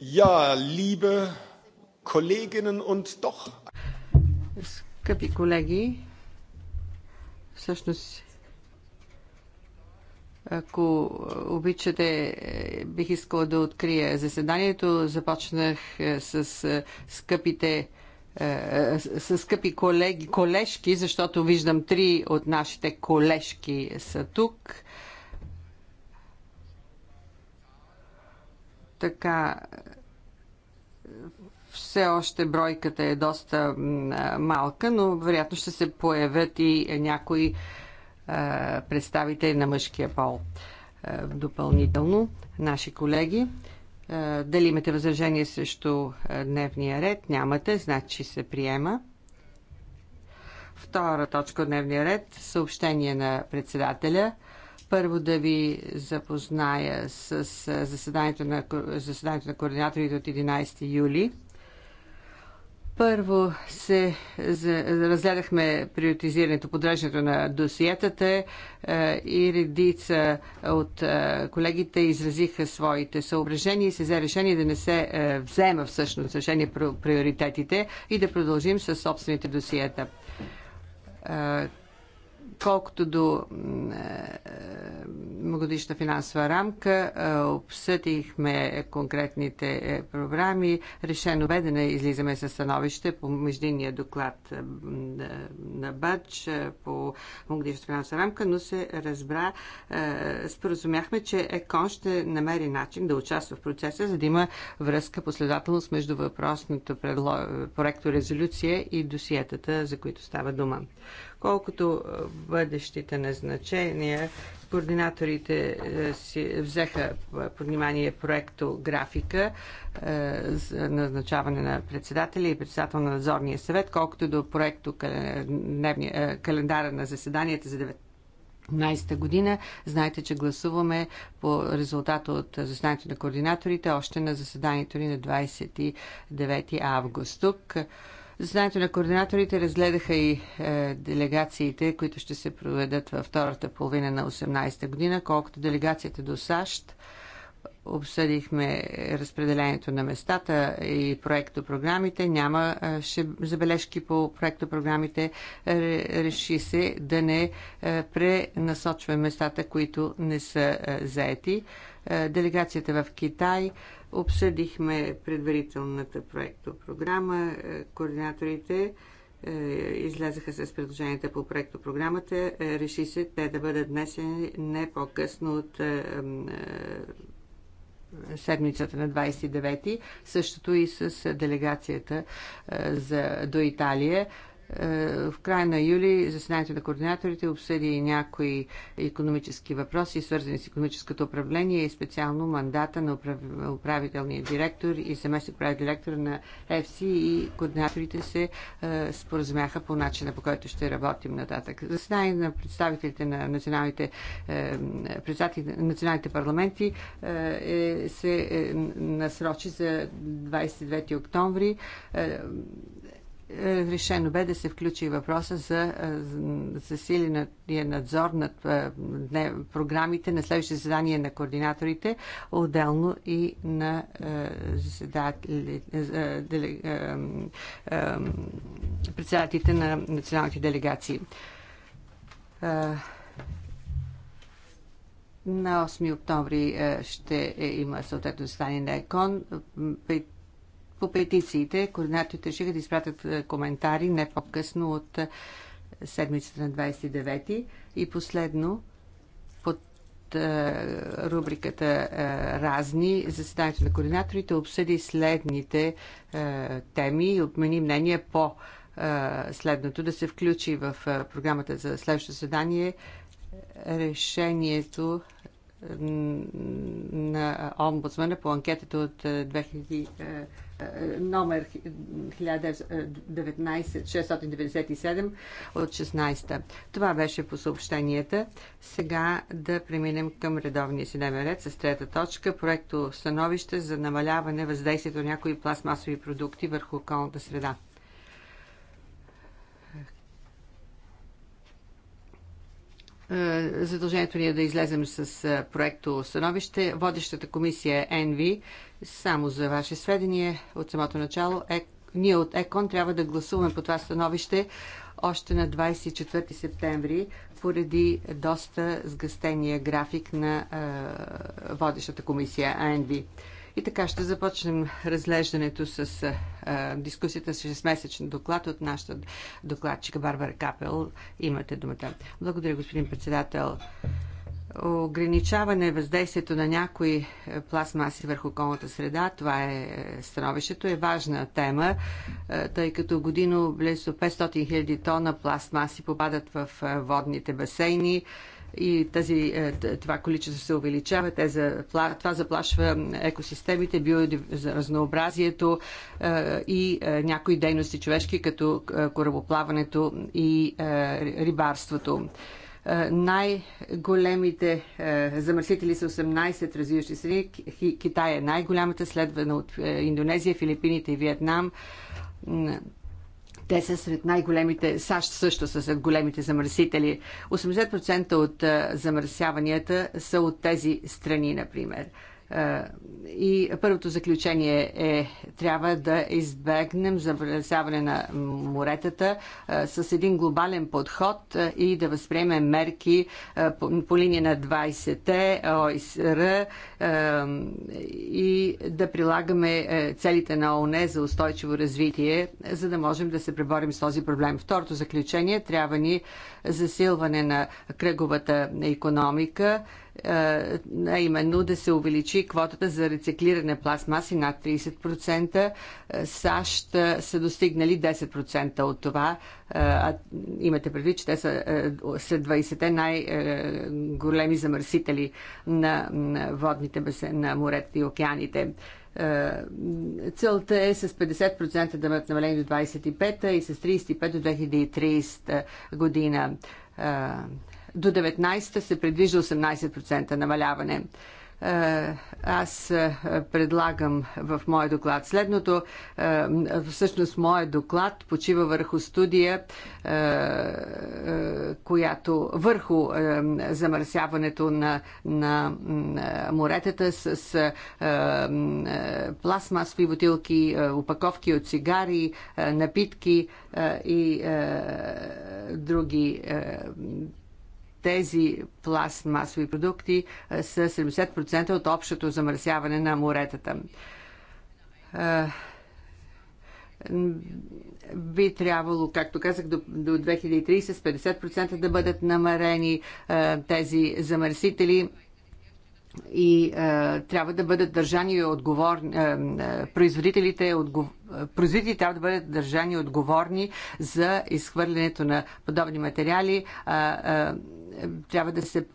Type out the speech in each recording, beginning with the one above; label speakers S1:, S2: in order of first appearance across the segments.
S1: Ja, liebe Kolleginnen und doch.
S2: Скъпи колеги, всъщност, ако обичате, бих искала да открия заседанието. Започнах е, с е, скъпите е, с скъпи колеги, колежки, защото виждам три от нашите колежки са тук. така все още бройката е доста малка, но вероятно ще се появят и някои представители на мъжкия пол допълнително, наши колеги. Дали имате възражение срещу дневния ред? Нямате, значи се приема. Втора точка от дневния ред съобщение на председателя – първо да ви запозная с заседанието на, заседанието на координаторите от 11 юли. Първо се разгледахме приоритизирането, подреждането на досиетата е, и редица от е, колегите изразиха своите съображения и се взе решение да не се е, взема всъщност решение приоритетите и да продължим с собствените досиета Колкото до е, многодишна финансова рамка, е, обсъдихме конкретните е, програми. Решено бе да не излизаме със становище по междинния доклад на БАЧ по многодишна финансова рамка, но се разбра, споразумяхме, че ЕКОН ще намери начин да участва в процеса, за да има връзка последователност между въпросното проекто резолюция и досиетата, за които става дума. Колкото бъдещите назначения, координаторите си взеха под внимание проекто графика за назначаване на председателя и председател на надзорния съвет, колкото до проекто календара на заседанията за 9 та година. Знаете, че гласуваме по резултата от заседанието на координаторите още на заседанието ни на 29 август. Тук Заседанието на координаторите разгледаха и е, делегациите, които ще се проведат във втората половина на 18-та година, колкото делегацията до САЩ. Обсъдихме разпределението на местата и проектопрограмите. Няма е, ще, забележки по проектопрограмите. Ре, реши се да не е, пренасочваме местата, които не са е, заети. Е, делегацията в Китай. Е, Обсъдихме предварителната проектопрограма. Е, координаторите е, излязаха с предложенията по проектопрограмата. Е, реши се те да бъдат днесени не по-късно от седмицата на 29-ти, същото и с делегацията за, до Италия. Е, в края на юли заседанието на координаторите обсъди някои економически въпроси, свързани с економическото управление и специално мандата на управителния директор и заместник управител директор на ЕФСИ и координаторите се е, споразумяха по начина по който ще работим нататък. Заседание на представителите на националните, е, на националните парламенти се насрочи за 29 октомври решено бе да се включи въпроса за засиления надзор над програмите на следващите заседания на координаторите, отделно и на председателите на националните делегации. На 8 октомври ще е, има съответно заседание на ЕКОН. По петициите координаторите ще да изпратят е, коментари не по-късно от е, седмицата на 29 и последно под е, рубриката Разни, заседанието на координаторите обсъди следните теми и обмени мнение по следното да се включи в програмата за следващото заседание решението на омбудсмана по анкетата от 2000 номер 1697 от 16-та. Това беше по съобщенията. Сега да преминем към редовния си дневен ред с трета точка. Проекто становище за намаляване въздействието на някои пластмасови продукти върху околната среда. Е, задължението ни е да излезем с е, проекто становище. Водещата комисия е ЕНВИ. Само за ваше сведение, от самото начало, е, ние от ЕКОН трябва да гласуваме по това становище още на 24 септември, поради доста сгъстения график на е, водещата комисия АНВ. И така ще започнем разглеждането с е, дискусията с 6-месечен доклад от нашата докладчика Барбара Капел. Имате думата. Благодаря, господин председател ограничаване въздействието на някои е, пластмаси върху околната среда, това е, е становището, е важна тема, е, тъй като годино близо 500 000 тона пластмаси попадат в водните басейни и тази, това количество се увеличава. Те Това заплашва екосистемите, биоразнообразието и някои дейности човешки, като корабоплаването и рибарството. Е, най-големите е, замърсители са 18 развиващи страни. Китай е най-голямата, следвана от е, Индонезия, Филипините и Виетнам. Те са сред най-големите, САЩ също са сред големите замърсители. 80% от замърсяванията са от тези страни, например. Е, и първото заключение е, трябва да избегнем замърсяване на моретата е, с един глобален подход е, и да възприемем мерки по, по линия на 20-те ОСР и да прилагаме целите на ООН за устойчиво развитие, за да можем да се преборим с този проблем. Второто заключение трябва ни засилване на кръговата економика е, а именно да се увеличи квотата за рециклиране пластмаси над 30%. Е, САЩ е, са достигнали 10% от това. А, имате предвид, че те са след 20-те най-големи замърсители на водните басейни, на морето и океаните. Целта е с 50% да бъдат намалени до 25-та и с 35 до 2030 година до 19 та се предвижда 18% намаляване е, аз е, предлагам в моя доклад следното. Е, всъщност, моят доклад почива върху студия, която върху замърсяването на, на моретата с, с пластмасови бутилки, упаковки от цигари, напитки и други тези пластмасови продукти са 70% от общото замърсяване на моретата би трябвало, както казах, до, до 2030 с 50% да бъдат намарени тези замърсители и е, трябва да бъдат държани отговорни, е, производителите, отгов... производителите трябва да бъдат държани отговорни за изхвърлянето на подобни материали. е, трябва да се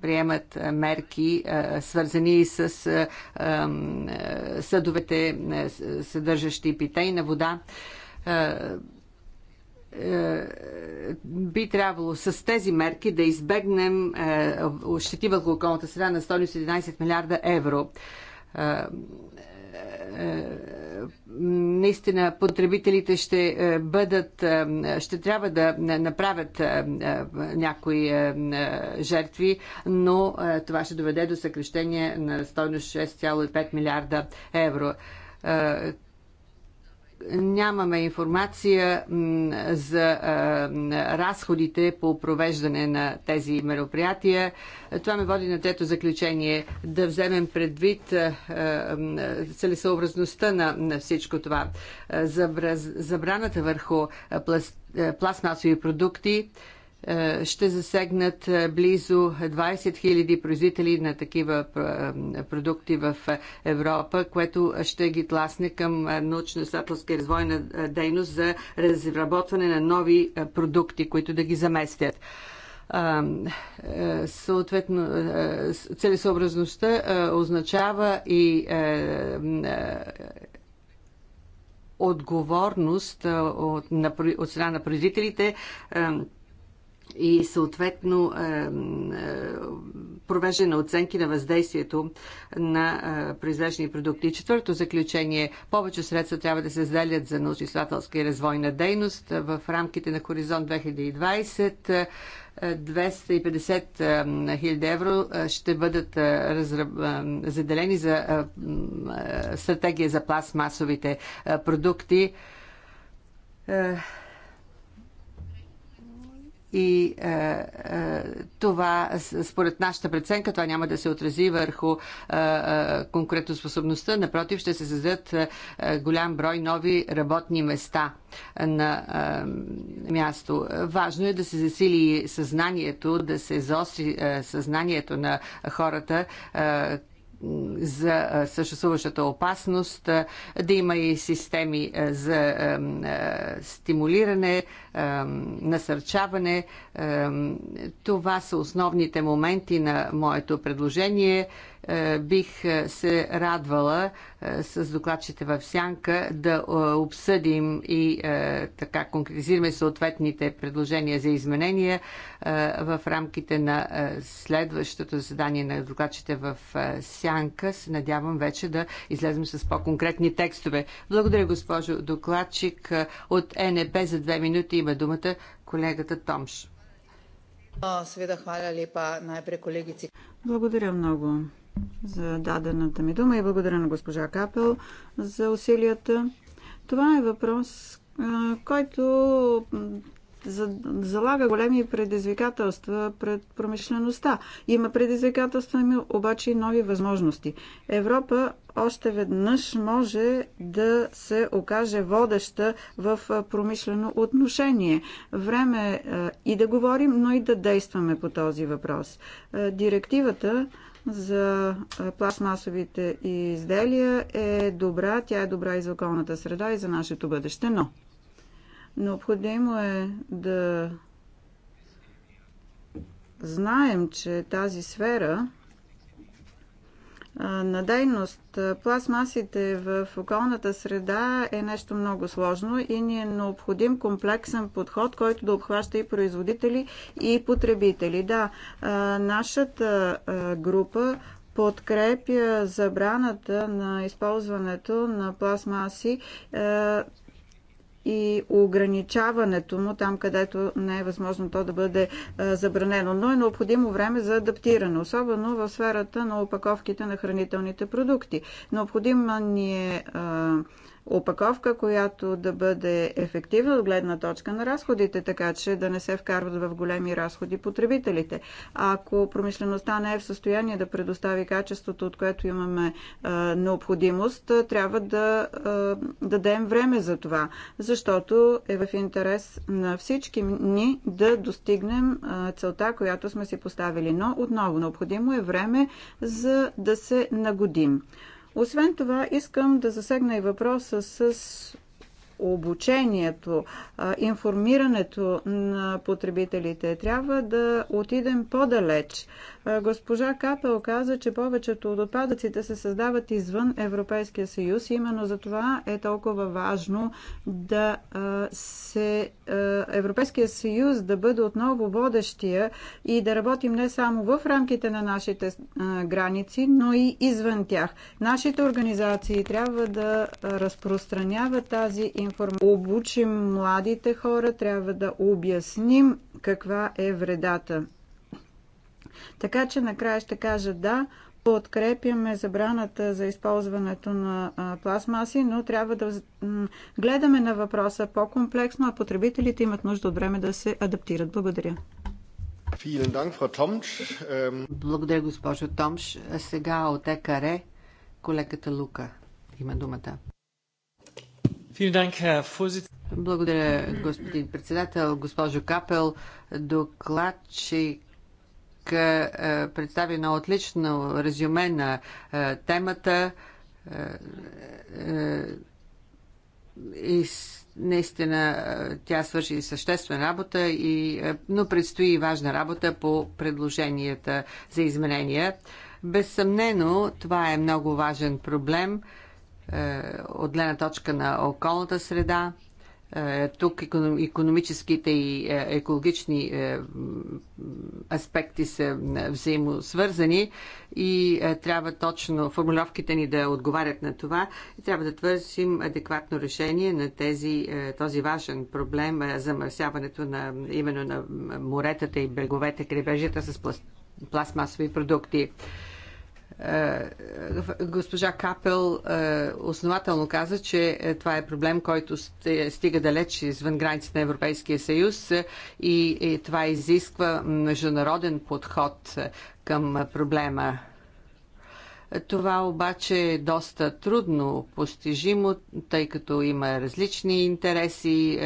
S2: приемат мерки, свързани с съдовете, съдържащи питейна вода би трябвало с тези мерки да избегнем щети върху околната среда на 111 милиарда евро наистина потребителите ще е, бъдат, е, ще трябва да направят е, някои жертви, но това ще доведе до съкрещение на стойност 6,5 милиарда евро нямаме информация за разходите по провеждане на тези мероприятия. Това ме води на трето заключение. Да вземем предвид целесообразността на всичко това. Забраната върху пластмасови продукти е, ще засегнат е, близо 20 000 производители на такива е, продукти в Европа, което ще ги тласне към научно-изследователска и развойна дейност за разработване на нови продукти, които да ги заместят съответно целесообразността означава и отговорност от, от страна на производителите и съответно е, провеждане на оценки на въздействието на е, произвеждани продукти. четвърто заключение – повече средства трябва да се заделят за научно-изследователска и развойна дейност в рамките на Хоризонт 2020 250 е, хиляди евро ще бъдат заделени за стратегия за пластмасовите продукти и е, е, това, според нашата преценка, това няма да се отрази върху е, е, конкурентоспособността. Напротив, ще се създадат е, е, голям брой нови работни места на е, място. Важно е да се засили съзнанието, да се заостри е, съзнанието на хората, е, за съществуващата опасност, да има и системи за стимулиране, насърчаване. Това са основните моменти на моето предложение. Е, бих е, се радвала е, с докладчите в Сянка да обсъдим и така конкретизираме съответните предложения за изменения в рамките на следващото заседание на докладчите в Сянка. Се надявам вече да излезем с по-конкретни текстове. Благодаря, госпожо докладчик. От НП за две минути има думата колегата Томш.
S3: Сведа, хваля лепа най-пре колегици. Благодаря много за дадената ми дума и благодаря на госпожа Капел за усилията. Това е въпрос, който залага големи предизвикателства пред промишлеността. Има предизвикателства, обаче и нови възможности. Европа още веднъж може да се окаже водеща в промишлено отношение. Време е и да говорим, но и да действаме по този въпрос. Директивата за пластмасовите изделия е добра, тя е добра и за околната среда и за нашето бъдеще, но необходимо е да знаем, че тази сфера на дейност. Пластмасите в околната среда е нещо много сложно и ни е необходим комплексен подход, който да обхваща и производители, и потребители. Да, нашата група подкрепя забраната на използването на пластмаси и ограничаването му там, където не е възможно то да бъде е, забранено. Но е необходимо време за адаптиране, особено в сферата на опаковките на хранителните продукти. Необходима ни е, е опаковка, която да бъде ефективна от гледна точка на разходите, така че да не се вкарват в големи разходи потребителите. Ако промишлеността не е в състояние да предостави качеството, от което имаме необходимост, трябва да дадем време за това, защото е в интерес на всички ни да достигнем целта, която сме си поставили. Но отново необходимо е време за да се нагодим. Освен това, искам да засегна и въпроса с обучението, информирането на потребителите. Трябва да отидем по-далеч. Госпожа Капел каза, че повечето от отпадъците се създават извън Европейския съюз. Именно за това е толкова важно да се Европейския съюз да бъде отново водещия и да работим не само в рамките на нашите граници, но и извън тях. Нашите организации трябва да разпространяват тази информация. Обучим младите хора, трябва да обясним каква е вредата. Така че накрая ще кажа да, подкрепяме забраната за използването на пластмаси, но трябва да гледаме на въпроса по-комплексно, а потребителите имат нужда от време да се адаптират. Благодаря.
S2: Благодаря, госпожо Томш. А сега от
S3: ЕКАРЕ колегата Лука
S2: има думата. Благодаря, господин председател, госпожо Капел. Докладчик е, е, представи едно отлично резюме на е, темата. И наистина тя свърши съществена работа, и, но предстои важна работа по предложенията за изменения. Безсъмнено, това е много важен проблем от гледна точка на околната среда, е, тук економическите и е, екологични е, аспекти са взаимосвързани и трябва точно формулировките ни да отговарят на това и трябва да търсим адекватно решение на тези, този важен проблем замърсяването на именно на моретата и бреговете, крайбрежията с пластмасови продукти. Е, е, госпожа Капел е, основателно каза, че това е проблем, който стига далеч извън границите на Европейския съюз и това изисква международен подход към проблема. Това обаче е доста трудно постижимо, тъй като има различни интереси,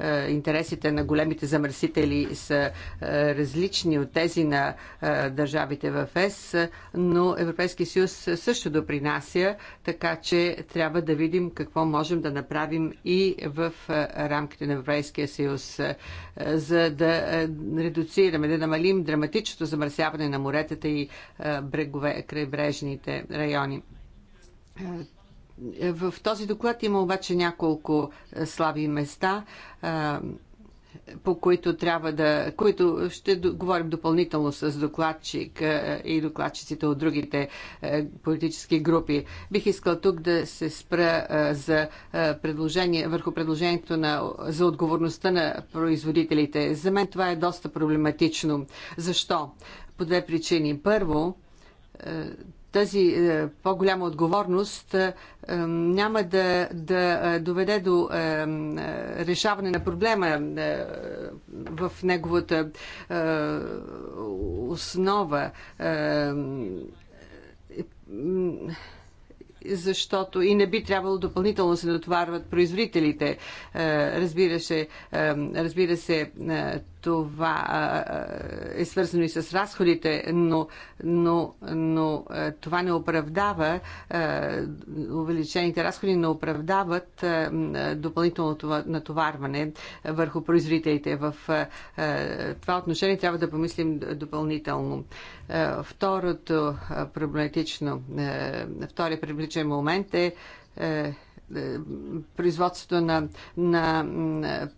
S2: е, интересите на големите замърсители са е, различни от тези на е, държавите в ЕС, но Европейския съюз също допринася, така че трябва да видим какво можем да направим и в рамките на Европейския съюз, за да редуцираме, да намалим драматичното замърсяване на моретата и брегове, крайбрежните райони. В този доклад има обаче няколко е, слаби места, е, по които трябва да, които ще говорим допълнително с докладчик е, и докладчиците от другите политически групи. Бих искал тук да се спра за предложение, върху предложението на, за отговорността на производителите. За мен това е доста проблематично. Защо? По две причини. Първо, тази е, по-голяма отговорност е, е, няма да, да доведе до решаване на проблема в неговата основа защото и не би трябвало допълнително се натоварват производителите. Разбира се, разбира се това е свързано и с разходите, но, но, но това не оправдава, увеличените разходи не оправдават допълнителното натоварване върху производителите. В това отношение трябва да помислим допълнително. Второто проблематично, втория привличен момент е, е производството на, на, на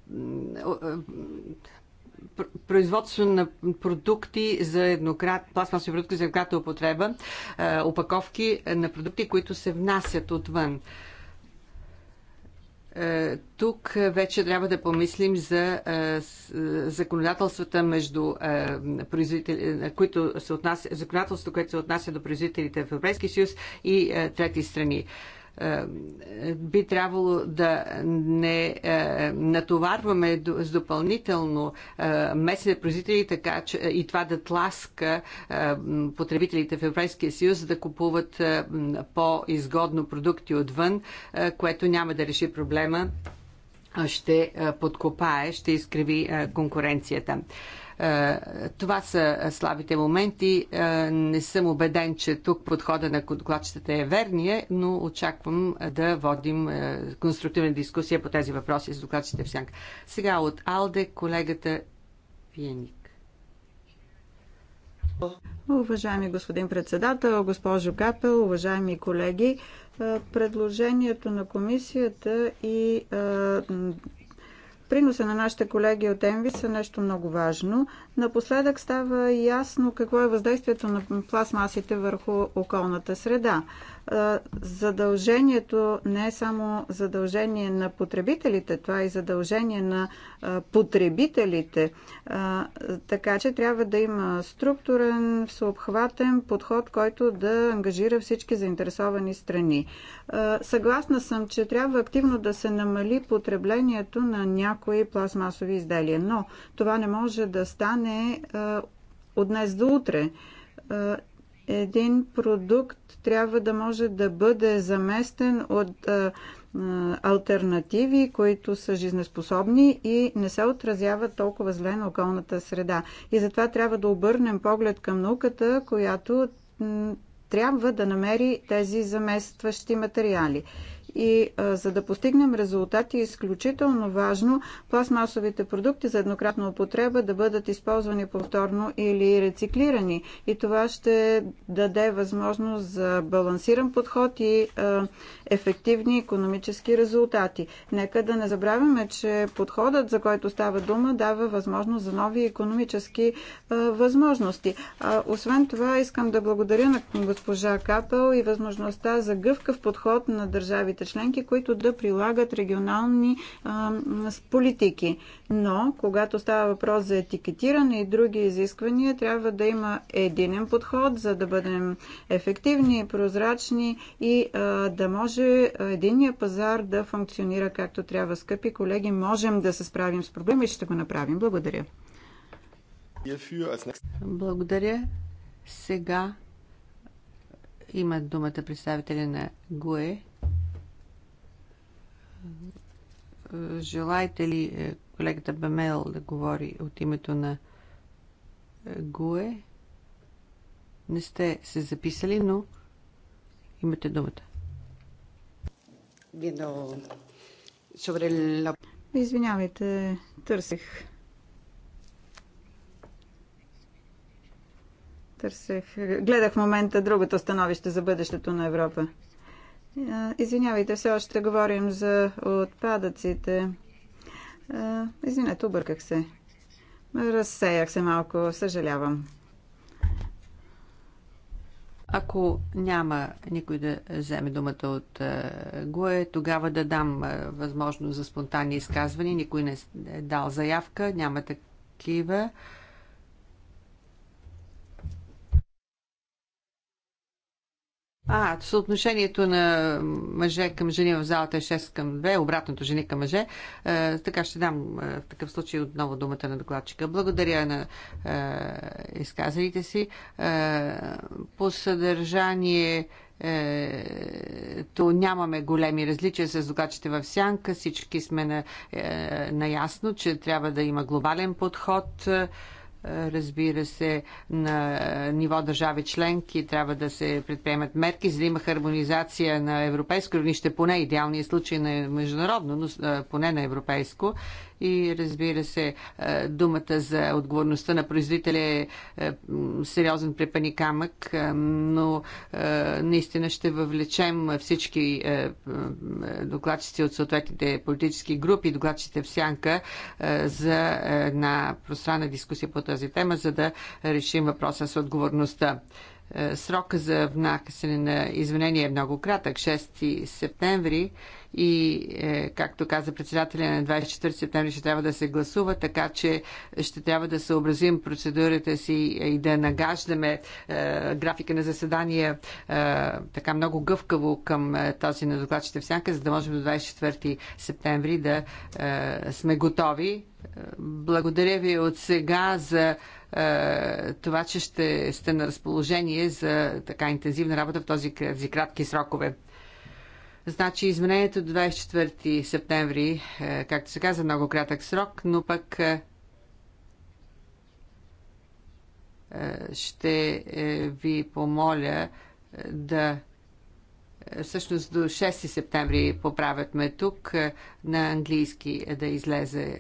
S2: производство на продукти за еднократ, пластмасови продукти за еднократна употреба, опаковки на продукти, които се внасят отвън. Тук вече трябва да помислим за законодателствата между производители, които се отнася, законодателството, което се отнася до производителите в Европейския съюз и трети страни. Е, би трябвало да не е, натоварваме с допълнително е, местните производители така, че и това да тласка потребителите в Европейския съюз да купуват по-изгодно продукти отвън, което няма да реши проблема ще подкопае, ще изкриви конкуренцията. Е, това са слабите моменти. Е, не съм убеден, че тук подхода на докладчетата е верния, но очаквам да водим е, конструктивна дискусия по тези въпроси с докладчите в сянка. Сега
S3: от Алде колегата Пиеник. Уважаеми господин председател, госпожо Капел, уважаеми колеги, предложението на комисията и Приноса на нашите колеги от ЕНВИ са нещо много важно. Напоследък става ясно какво е въздействието на пластмасите върху околната среда. Е, задължението не е само задължение на потребителите, това е и задължение на е, потребителите. Е, така че трябва да има структурен, всеобхватен подход, който да ангажира всички заинтересовани страни. Съгласна съм, че трябва активно да се намали потреблението на някои пластмасови изделия, но това не може да стане стане от днес до утре. Един продукт трябва да може да бъде заместен от альтернативи, които са жизнеспособни и не се отразяват толкова зле на околната среда. И затова трябва да обърнем поглед към науката, която трябва да намери тези заместващи материали. И а, за да постигнем резултати е изключително важно пластмасовите продукти за еднократна употреба да бъдат използвани повторно или рециклирани. И това ще даде възможност за балансиран подход и а, ефективни економически резултати. Нека да не забравяме, че подходът, за който става дума, дава възможност за нови економически а, възможности. А, освен това, искам да благодаря на госпожа Капел и възможността за гъвкав подход на държавите държавите членки, които да прилагат регионални а, политики. Но, когато става въпрос за етикетиране и други изисквания, трябва да има единен подход, за да бъдем ефективни, прозрачни и а, да може единния пазар да функционира както трябва. Скъпи колеги, можем да се справим с проблема и ще го направим. Благодаря. Благодаря.
S2: Сега имат думата представители на ГУЕ. Желаете ли е, колегата Бемел да говори от името на е, ГУЕ? Не сте се записали, но имате думата.
S3: Извинявайте, търсех. Търсех. Гледах в момента другото становище за бъдещето на Европа. Извинявайте, все още говорим за отпадъците. Извинете, обърках се. Разсеях се малко, съжалявам. Ако няма никой да вземе думата от
S2: ГУЕ, тогава да дам възможност за спонтанни изказвания. Никой не е дал заявка, няма такива. А, съотношението на мъже към жени в залата е 6 към 2, обратното жени към мъже. Е, така ще дам е, в такъв случай отново думата на докладчика. Благодаря на е, изказалите си. Е, по съдържание е, то нямаме големи различия с докачите в сянка. Всички сме на, е, наясно, че трябва да има глобален подход. Е, Разбира се, на ниво държави членки трябва да се предприемат мерки, за да има хармонизация на европейско равнище, поне идеалния случай на международно, но поне на европейско и разбира се, е, думата за отговорността на производителя е, е сериозен препани камък, е, но наистина ще въвлечем всички докладчици от съответните политически групи, докладчиците в сянка за една пространна дискусия по тази тема, за да решим въпроса с отговорността. Срока за внасяне на извинения е много кратък, 6 септември и, е, както каза председателя на 24 септември, ще трябва да се гласува, така че ще трябва да съобразим процедурите си и да нагаждаме е, графика на заседания е, така много гъвкаво към е, този на докладчите в сянка, за да можем до 24 септември да е, сме готови. Е, благодаря ви от сега за е, това, че ще сте на разположение за така интензивна работа в този, в кратки срокове. Значи изменението до 24 септември, е, както се каза, много кратък срок, но пък е, е, ще ви помоля да всъщност до 6 септември поправят ме тук на английски да излезе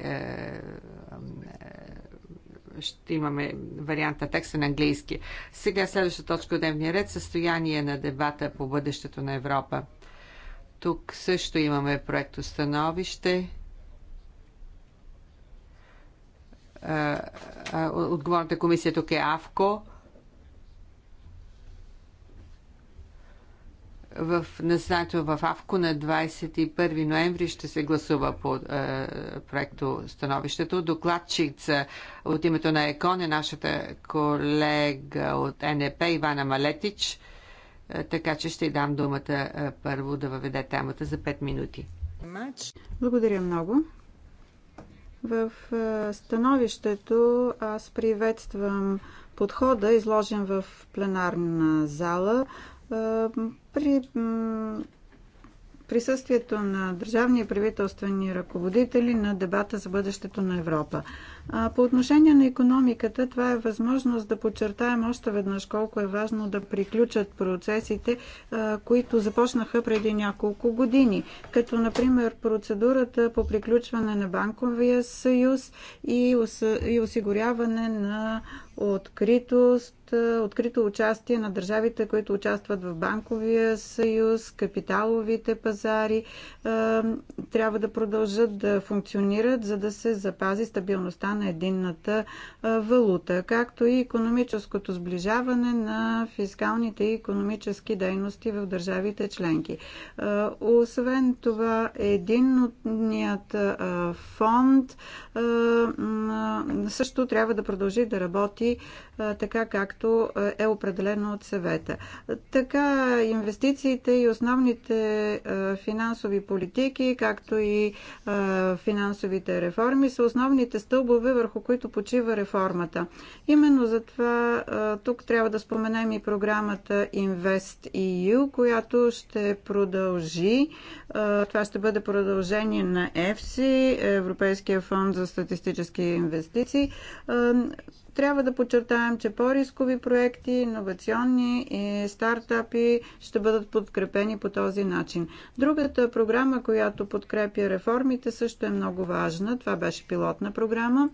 S2: ще имаме вариант на текста на английски. Сега следващата точка от дневния ред състояние на дебата по бъдещето на Европа. Тук също имаме проекто становище. Отговорната комисия тук е АВКО. в назначено в АВКО на 21 ноември ще се гласува по е, проекто становището. Докладчица от името на ЕКОН е нашата колега от НЕП Ивана Малетич така че ще дам думата първо да въведе темата за 5 минути.
S3: Благодаря много. В становището аз приветствам подхода, изложен в пленарна зала. При присъствието на държавни и правителствени ръководители на дебата за бъдещето на Европа. По отношение на економиката, това е възможност да подчертаем още веднъж колко е важно да приключат процесите, които започнаха преди няколко години, като например процедурата по приключване на банковия съюз и осигуряване на откритост, открито участие на държавите, които участват в банковия съюз, капиталовите пазари, трябва да продължат да функционират, за да се запази стабилността на единната валута, както и економическото сближаване на фискалните и економически дейности в държавите членки. Освен това, единният фонд също трябва да продължи да работи така както е определено от съвета. Така инвестициите и основните финансови политики, както и финансовите реформи са основните стълбове, върху които почива реформата. Именно затова тук трябва да споменем и програмата Invest EU, която ще продължи. Това ще бъде продължение на EFSI, Европейския фонд за статистически инвестиции трябва да подчертаем, че по-рискови проекти, иновационни и стартапи ще бъдат подкрепени по този начин. Другата програма, която подкрепя реформите, също е много важна. Това беше пилотна програма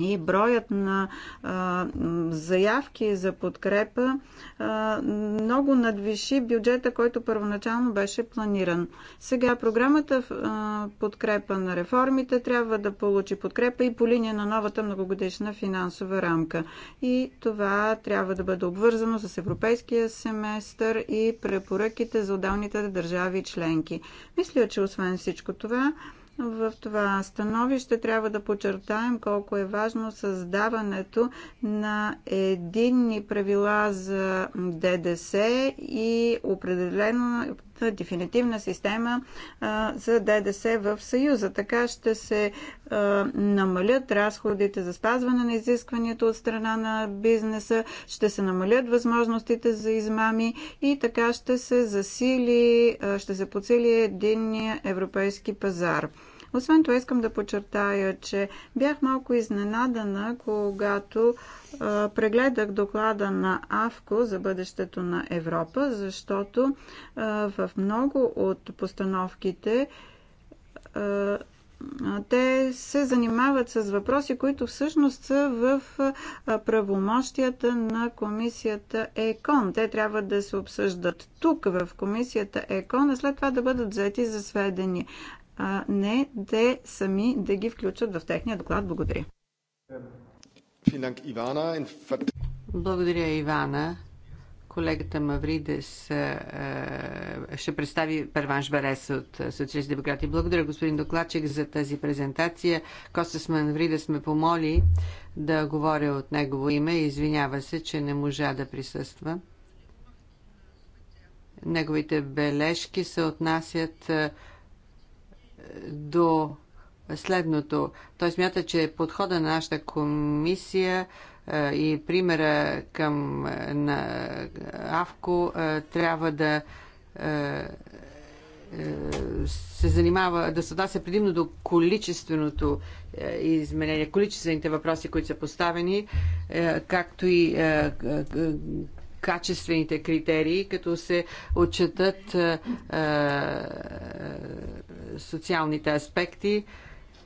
S3: и броят на а, заявки за подкрепа а, много надвиши бюджета, който първоначално беше планиран. Сега програмата а, подкрепа на реформите трябва да получи подкрепа и по линия на новата многогодишна финансова рамка. И това трябва да бъде обвързано с европейския семестър и препоръките за отдалните държави членки. Мисля, че освен всичко това, в това становище трябва да подчертаем колко е важно създаването на единни правила за ДДС и определено дефинитивна система за ДДС в Съюза. Така ще се намалят разходите за спазване на изискванията от страна на бизнеса, ще се намалят възможностите за измами и така ще се засили, ще се подсили един европейски пазар. Освен това искам да подчертая, че бях малко изненадана, когато а, прегледах доклада на АВКО за бъдещето на Европа, защото а, в много от постановките а, те се занимават с въпроси, които всъщност са в правомощията на комисията ЕКОН. Те трябва да се обсъждат тук в комисията ЕКОН, а след това да бъдат взети за сведени а не те сами да ги включат в техния доклад. Благодаря. Благодаря, Ивана.
S2: Колегата Мавридес ще представи Перванш Барес от Социалист демократи. Благодаря, господин докладчик, за тази презентация. Костас Мавридес ме помоли да говоря от негово име и извинява се, че не можа да присъства. Неговите бележки се отнасят до следното. Той смята, че подхода на нашата комисия е, и примера към е, на Авко е, трябва да се занимава, да се отнася предимно до количественото изменение, количествените въпроси, които са поставени, както и качествените критерии, като се отчетат социалните аспекти.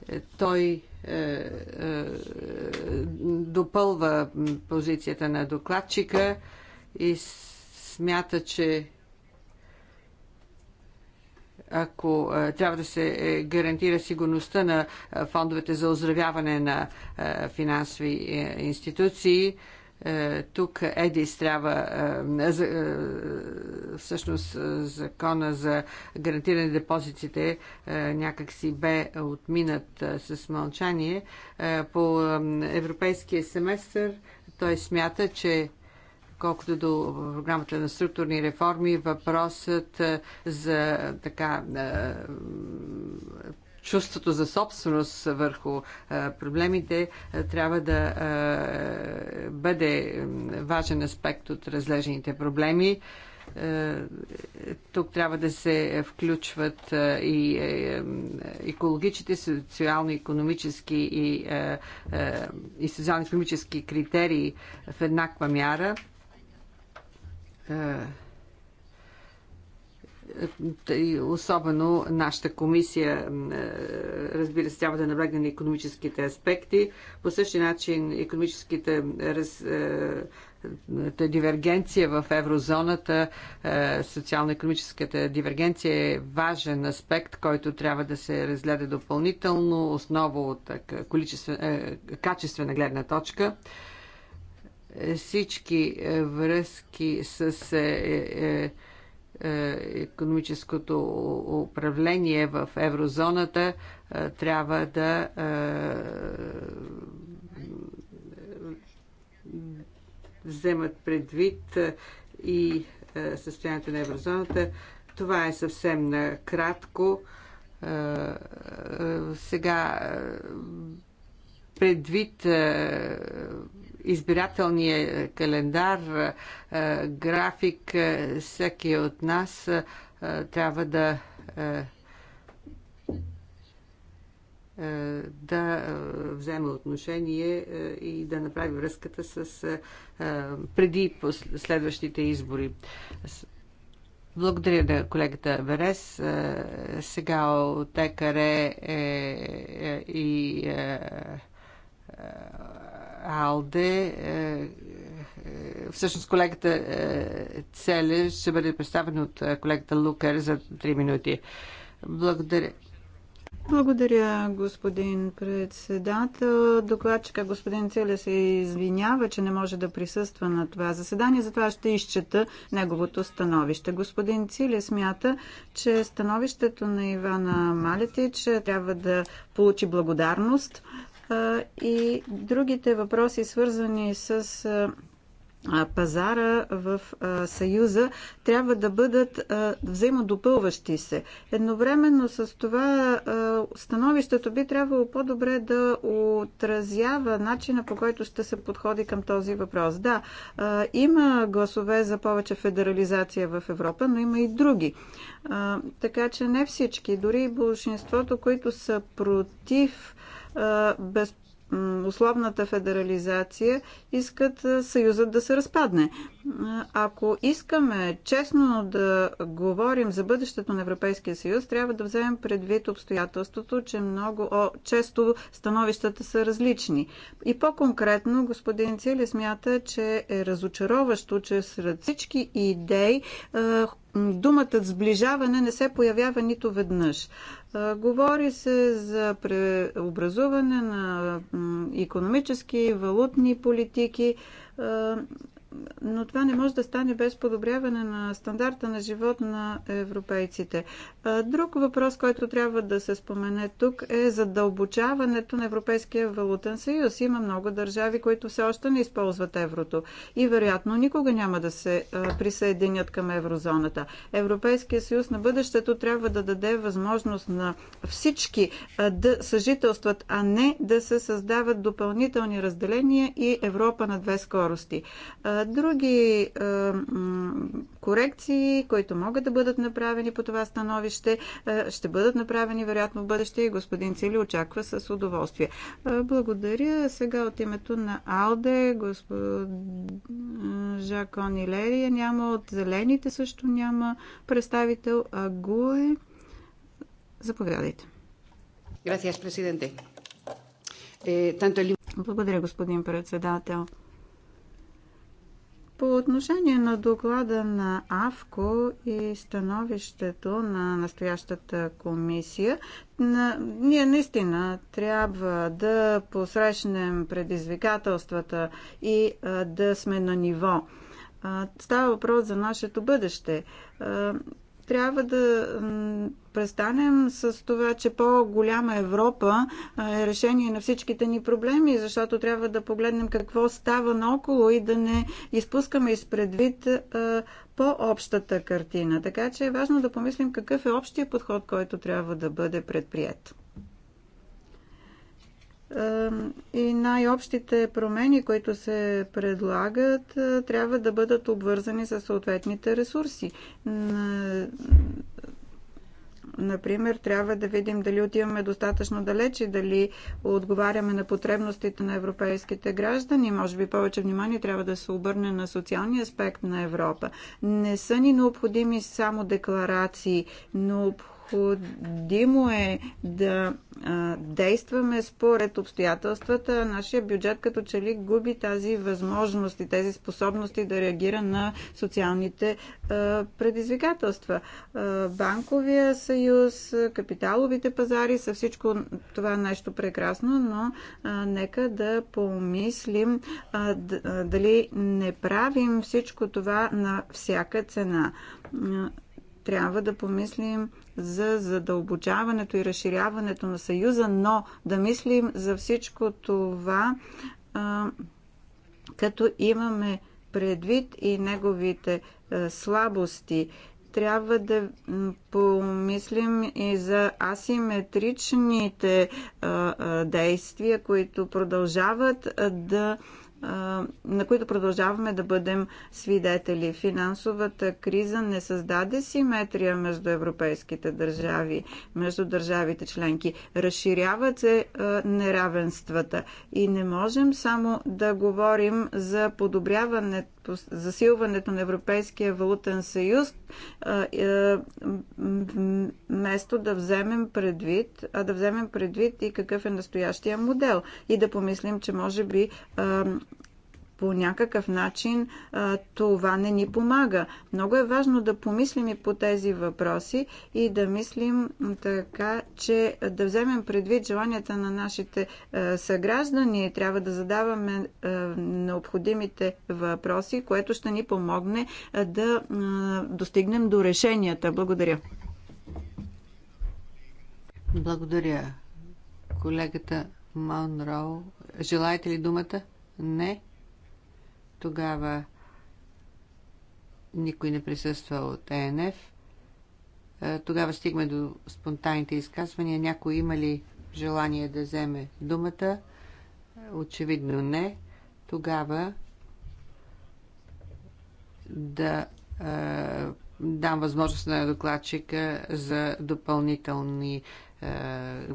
S2: Е, той е, е, допълва позицията на докладчика и смята, че ако трябва да се гарантира сигурността на фондовете за оздравяване на финансови институции, е, тук Едис трябва, е, е, всъщност закона за гарантиране депозитите някакси бе отминат с мълчание. По европейския семестър той смята, че колкото до програмата на структурни реформи, въпросът за така чувството за собственост върху е, проблемите е, трябва да е, бъде важен аспект от разлежените проблеми тук трябва да се включват и екологичните, социално-економически и, и социално-економически критерии в еднаква мяра. Е, особено нашата комисия, е, разбира се, трябва да наблегне на економическите аспекти. По същия начин економическите раз, е, дивергенция в еврозоната, социално-економическата дивергенция е важен аспект, който трябва да се разгледа допълнително, основа от качествена гледна точка всички връзки с е, е, е, економическото управление в еврозоната е, трябва да е, вземат предвид и състоянието на еврозоната. Това е съвсем накратко. Сега предвид избирателния календар, е, е, график, е, всеки от нас трябва да да вземе отношение и да направи връзката с преди следващите избори. Благодаря на колегата Верес. Сега от ЕКР е, и Алде. Е, е, всъщност колегата е, Целе ще бъде представен от колегата Лукер за 3 минути.
S3: Благодаря. Благодаря, господин председател. Докладчика господин Целя се извинява, че не може да присъства на това заседание, затова ще изчета неговото становище. Господин Целя смята, че становището на Ивана Малетич трябва да получи благодарност и другите въпроси, свързани с пазара в Съюза трябва да бъдат взаимодопълващи се. Едновременно с това становището би трябвало по-добре да отразява начина по който ще се подходи към този въпрос. Да, има гласове за повече федерализация в Европа, но има и други. Така че не всички, дори и болшинството, които са против без условната федерализация искат съюзът да се разпадне. Ако искаме честно да говорим за бъдещето на Европейския съюз, трябва да вземем предвид обстоятелството, че много о, често становищата са различни. И по-конкретно, господин Цили смята, че е разочароващо, че сред всички идеи думата сближаване не се появява нито веднъж. Говори се за преобразуване на економически и валутни политики но това не може да стане без подобряване на стандарта на живот на европейците. Друг въпрос, който трябва да се спомене тук е задълбочаването на Европейския валутен съюз. Има много държави, които все още не използват еврото и вероятно никога няма да се присъединят към еврозоната. Европейския съюз на бъдещето трябва да даде възможност на всички да съжителстват, а не да се създават допълнителни разделения и Европа на две скорости други е, корекции, които могат да бъдат направени по това становище, е, ще бъдат направени вероятно в бъдеще и господин Цили очаква с удоволствие. Е, благодаря. Сега от името на Алде, и Лерия. няма, от Зелените също няма представител, а Гуе. Заповядайте. Благодаря, господин председател. По отношение на доклада на АВКО и становището на настоящата комисия, на, ние наистина трябва да посрещнем предизвикателствата и а, да сме на ниво. А, става въпрос за нашето бъдеще. А, трябва да престанем с това, че по-голяма Европа е решение на всичките ни проблеми, защото трябва да погледнем какво става наоколо и да не изпускаме изпредвид по-общата картина. Така че е важно да помислим какъв е общия подход, който трябва да бъде предприят и най-общите промени, които се предлагат, трябва да бъдат обвързани с съответните ресурси. Например, трябва да видим дали отиваме достатъчно далеч и дали отговаряме на потребностите на европейските граждани. Може би повече внимание трябва да се обърне на социалния аспект на Европа. Не са ни необходими само декларации, но Необходимо е да действаме според обстоятелствата. Нашия бюджет като че ли губи тази възможност и тези способности да реагира на социалните предизвикателства. Банковия съюз, капиталовите пазари са всичко това нещо прекрасно, но нека да помислим дали не правим всичко това на всяка цена трябва да помислим за задълбочаването и разширяването на Съюза, но да мислим за всичко това, а, като имаме предвид и неговите а, слабости. Трябва да помислим и за асиметричните а, действия, които продължават да на които продължаваме да бъдем свидетели. Финансовата криза не създаде симетрия между европейските държави, между държавите членки. Разширяват се неравенствата и не можем само да говорим за подобряване, засилването на Европейския валутен съюз, вместо да вземем предвид, а да вземем предвид и какъв е настоящия модел и да помислим, че може би по някакъв начин това не ни помага. Много е важно да помислим и по тези въпроси и да мислим така, че да вземем предвид желанията на нашите съграждани. Трябва да задаваме необходимите въпроси, което ще ни помогне да достигнем до решенията. Благодаря. Благодаря. Колегата Маунроу.
S2: Желаете ли думата? Не. Тогава никой не присъства от ЕНФ. Е, тогава стигме до спонтанните изказвания. Някой има ли желание да вземе думата? Очевидно не. Тогава да е, дам възможност на докладчика за допълнителни е,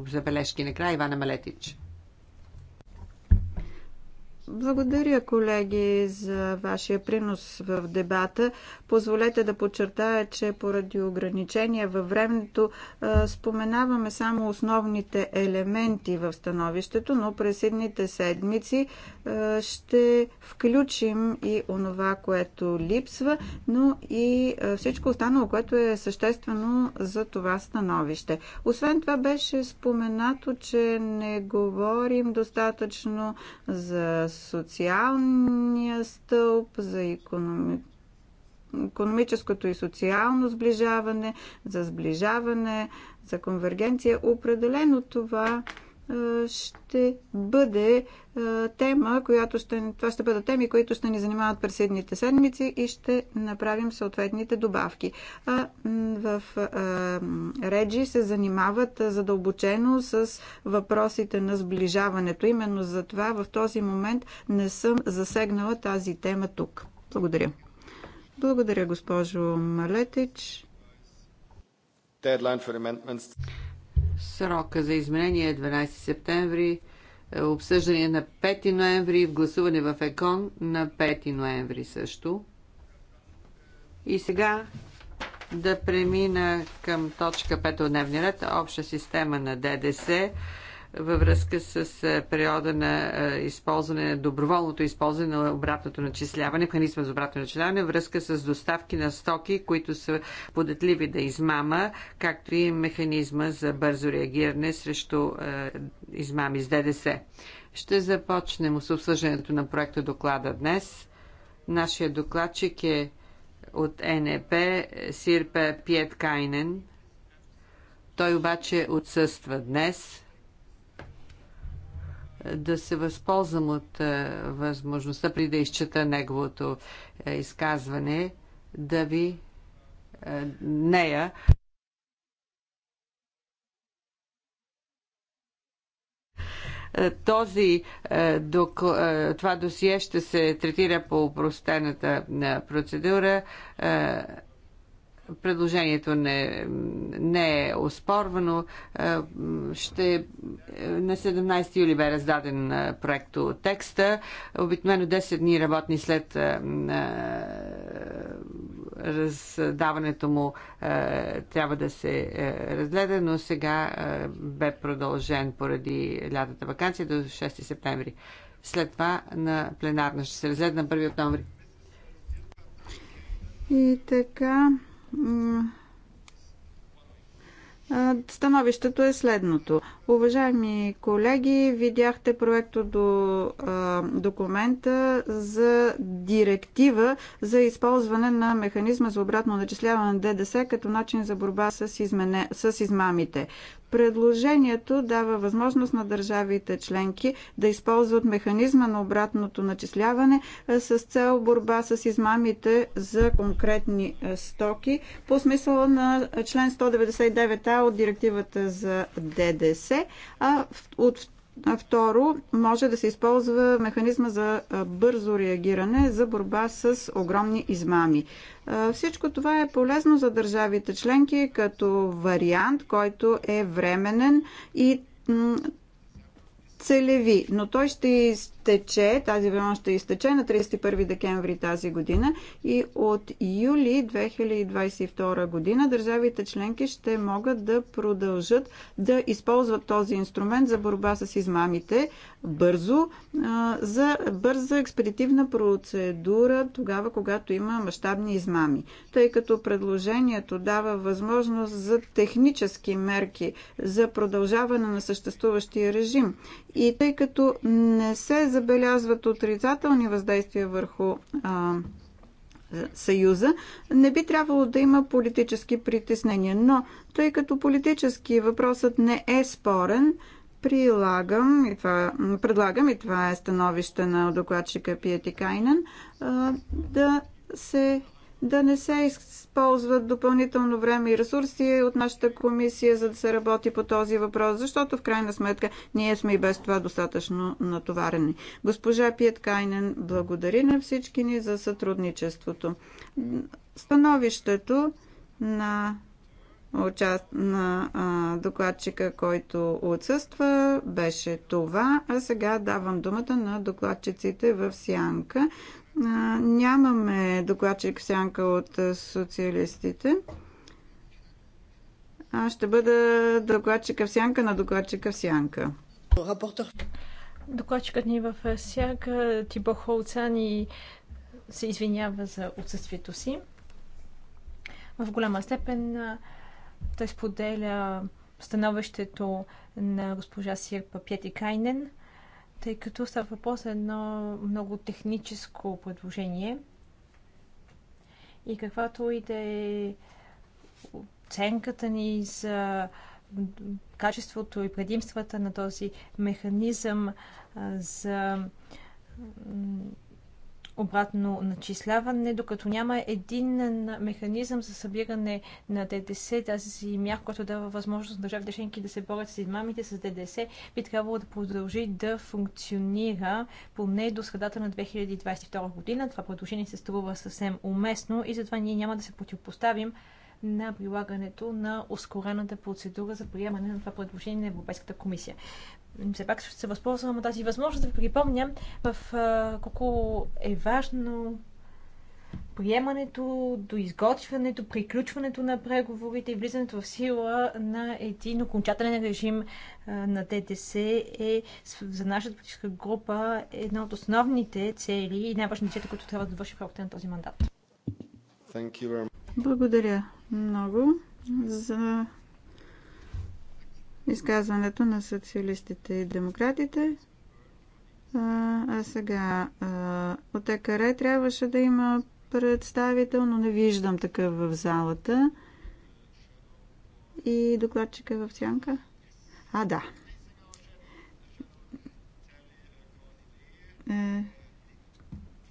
S2: забележки. Накрая Ивана Малетич.
S3: Благодаря, колеги, за вашия принос в дебата. Позволете да подчертая, че поради ограничения във времето споменаваме само основните елементи в становището, но през едните седмици ще включим и онова, което липсва, но и всичко останало, което е съществено за това становище. Освен това беше споменато, че не говорим достатъчно за социалния стълб, за економи... економическото и социално сближаване, за сближаване, за конвергенция. Определено това ще бъде тема, която ще, това ще бъдат теми, които ще ни занимават през следните седмици и ще направим съответните добавки. А в Реджи се занимават задълбочено с въпросите на сближаването. Именно за това в този момент не съм засегнала тази тема тук. Благодаря. Благодаря, госпожо Малетич.
S2: Срока за изменение е 12 септември, е, обсъждане е на 5 ноември, гласуване в ЕКОН на 5 ноември също. И сега да премина към точка 5 от дневния ред, обща система на ДДС във връзка с е, периода на е, използване, на доброволното използване на обратното начисляване, механизма за обратно начисляване, във връзка с доставки на стоки, които са податливи да измама, както и механизма за бързо реагиране срещу е, измами с ДДС. Ще започнем с обсъждането на проекта доклада днес. Нашия докладчик е от НЕП Сирпе Пиет Кайнен. Той обаче отсъства днес да се възползвам от е, възможността, преди да изчета неговото е, изказване, да ви е, нея. този, това досие ще се третира по упростената процедура предложението не, не е оспорвано. Е, ще, на 17 юли бе раздаден е, проекто текста. Обикновено 10 дни работни след е, раздаването му трябва да се разгледа, но сега бе продължен поради лятата вакансия до 6 септември. След това на пленарна ще се разгледа на 1 октомври.
S3: И така, Становището е следното. Уважаеми колеги, видяхте проекто до документа за директива за използване на механизма за обратно начисляване на ДДС като начин за борба с, измене, с измамите. Предложението дава възможност на държавите членки да използват механизма на обратното начисляване с цел борба с измамите за конкретни стоки по смисъла на член 199а от директивата за ДДС, а от а второ, може да се използва механизма за бързо реагиране за борба с огромни измами. Всичко това е полезно за държавите членки като вариант, който е временен и целеви, но той ще из изтече, тази време ще изтече на 31 декември тази година и от юли 2022 година държавите членки ще могат да продължат да използват този инструмент за борба с измамите бързо, за бърза експедитивна процедура тогава, когато има мащабни измами. Тъй като предложението дава възможност за технически мерки за продължаване на съществуващия режим и тъй като не се забелязват отрицателни въздействия върху а, Съюза, не би трябвало да има политически притеснения. Но, тъй като политически въпросът не е спорен, прилагам и това, предлагам, и това е становище на докладчика Пиети Кайнен, да се да не се използват допълнително време и ресурси от нашата комисия, за да се работи по този въпрос, защото в крайна сметка ние сме и без това достатъчно натоварени. Госпожа Кайнен благодари на всички ни за сътрудничеството. Становището на участ... на а, докладчика, който отсъства, беше това. А сега давам думата на докладчиците в Сянка. Нямаме докладчик сянка от социалистите. А ще бъда докладчика в сянка на докладчика в сянка.
S4: Докладчикът ни е в сянка Тибо Холцани се извинява за отсъствието си. В голяма степен той споделя становището на госпожа Сирпа Пети Кайнен – тъй като става въпрос за едно много техническо предложение и каквато и да е оценката ни за качеството и предимствата на този механизъм за обратно начисляване, докато няма един механизъм за събиране на ДДС, тази мярка, която дава възможност на държавите членки да се борят с измамите с ДДС, би трябвало да продължи да функционира поне до средата на 2022 година. Това предложение се струва съвсем уместно и затова ние няма да се противопоставим на прилагането на ускорената процедура за приемане на това предложение на Европейската комисия. Все пак ще се възползвам от тази възможност да ви припомня в а, колко е важно приемането, до изготвянето, приключването на преговорите и влизането в сила на един окончателен режим на ДДС е за нашата политическа група една от основните цели и най-важните които трябва да върши в рамките на този мандат. Благодаря
S3: много за изказването на социалистите и демократите. А, а сега а, от ЕКР трябваше да има представител, но не виждам такъв в залата. И докладчика е в сянка? А, да. Е,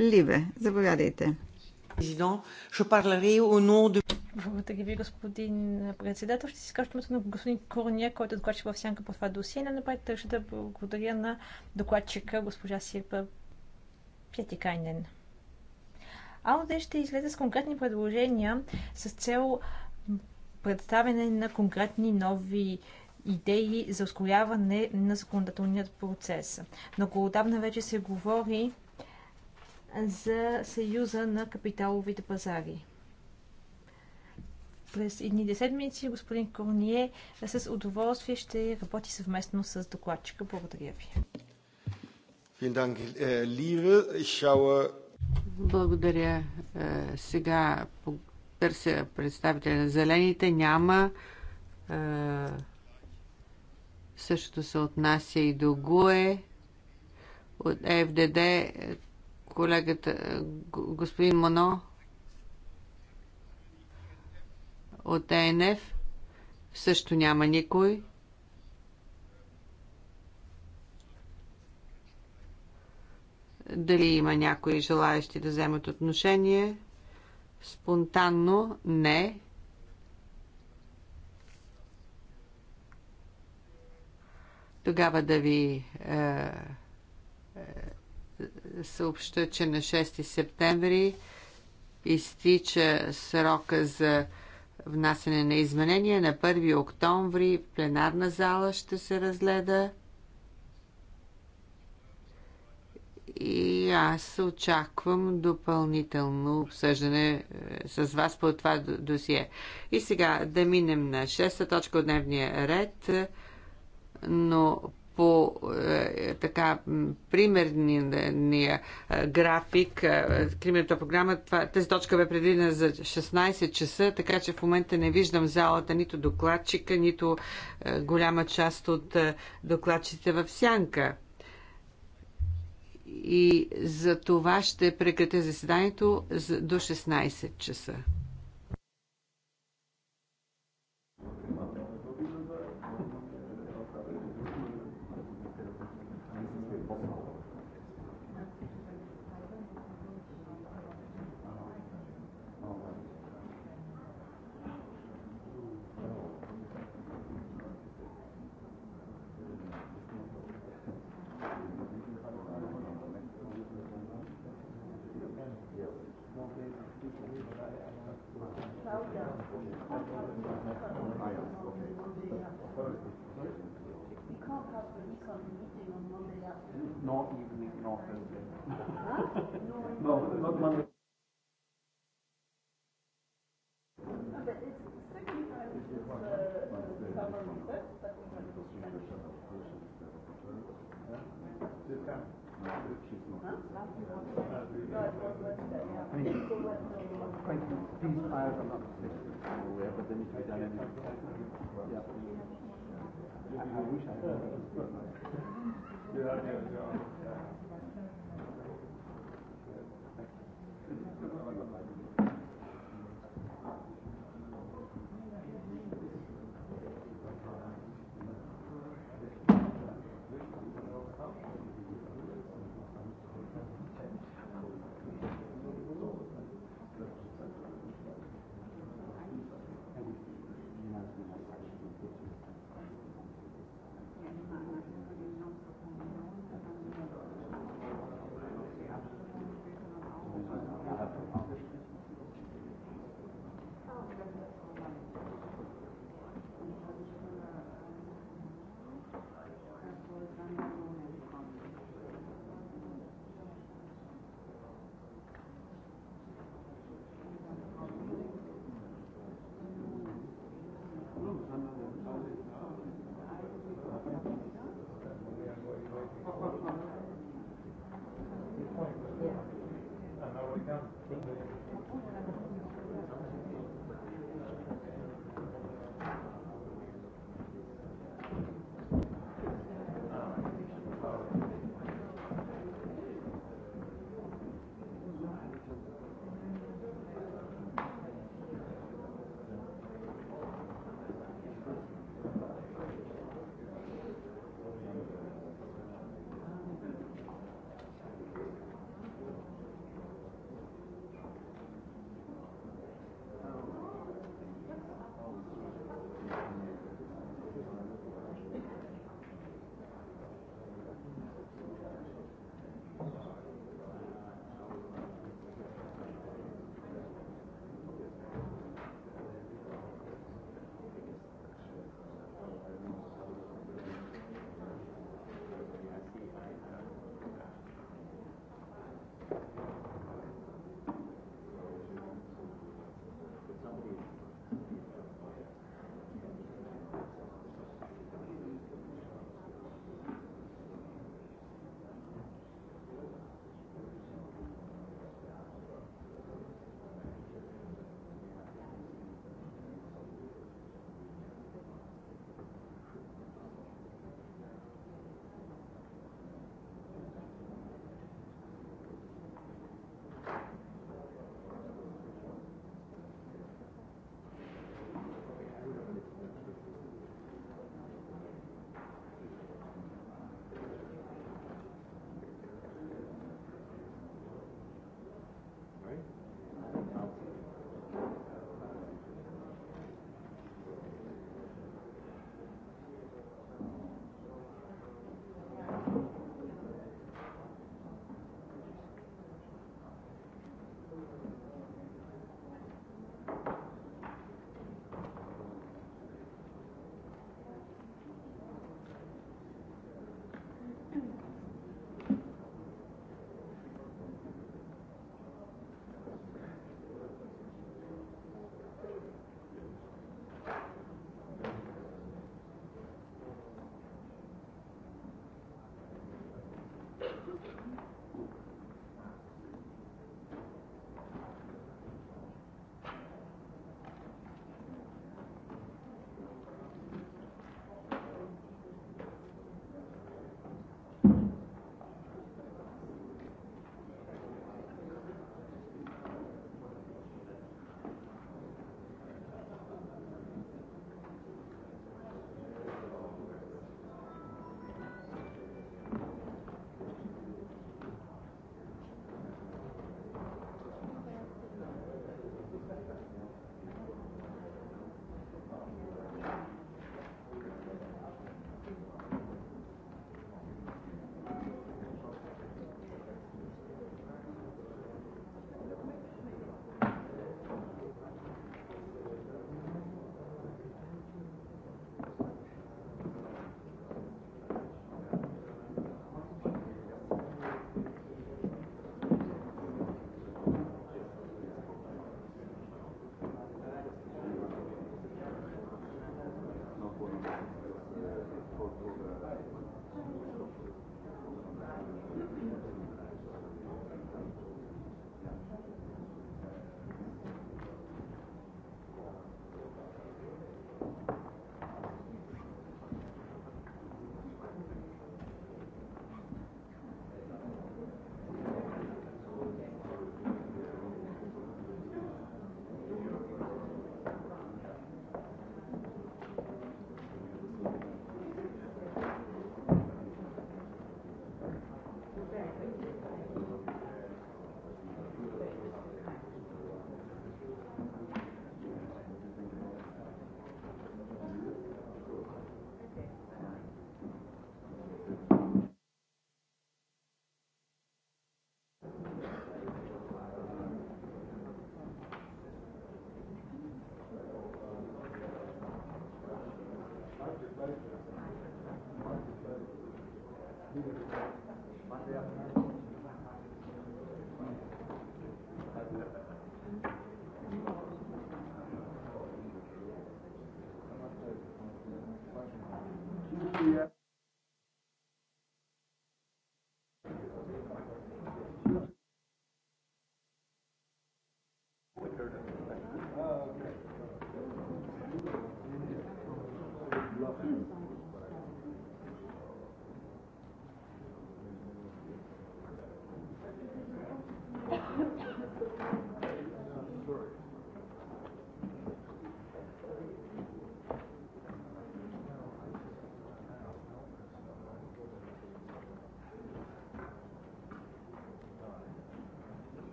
S3: Либе,
S4: заповядайте. Благодаря ви, господин председател. Ще си кажа името на господин Корния, който е докладчик в сянка по това досие. Не направи тържа да благодаря на докладчика госпожа Сирпа Пятикайнен. АОД ще излезе с конкретни предложения с цел представяне на конкретни нови идеи за ускоряване на законодателният процес. Много отдавна вече се говори за Съюза на капиталовите пазари. През едните седмици господин Корние с удоволствие ще работи съвместно с докладчика. Благодаря ви.
S2: Благодаря. Е, сега търся представителя на зелените. Няма. Е, същото се отнася и до ГУЕ. От ФДД колегата господин Моно от ЕНФ. Също няма никой. Дали има някои желаящи да вземат отношение? Спонтанно не. Тогава да ви е, съобща, че на 6 септември изтича срока за внасене на изменения. На 1 октомври в пленарна зала ще се разгледа. И аз очаквам допълнително обсъждане е, с вас по това досие. И сега да минем на шеста точка от дневния ред, но по е, така примерния е, график, е, примерната програма, това, тази точка бе предвидена за 16 часа, така че в момента не виждам залата нито докладчика, нито е, голяма част от е, докладчите в сянка. И за това ще прекратя заседанието до 16 часа.
S5: no evening, no Thursday. no, not Monday. Thank you. Please, I have a lot of questions. Yeah, but then it's done. Yeah. Ja,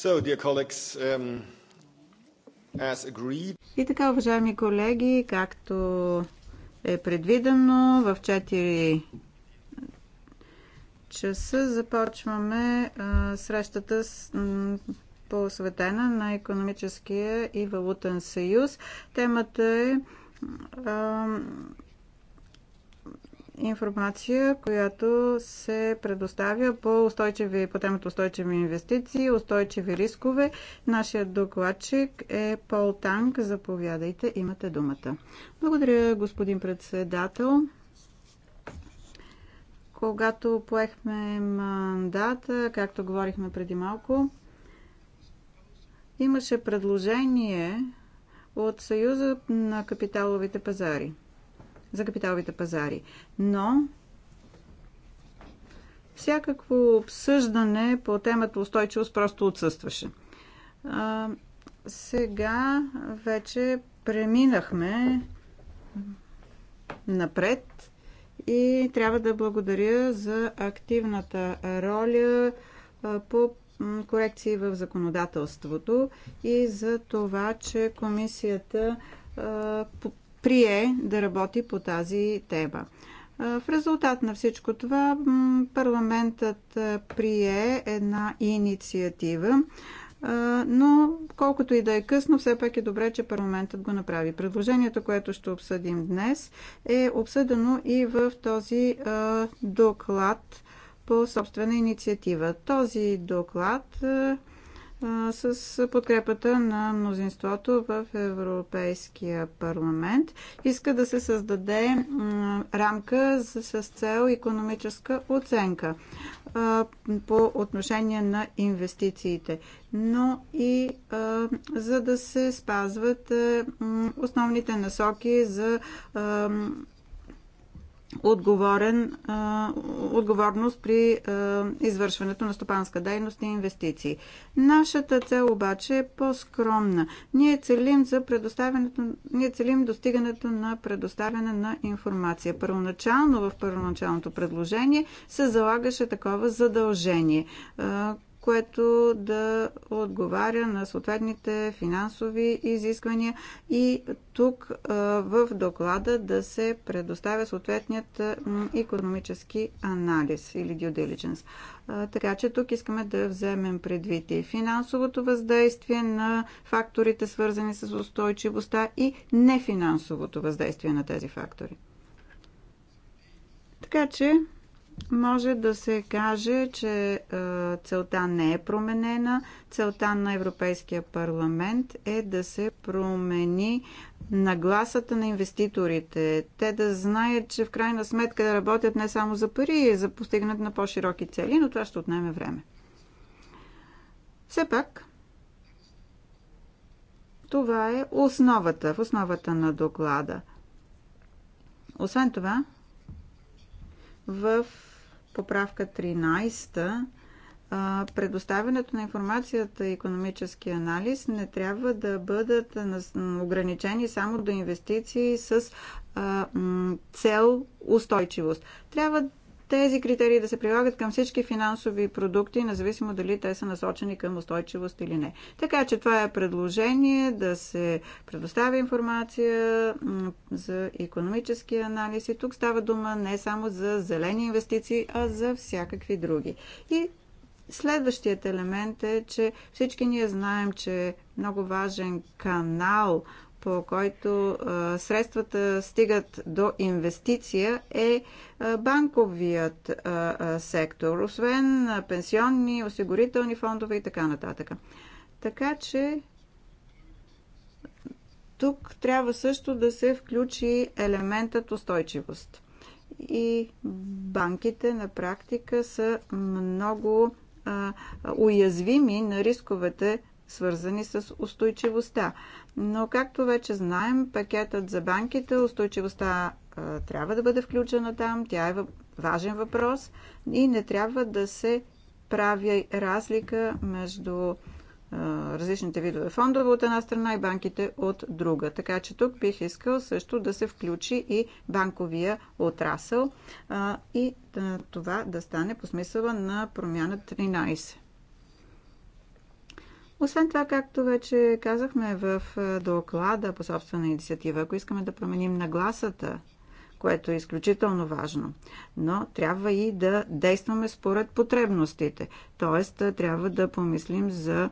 S1: Um,
S3: и така, уважаеми колеги, както е предвидено, в 4 часа започваме срещата с, посветена на економическия и валутен съюз. Темата е а, информация, която се предоставя по, устойчиви, по темата устойчиви инвестиции, устойчиви рискове. Нашият докладчик е Пол Танк. Заповядайте, имате думата. Благодаря, господин председател. Когато поехме мандата, както говорихме преди малко, имаше предложение от Съюза на капиталовите пазари за капиталовите пазари. Но всякакво обсъждане по темата устойчивост просто отсъстваше. А, сега вече преминахме напред и трябва да благодаря за активната роля по корекции в законодателството и за това, че комисията прие да работи по тази тема. В резултат на всичко това парламентът прие една инициатива, но колкото и да е късно, все пак е добре, че парламентът го направи. Предложението, което ще обсъдим днес, е обсъдено и в този доклад по собствена инициатива. Този доклад с подкрепата на мнозинството в Европейския парламент. Иска да се създаде рамка с цел економическа оценка по отношение на инвестициите, но и за да се спазват основните насоки за отговорен, отговорност при извършването на стопанска дейност и инвестиции. Нашата цел обаче е по-скромна. Ние целим, за предоставянето, ние целим достигането на предоставяне на информация. Първоначално в първоначалното предложение се залагаше такова задължение, което да отговаря на съответните финансови изисквания и тук в доклада да се предоставя съответният економически анализ или due diligence. Така че тук искаме да вземем предвид и финансовото въздействие на факторите, свързани с устойчивостта и нефинансовото въздействие на тези фактори. Така че може да се каже, че целта не е променена. Целта на Европейския парламент е да се промени нагласата на инвеститорите. Те да знаят, че в крайна сметка да работят не само за пари, а за постигнат на по-широки цели, но това ще отнеме време. Все пак, това е основата, в основата на доклада. Освен това, в поправка 13 предоставянето на информацията и економически анализ не трябва да бъдат ограничени само до инвестиции с цел устойчивост. Трябва тези критерии да се прилагат към всички финансови продукти, независимо дали те са насочени към устойчивост или не. Така че това е предложение да се предоставя информация за економически анализ и тук става дума не само за зелени инвестиции, а за всякакви други. И Следващият елемент е, че всички ние знаем, че е много важен канал, по който а, средствата стигат до инвестиция, е а, банковият а, сектор, освен пенсионни, осигурителни фондове и така нататък. Така че тук трябва също да се включи елементът устойчивост. И банките на практика са много уязвими на рисковете, свързани с устойчивостта. Но, както вече знаем, пакетът за банките, устойчивостта трябва да бъде включена там, тя е важен въпрос и не трябва да се прави разлика между различните видове фондове от една страна и банките от друга. Така че тук бих искал също да се включи и банковия отрасъл и това да стане по смисъла на промяна 13. Освен това, както вече казахме в доклада по собствена инициатива, ако искаме да променим нагласата, което е изключително важно, но трябва и да действаме според потребностите. Тоест, трябва да помислим за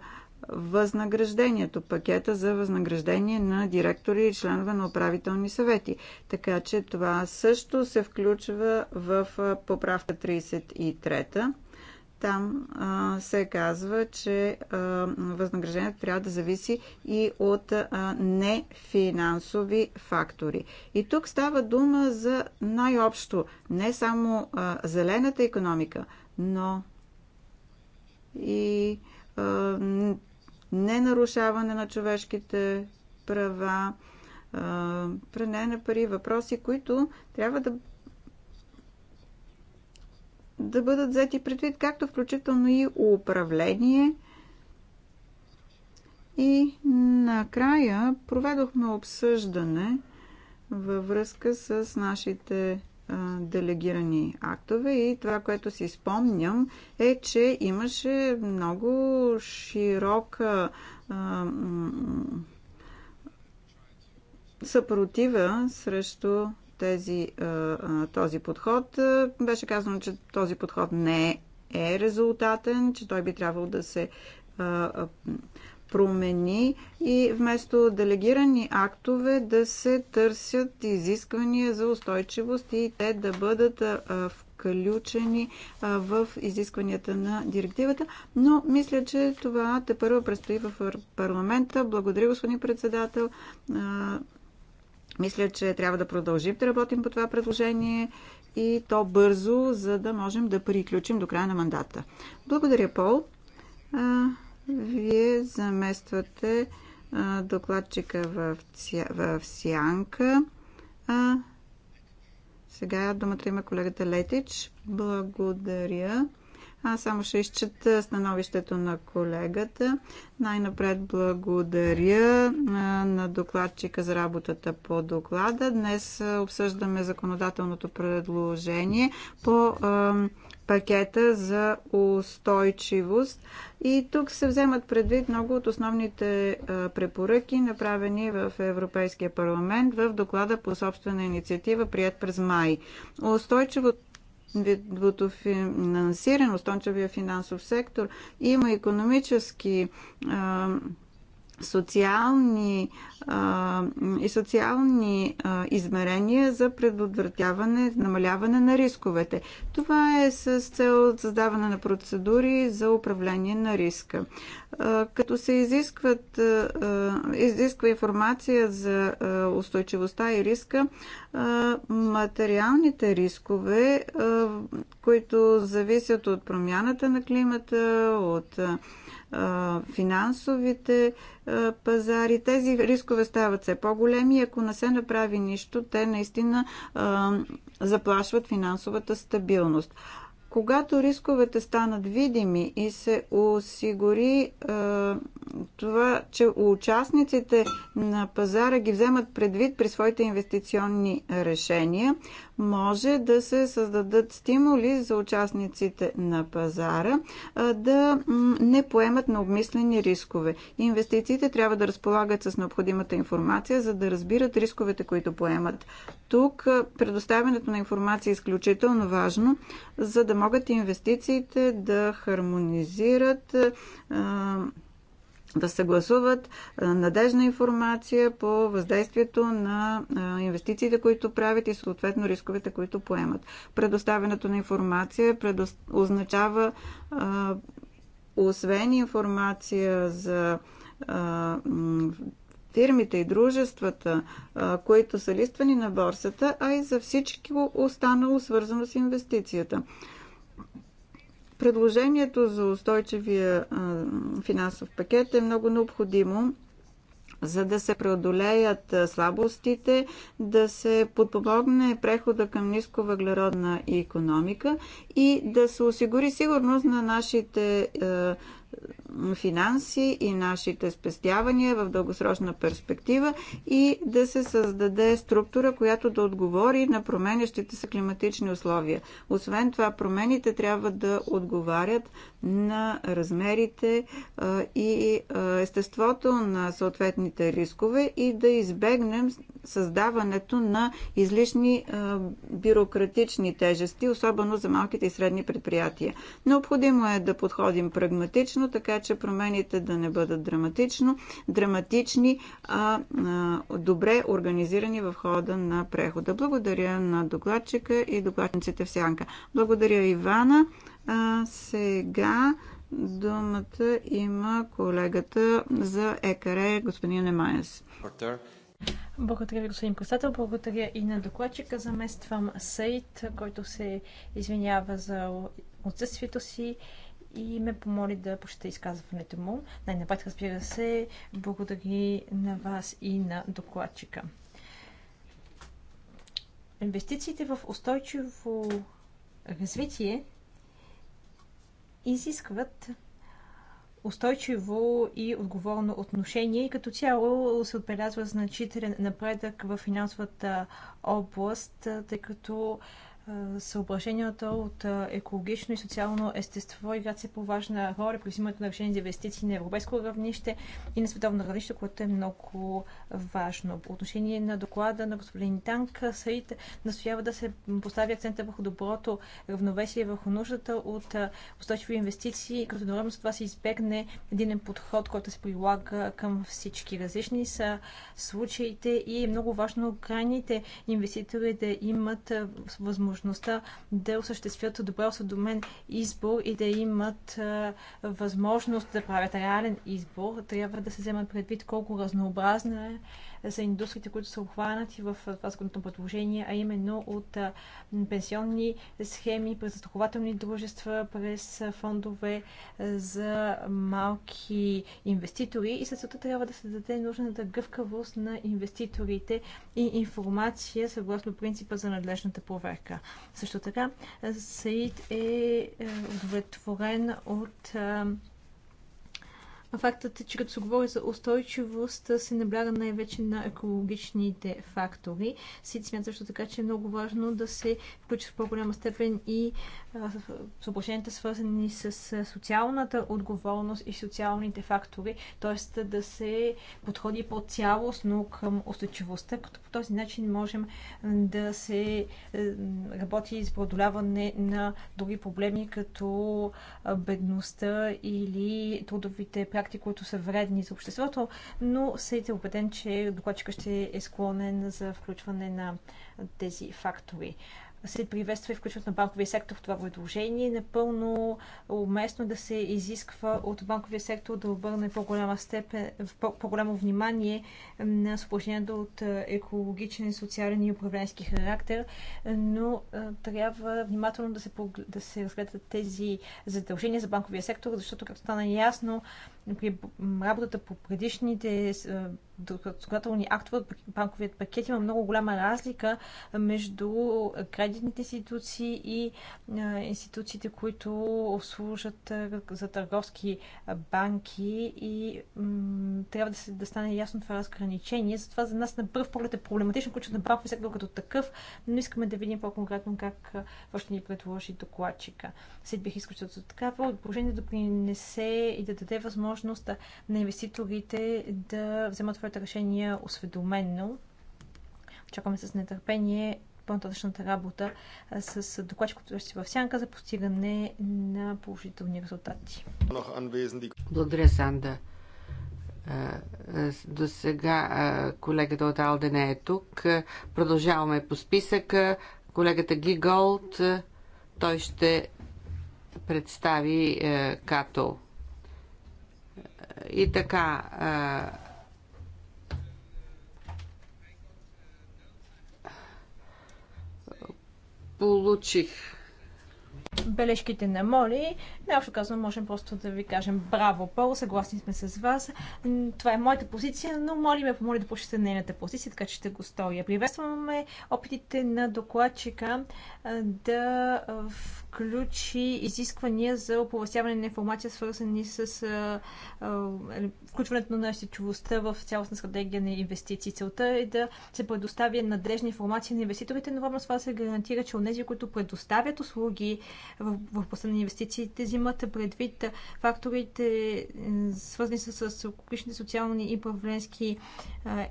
S3: възнаграждението, пакета за възнаграждение на директори и членове на управителни съвети. Така че това също се включва в поправка 33. Там а, се казва, че а, възнаграждението трябва да зависи и от а, нефинансови фактори. И тук става дума за най-общо, не само а, зелената економика, но и ненарушаване на човешките права, пране на пари, въпроси, които трябва да да бъдат взети предвид, както включително и управление. И накрая проведохме обсъждане във връзка с нашите делегирани актове и това, което си спомням е, че имаше много широка съпротива срещу тези, този подход. Беше казано, че този подход не е резултатен, че той би трябвало да се промени и вместо делегирани актове да се търсят изисквания за устойчивост и те да бъдат включени в изискванията на директивата. Но мисля, че това те първо предстои в парламента. Благодаря, господин председател. Мисля, че трябва да продължим да работим по това предложение и то бързо, за да можем да приключим до края на мандата. Благодаря, Пол. Вие замествате докладчика в, в Сянка. А, сега думата има колегата Летич. Благодаря. А само ще изчета становището на колегата. Най-напред благодаря на докладчика за работата по доклада. Днес обсъждаме законодателното предложение по пакета за устойчивост. И тук се вземат предвид много от основните препоръки, направени в Европейския парламент в доклада по собствена инициатива, прият през май. Устойчиво видовото финансиране, устойчивия финансов сектор има економически социални и социални измерения за предотвратяване, намаляване на рисковете. Това е с цел създаване на процедури за управление на риска. като се изискват, изисква информация за устойчивостта и риска, материалните рискове, които зависят от промяната на климата, от финансовите пазари. Тези рискове стават все по-големи и ако не се направи нищо, те наистина заплашват финансовата стабилност. Когато рисковете станат видими и се осигури е, това, че участниците на пазара ги вземат предвид при своите инвестиционни решения, може да се създадат стимули за участниците на пазара да не поемат на обмислени рискове. Инвестициите трябва да разполагат с необходимата информация, за да разбират рисковете, които поемат. Тук предоставянето на информация е изключително важно, за да могат инвестициите да хармонизират да съгласуват надежна информация по въздействието на инвестициите, които правят и съответно рисковете, които поемат. Предоставянето на информация означава освен информация за фирмите и дружествата, които са листвани на борсата, а и за всички останало свързано с инвестицията. Предложението за устойчивия финансов пакет е много необходимо за да се преодолеят слабостите, да се подпомогне прехода към ниско въглеродна економика и да се осигури сигурност на нашите финанси и нашите спестявания в дългосрочна перспектива и да се създаде структура, която да отговори на променящите се климатични условия. Освен това, промените трябва да отговарят на размерите и естеството на съответните рискове и да избегнем създаването на излишни бюрократични тежести, особено за малките и средни предприятия. Необходимо е да подходим прагматично, така че промените да не бъдат драматично, драматични, а добре организирани в хода на прехода. Благодаря на докладчика и докладчиците в Сянка. Благодаря Ивана. А сега думата има колегата за ЕКР, господин Немайес.
S4: Благодаря ви, господин председател. Благодаря и на докладчика. Замествам Сейт, който се извинява за отсъствието си и ме помоли да почета изказването му. Най-напред, разбира се, благодаря на вас и на докладчика. Инвестициите в устойчиво развитие изискват устойчиво и отговорно отношение и като цяло се отбелязва значителен напредък в финансовата област, тъй като съображенията от екологично и социално естество играят се по-важна роля при взимането на решение за инвестиции на европейско равнище и на световно равнище, което е много важно. По отношение на доклада на господин Танк, Саид настоява да се постави акцента върху доброто равновесие, върху нуждата от устойчиви инвестиции, като едновременно с това се избегне един подход, който се прилага към всички. Различни са случаите и е много важно крайните инвеститори да имат възможност възможността да осъществят добре осъдомен избор и да имат възможност да правят реален избор. Трябва да се вземат предвид колко разнообразна е за индустриите, които са обхванати в това законодателно предложение, а именно от пенсионни схеми, през застрахователни дружества, през фондове за малки инвеститори и след това трябва да се даде нужната гъвкавост на инвеститорите и информация съгласно принципа за надлежната проверка. Също така, Саид е, е удовлетворен от фактът е, че като се говори за устойчивост, се набляга най-вече на екологичните фактори. СИД смята също така, че е много важно да се включи в по-голяма степен и съображенията, свързани с социалната отговорност и социалните фактори, т.е. да се подходи по-цялостно към устойчивостта, като по този начин можем да се е, работи за преодоляване на други проблеми, като бедността или трудовите практики, които са вредни за обществото, но е убеден, че докладчика ще е склонен за включване на тези фактори се приветства и включват на банковия сектор в това предложение. Напълно уместно е да се изисква от банковия сектор да обърне по-голяма степен, по-голямо внимание на освобождението от екологичен, социален и управленски характер, но трябва внимателно да се, да се разгледат тези задължения за банковия сектор, защото, както стана ясно, при работата по предишните законодателни актове от банковият пакет има много голяма разлика между кредитните институции и институциите, които служат за търговски банки и трябва да, се, да стане ясно това разграничение. Затова за нас на първ поглед е проблематично, който на банкови сектор като такъв, но искаме да видим по-конкретно как ще ни предложи докладчика. След бих искал, такава така, положението да принесе и да даде възможност възможност на инвеститорите да вземат своите решения осведоменно. Очакваме с нетърпение по-нататъчната работа с докладчиката си в сянка за постигане на положителни резултати.
S2: Благодаря, Санда. До сега колегата от Алде не е тук. Продължаваме по списъка. Колегата Гиголд, той ще представи Като. И така,
S4: получих бележките на Моли най-общо казвам, можем просто да ви кажем браво, Пол, съгласни сме с вас. Това е моята позиция, но моли ме помоля да пушите нейната позиция, така че ще го стоя. Приветстваме опитите на докладчика да включи изисквания за оповестяване на информация, свързани с включването на сетчовостта в цялостна стратегия на инвестиции. Целта е да се предоставя надежна информация на инвеститорите, но с това се гарантира, че от тези, които предоставят услуги в областта на инвестициите, взимат предвид факторите, свързани с екологични, социални и правленски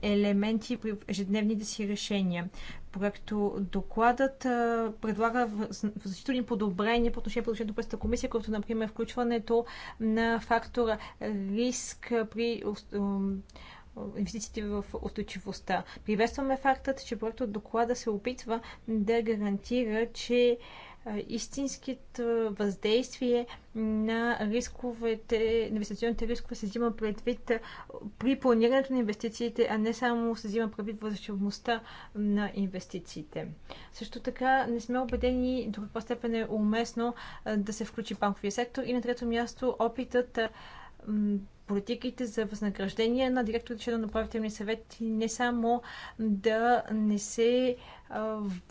S4: елементи при ежедневните си решения. Проекто докладът предлага значителни подобрения по отношение на предложението през комисия, като например включването на фактора риск при инвестициите в устойчивостта. Приветстваме фактът, че проектът доклада се опитва да гарантира, че истинските въздействие на рисковете, инвестиционните рискове се взима предвид при планирането на инвестициите, а не само се взима предвид възможността на инвестициите. Също така не сме убедени до каква степен е уместно да се включи банковия сектор и на трето място опитът политиките за възнаграждение на директорите член на управителния съвет не само да не се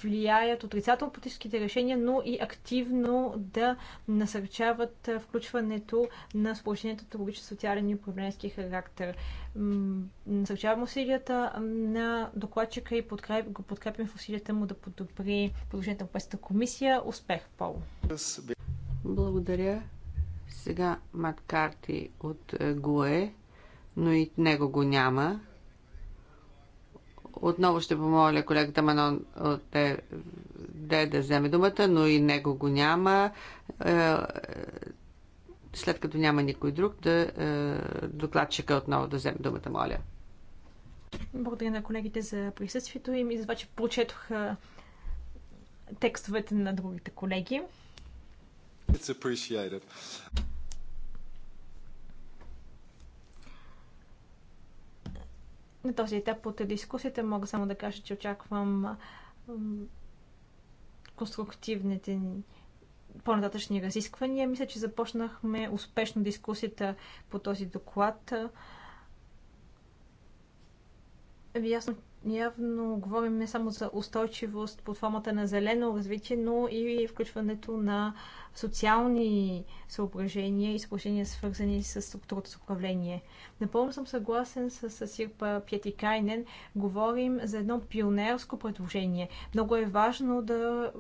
S4: влияят отрицателно политическите решения, но и активно да насърчават включването на споразумението от логичен социален и управленски характер. Насърчавам усилията на докладчика и подкреп, го подкрепям в усилията му да подобри положението на комисия. Успех, Пол!
S2: Благодаря. Сега Маткарти от е, ГУЕ, но и него го няма. Отново ще помоля колегата Манон от Де да вземе думата, но и него го няма. Е, е, след като няма никой друг, да докладчика отново да вземе думата, моля.
S4: Благодаря на колегите за присъствието им и за това, че прочетох текстовете на другите колеги.
S1: It's appreciated.
S4: На този етап от дискусията мога само да кажа, че очаквам конструктивните ни по-нататъчни разисквания. Мисля, че започнахме успешно дискусията по този доклад. Ясно, явно говорим не само за устойчивост под формата на зелено развитие, но и включването на социални съображения и съображения свързани с структурата с управление. Напълно съм съгласен с, Сирпа Сирпа Кайнен. Говорим за едно пионерско предложение. Много е важно да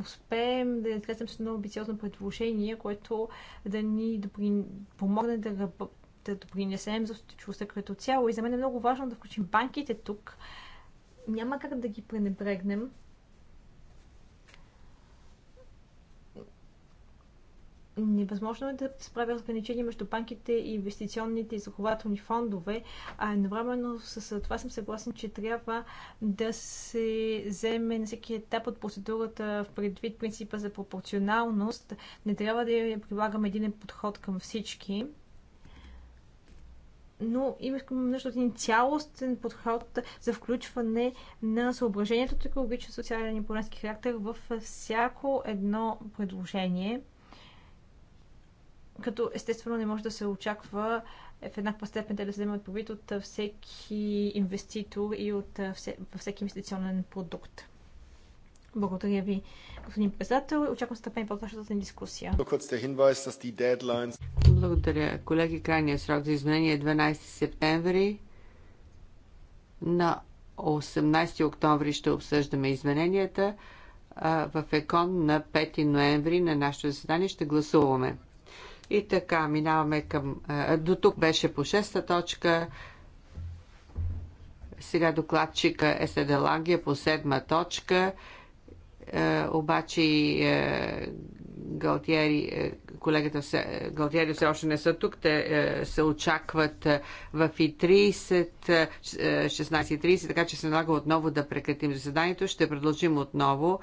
S4: успеем да излезем с едно амбициозно предложение, което да ни допри... помогне да работим да допринесем за устойчивостта като цяло. И за мен е много важно да включим банките тук. Няма как да ги пренебрегнем. невъзможно е да се прави разграничение между банките и инвестиционните и захователни фондове, а едновременно с това съм съгласен, че трябва да се вземе на всеки етап от процедурата в предвид принципа за пропорционалност. Не трябва да прилагаме един подход към всички но имаме нужда от един цялостен подход за включване на съображението от екологично, социален и полянски характер в всяко едно предложение, като естествено не може да се очаква в еднаква степен да се вземат повид от всеки инвеститор и от всеки инвестиционен продукт. Благодаря ви, господин председател. Очаквам с по под вашата дискусия.
S2: Благодаря, колеги. Крайният срок за изменение е 12 септември. На 18 октомври ще обсъждаме измененията. В ЕКОН на 5 ноември на нашето заседание ще гласуваме. И така, минаваме към... До тук беше по 6 та точка. Сега докладчика е Седелангия по 7 точка е, обаче е, Галтиери, е, колегата Галтиери все още не са тук. Те се очакват в и 30, 16.30, така че се налага отново да прекратим заседанието. Ще продължим отново,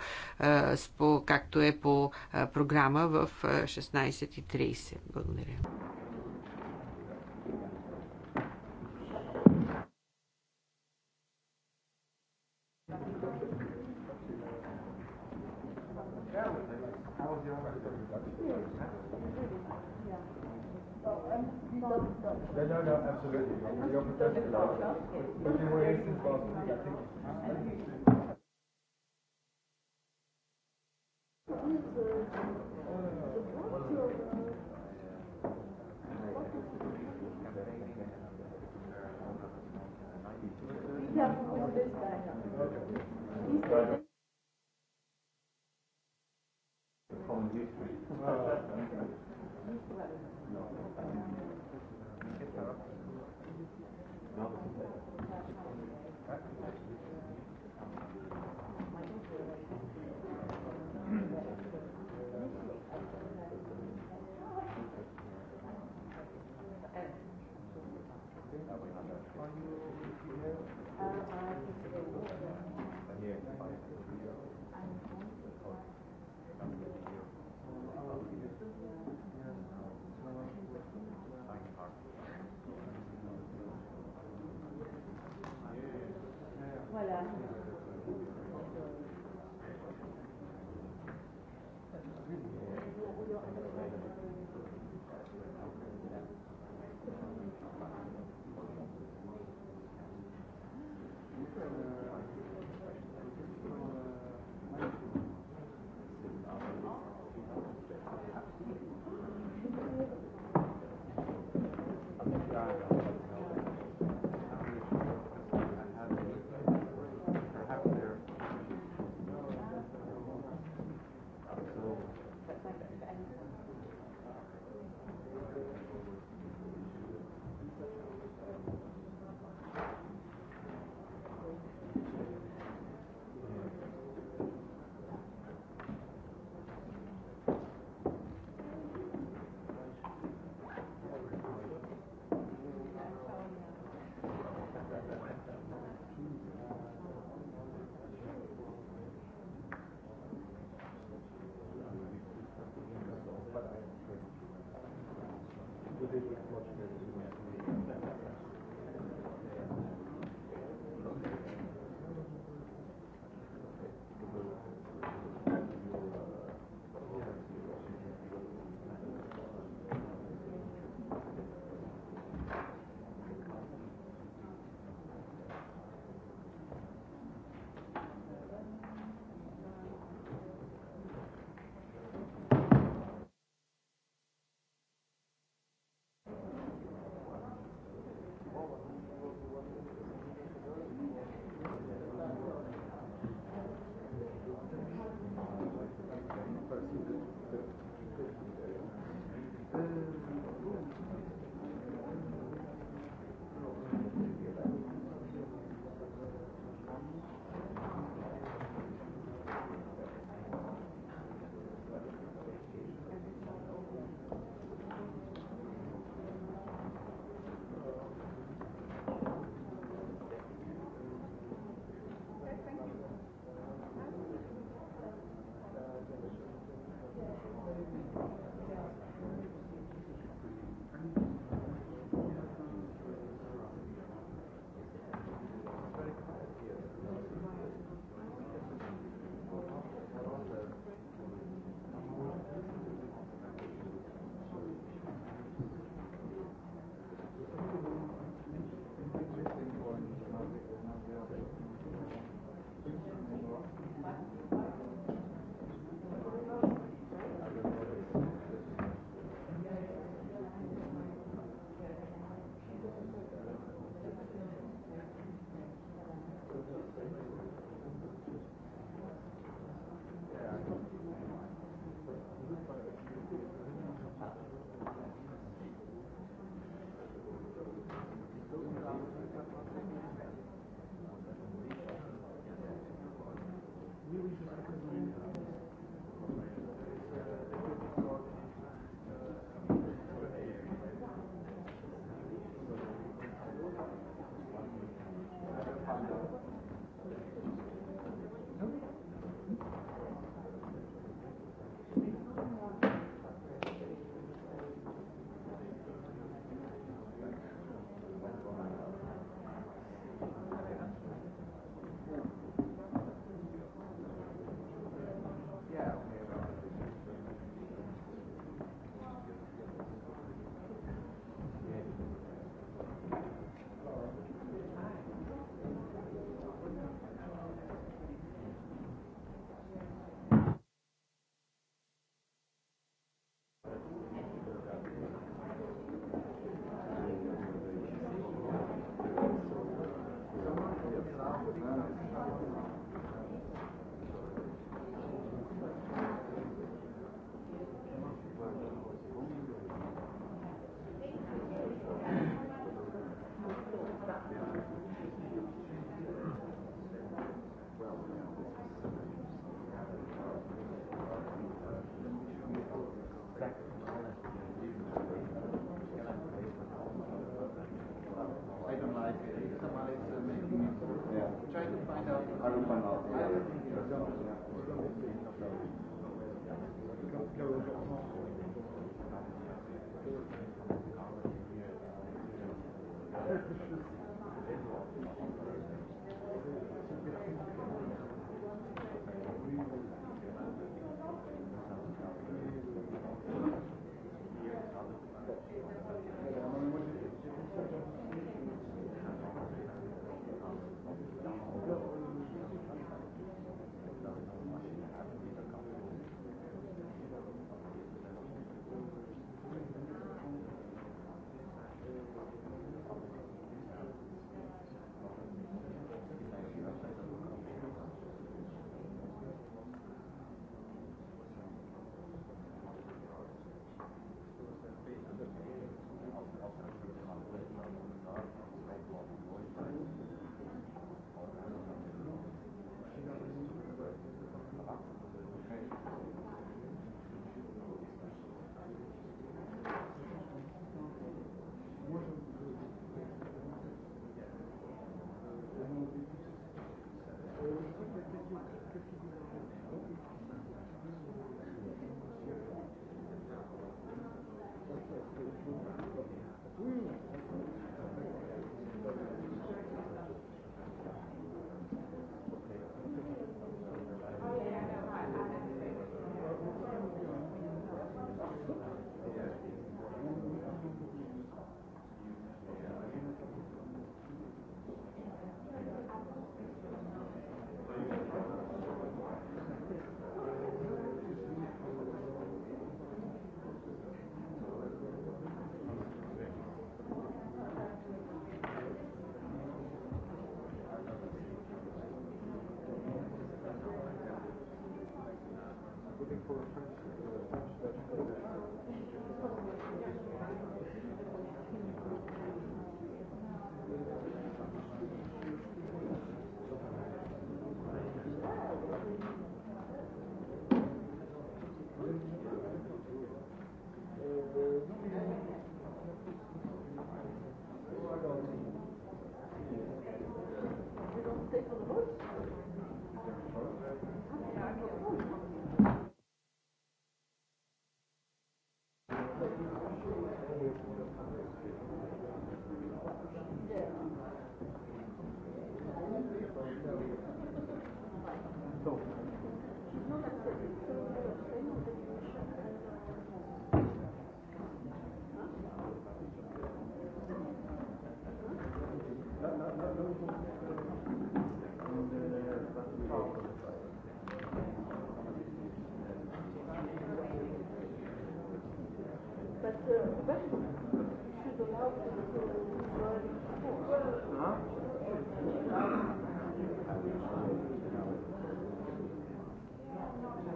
S2: както е по програма в 16.30. Благодаря.
S5: Thank you. No, no, no, absolutely. You're professional. But you were instant possible. I think.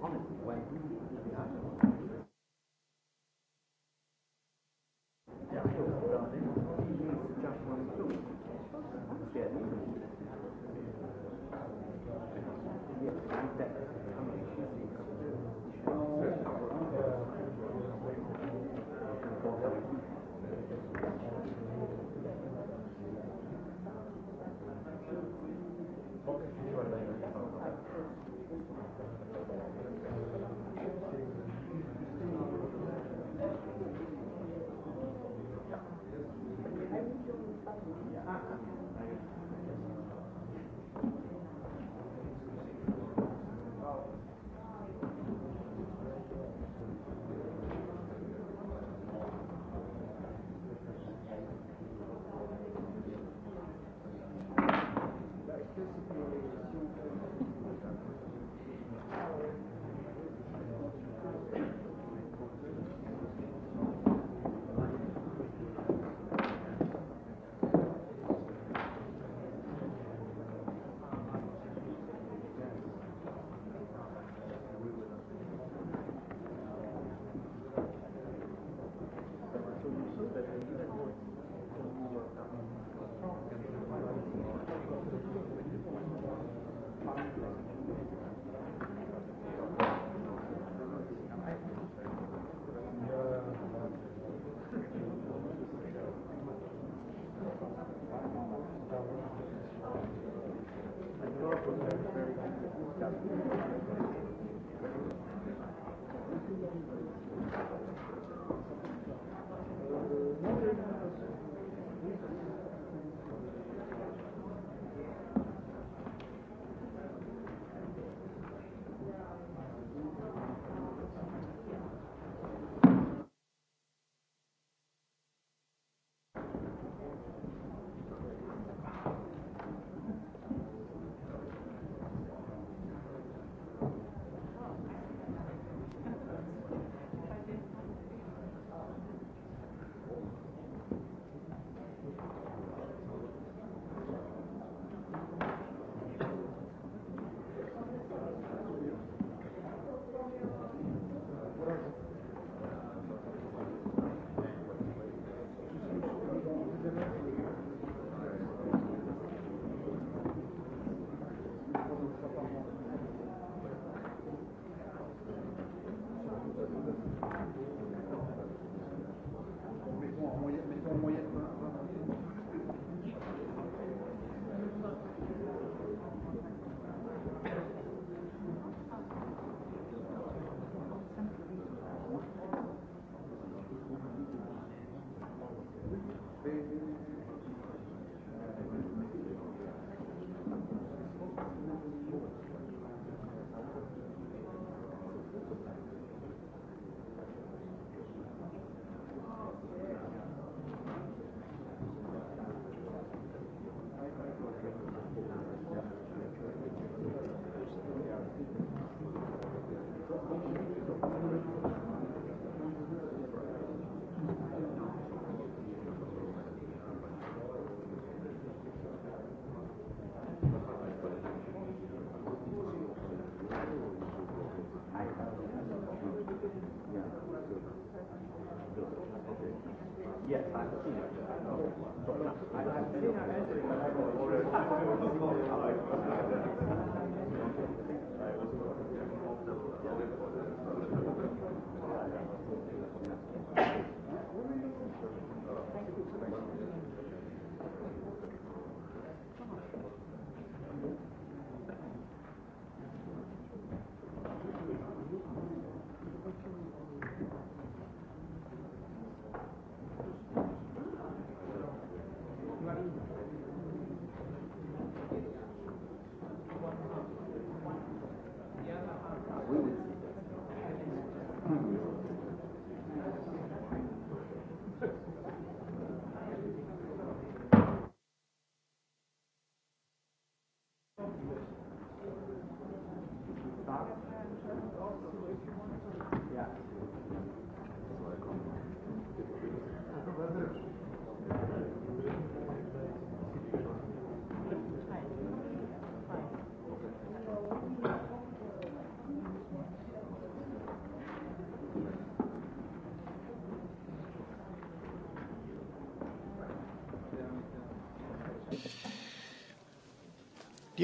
S5: honestly, when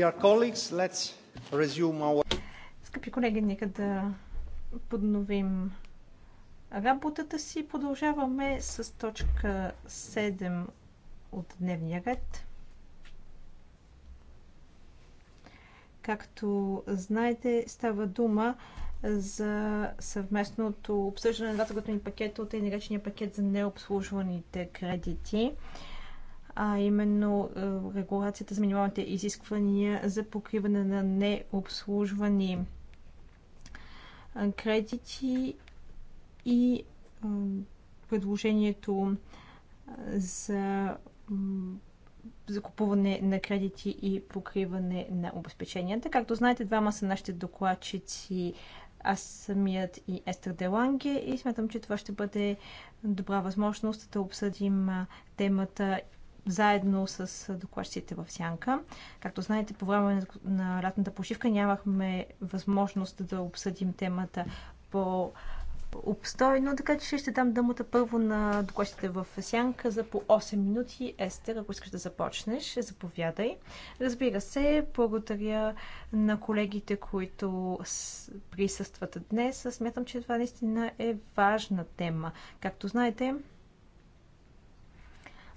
S5: Our...
S4: Скъпи колеги, нека да подновим работата си. Продължаваме с точка 7 от дневния ред. Както знаете, става дума за съвместното обсъждане на двата години пакета от наречения пакет за необслужваните кредити а именно е, регулацията за минималните изисквания за покриване на необслужвани е, кредити и е, предложението за закупуване на кредити и покриване на обезпеченията. Както знаете, двама са нашите докладчици аз самият и Естер Деланге и смятам, че това ще бъде добра възможност да обсъдим темата заедно с докладчиците в Сянка. Както знаете, по време на лятната почивка нямахме възможност да обсъдим темата по обстойно, така че ще дам дъмата първо на докладчиците в сянка за по 8 минути. Естер, ако искаш да започнеш, заповядай. Разбира се, благодаря на колегите, които присъстват днес. Смятам, че това наистина е важна тема. Както знаете,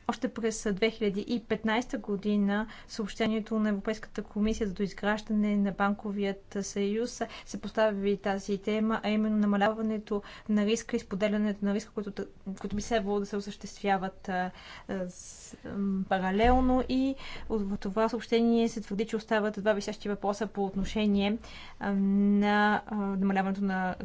S4: още през 2015 година съобщението на Европейската комисия за доизграждане на банковият съюз се постави тази тема, а именно намаляването на риска и споделянето на риска, които, които би следвало да се осъществяват паралелно. И в това съобщение се твърди, че остават два висящи въпроса по отношение на намаляването на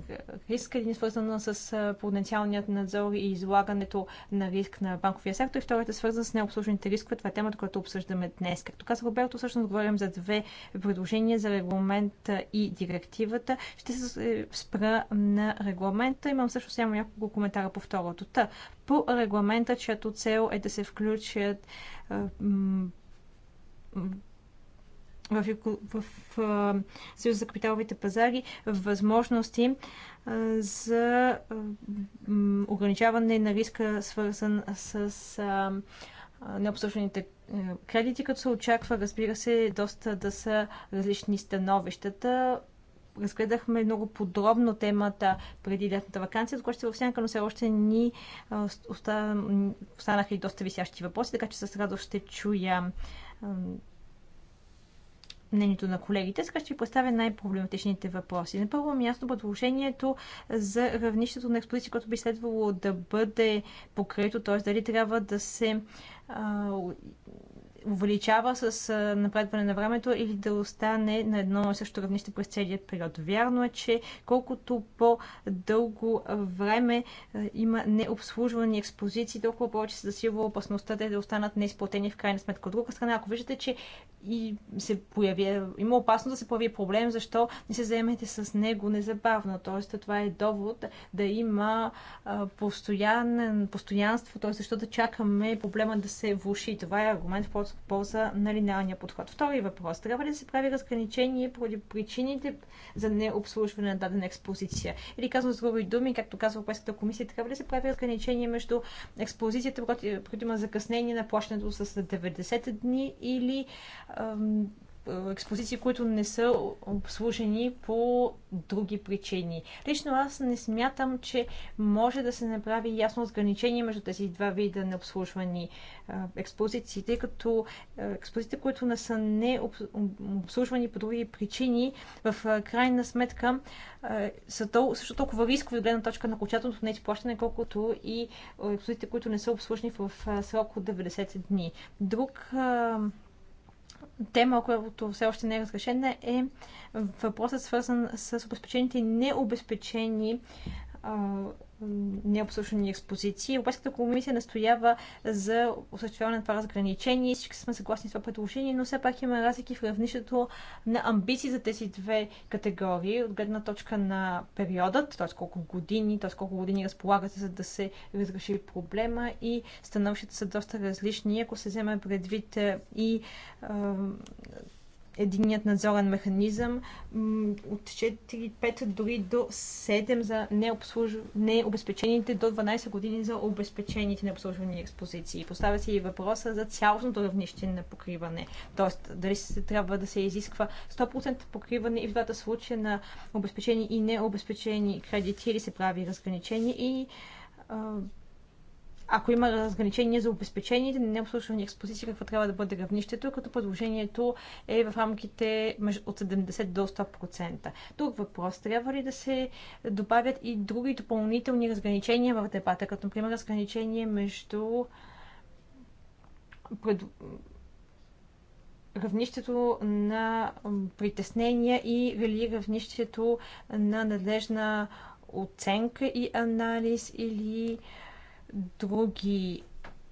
S4: риска, един е свързан с потенциалният надзор и излагането на риск на банковия сектор и темата, е свързана с необслужените рискове. Това е темата, която обсъждаме днес. Както казах, Роберто, всъщност говорим за две предложения за регламент и директивата. Ще се е, спра на регламента. Имам също само няколко коментара по второто. Та, по регламента, чиято цел е да се включат е, в, в, в Съюз за капиталовите пазари възможности за ограничаване на риска, свързан с а, необслужените кредити, като се очаква, разбира се, доста да са различни становищата. Разгледахме много подробно темата преди лятната вакансия, докато ще в сянка, но все още ни останаха и доста висящи въпроси, така че с радост ще чуя мнението на колегите. Сега ще ви представя най-проблематичните въпроси. На първо място предложението за равнището на експозиция, което би следвало да бъде покрито, т.е. дали трябва да се а, увеличава с напредване на времето или да остане на едно и също равнище през целият период. Вярно е, че колкото по-дълго време има необслужвани експозиции, толкова повече се засилва опасността те да останат неизплатени в крайна сметка. От друга страна, ако виждате, че и се появи, има опасност да се появи проблем, защо не се заемете с него незабавно. Тоест, това е довод да има постоянен, постоянство, т.е. защо да чакаме проблема да се влуши. Това е аргумент в полза на линейния подход. Втори въпрос. Трябва ли да се прави разграничение поради причините за необслужване на дадена експозиция? Или казвам с други думи, както казва Европейската комисия, трябва ли да се прави разграничение между експозицията, когато е- има закъснение на плащането с 90 дни или експозиции, които не са обслужени по други причини. Лично аз не смятам, че може да се направи ясно разграничение между тези два вида на обслужвани експозиции, тъй като експозиции, които не са не обслужвани по други причини, в крайна сметка са също толкова рискови от гледна точка на окончателното не изплащане, колкото и експозиции, които не са обслужени в срок от 90 дни. Друг тема, която все още не е разрешена, е въпросът свързан с обезпечените и необезпечени необслужени експозиции. Европейската комисия настоява за осъществяване на това разграничение. Всички сме съгласни с това предложение, но все пак има разлики в равнището на амбиции за тези две категории, от гледна точка на периодът, т.е. колко години, т.е. колко години разполагате, за да се разреши проблема и становищата са доста различни. Ако се вземе предвид е, и е, единият надзорен механизъм от 4-5 дори до 7 за необезпечените до 12 години за обезпечените необслужвани експозиции. Поставя се и въпроса за цялостното равнище на покриване. Тоест, дали се трябва да се изисква 100% покриване и в двата случая на обезпечени и необезпечени кредити или се прави разграничение и ако има разграничение за обезпечените, необслужвани експозиции, какво трябва да бъде равнището, като предложението е в рамките от 70 до 100%. Друг въпрос. Трябва ли да се добавят и други допълнителни разграничения в дебата, като например разграничение между пред... равнището на притеснения и или равнището на надлежна оценка и анализ или други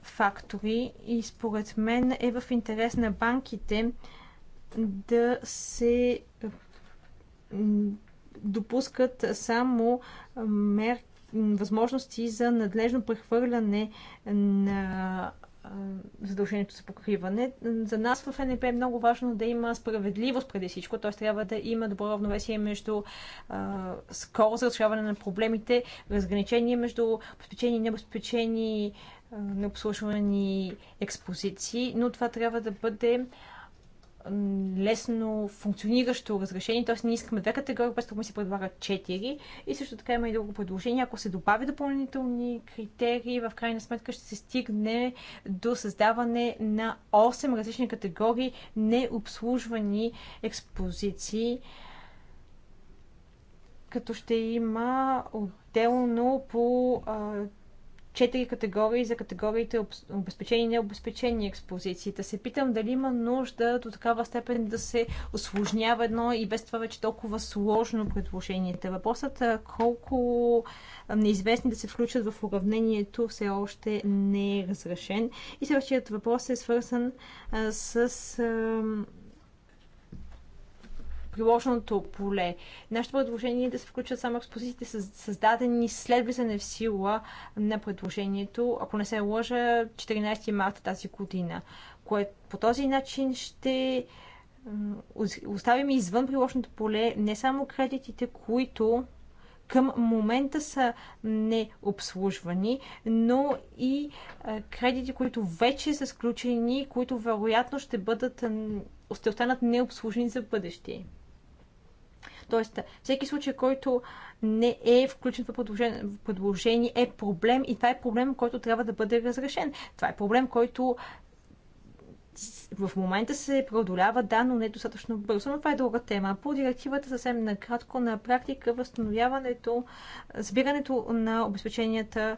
S4: фактори и според мен е в интерес на банките да се допускат само мер... възможности за надлежно прехвърляне на задължението за покриване. За нас в НП е много важно да има справедливост преди всичко, т.е. трябва да има добро равновесие между а, скорост за решаване на проблемите, разграничение между обеспечени и необезпечени необслужвани експозиции, но това трябва да бъде лесно функциониращо разрешение, т.е. ние искаме две категории, без тук ми се предлага четири. И също така има и друго предложение. Ако се добави допълнителни критерии, в крайна сметка ще се стигне до създаване на 8 различни категории необслужвани експозиции като ще има отделно по а, четири категории за категориите обезпечени и необезпечени експозициите. Се питам дали има нужда до такава степен да се осложнява едно и без това вече толкова сложно предложението. Въпросът е колко неизвестни да се включат в уравнението все още не е разрешен. И следващият въпрос е свързан с приложеното поле. Нашето предложение е да се включат само експозициите, създадени след влизане в сила на предложението, ако не се лъжа, 14 марта тази година, което по този начин ще оставим извън приложеното поле не само кредитите, които към момента са необслужвани, но и кредити, които вече са сключени, които вероятно ще бъдат ще останат необслужени за бъдеще. Тоест, всеки случай, който не е включен в предложение, е проблем и това е проблем, който трябва да бъде разрешен. Това е проблем, който в момента се преодолява, да, но не достатъчно бързо, но това е друга тема. По директивата съвсем накратко на практика възстановяването, сбирането на обезпеченията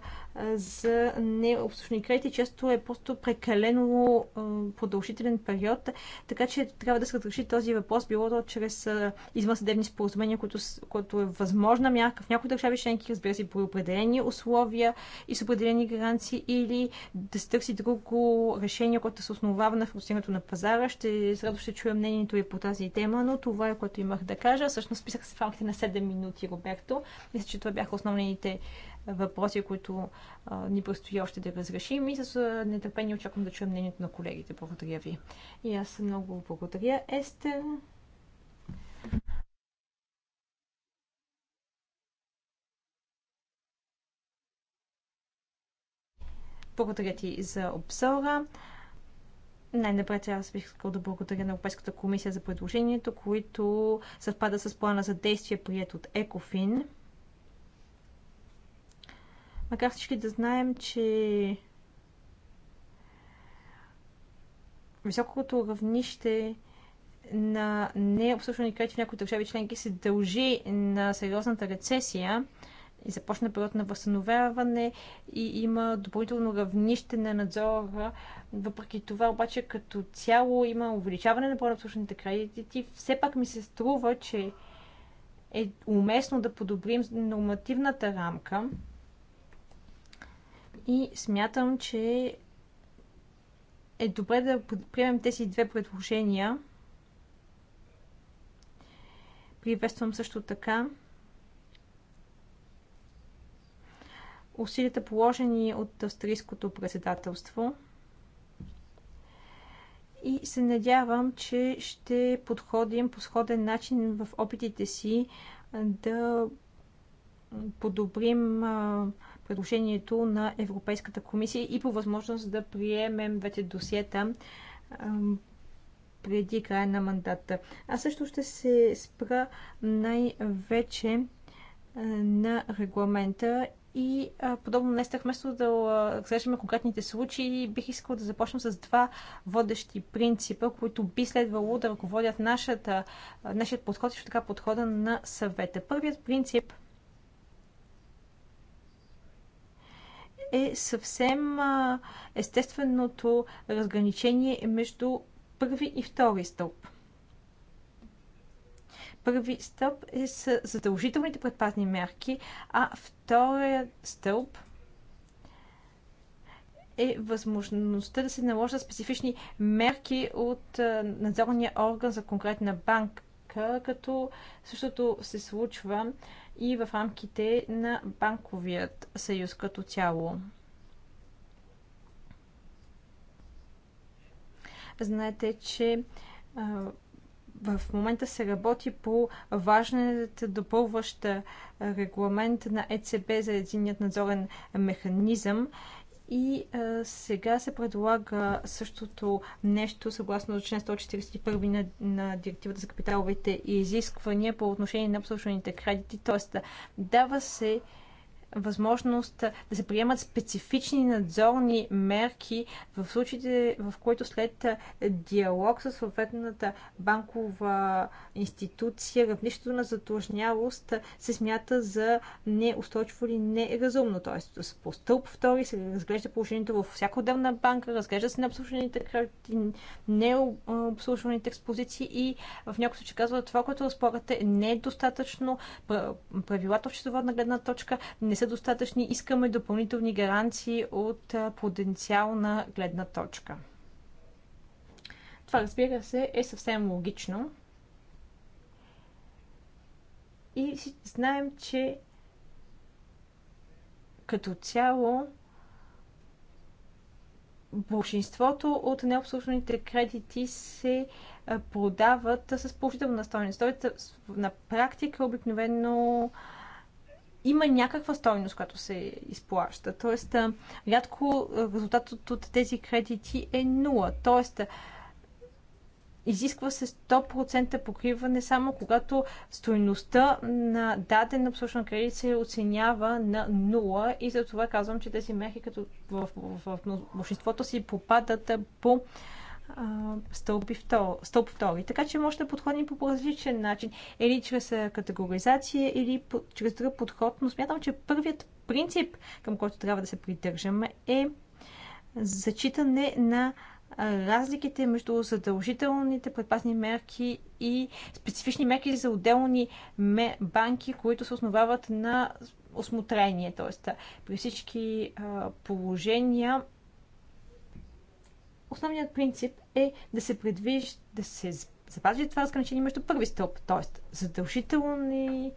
S4: за необслужени кредити често е просто прекалено продължителен период, така че трябва да се разреши този въпрос, било то чрез извънсъдебни споразумения, което, което е възможна мярка в някои държави членки, разбира се, при определени условия и с определени гаранции или да се търси друго решение, което се основава на функционирането на пазара. Ще, с радост ще чуя мнението и по тази тема, но това е което имах да кажа. Всъщност писах се в рамките на 7 минути, Роберто. Мисля, че това бяха основните въпроси, които а, ни предстои още да разрешим и с а, нетърпение очаквам да чуя мнението на колегите. Благодаря ви. И аз много благодаря. Естер. Благодаря ти за обзора. Най-напред аз бих искал да благодаря на Европейската комисия за предложението, които съвпада с плана за действие, прият от ЕКОФИН. Макар всички да знаем, че високото равнище на необслужвани кредити в някои държави членки се дължи на сериозната рецесия, и започна период на възстановяване и има допълнително равнище на надзора. Въпреки това, обаче, като цяло има увеличаване на по на обслужените кредити. Все пак ми се струва, че е уместно да подобрим нормативната рамка. И смятам, че е добре да приемем тези две предложения. Приветствам също така усилията положени от австрийското председателство и се надявам, че ще подходим по сходен начин в опитите си да подобрим предложението на Европейската комисия и по възможност да приемем двете досиета преди края на мандата. Аз също ще се спра най-вече на регламента и а, подобно днес, вместо да разглеждаме конкретните случаи, бих искал да започна с два водещи принципа, които би следвало да ръководят нашата, нашия подход и също така подхода на съвета. Първият принцип е съвсем естественото разграничение между първи и втори стълб. Първи стълб е с задължителните предпазни мерки, а вторият стълб е възможността да се наложат специфични мерки от надзорния орган за конкретна банка, като същото се случва и в рамките на банковият съюз като цяло. Знаете, че в момента се работи по важната допълваща регламент на ЕЦБ за единният надзорен механизъм и а, сега се предлага същото нещо, съгласно член 141 на, на директивата за капиталовите изисквания по отношение на обслужваните кредити. Т.е. дава се възможност да се приемат специфични надзорни мерки в случаите, в които след диалог с съответната банкова институция равнището на задлъжнялост се смята за неустойчиво или неразумно. Т.е. по стълб втори се разглежда положението във всяка отделна банка, разглежда се необслужваните кредити, необслужваните експозиции и в някои случаи казва това, което разполагате не е достатъчно. Правилата в счетоводна гледна точка не са достатъчни. Искаме допълнителни гаранции от потенциална гледна точка. Това, разбира се, е съвсем логично. И знаем, че като цяло большинството от необслужваните кредити се продават с положителна стойност. на практика обикновено има някаква стойност, която се изплаща. Тоест, рядко резултатът от тези кредити е нула. Тоест, изисква се 100% покриване само когато стойността на даден обслужен кредит се оценява на нула и за това казвам, че тези мехи като в, в, в, в, в, в, си попадат по стълби втори, стълб втори. Така че може да подходим по различен начин. Или чрез категоризация, или по, чрез друг подход. Но смятам, че първият принцип, към който трябва да се придържаме, е зачитане на разликите между задължителните предпазни мерки и специфични мерки за отделни банки, които се основават на осмотрение. Тоест, при всички положения основният принцип е да се предвижда, да се запази това разграничение между първи стълб, т.е. задължителни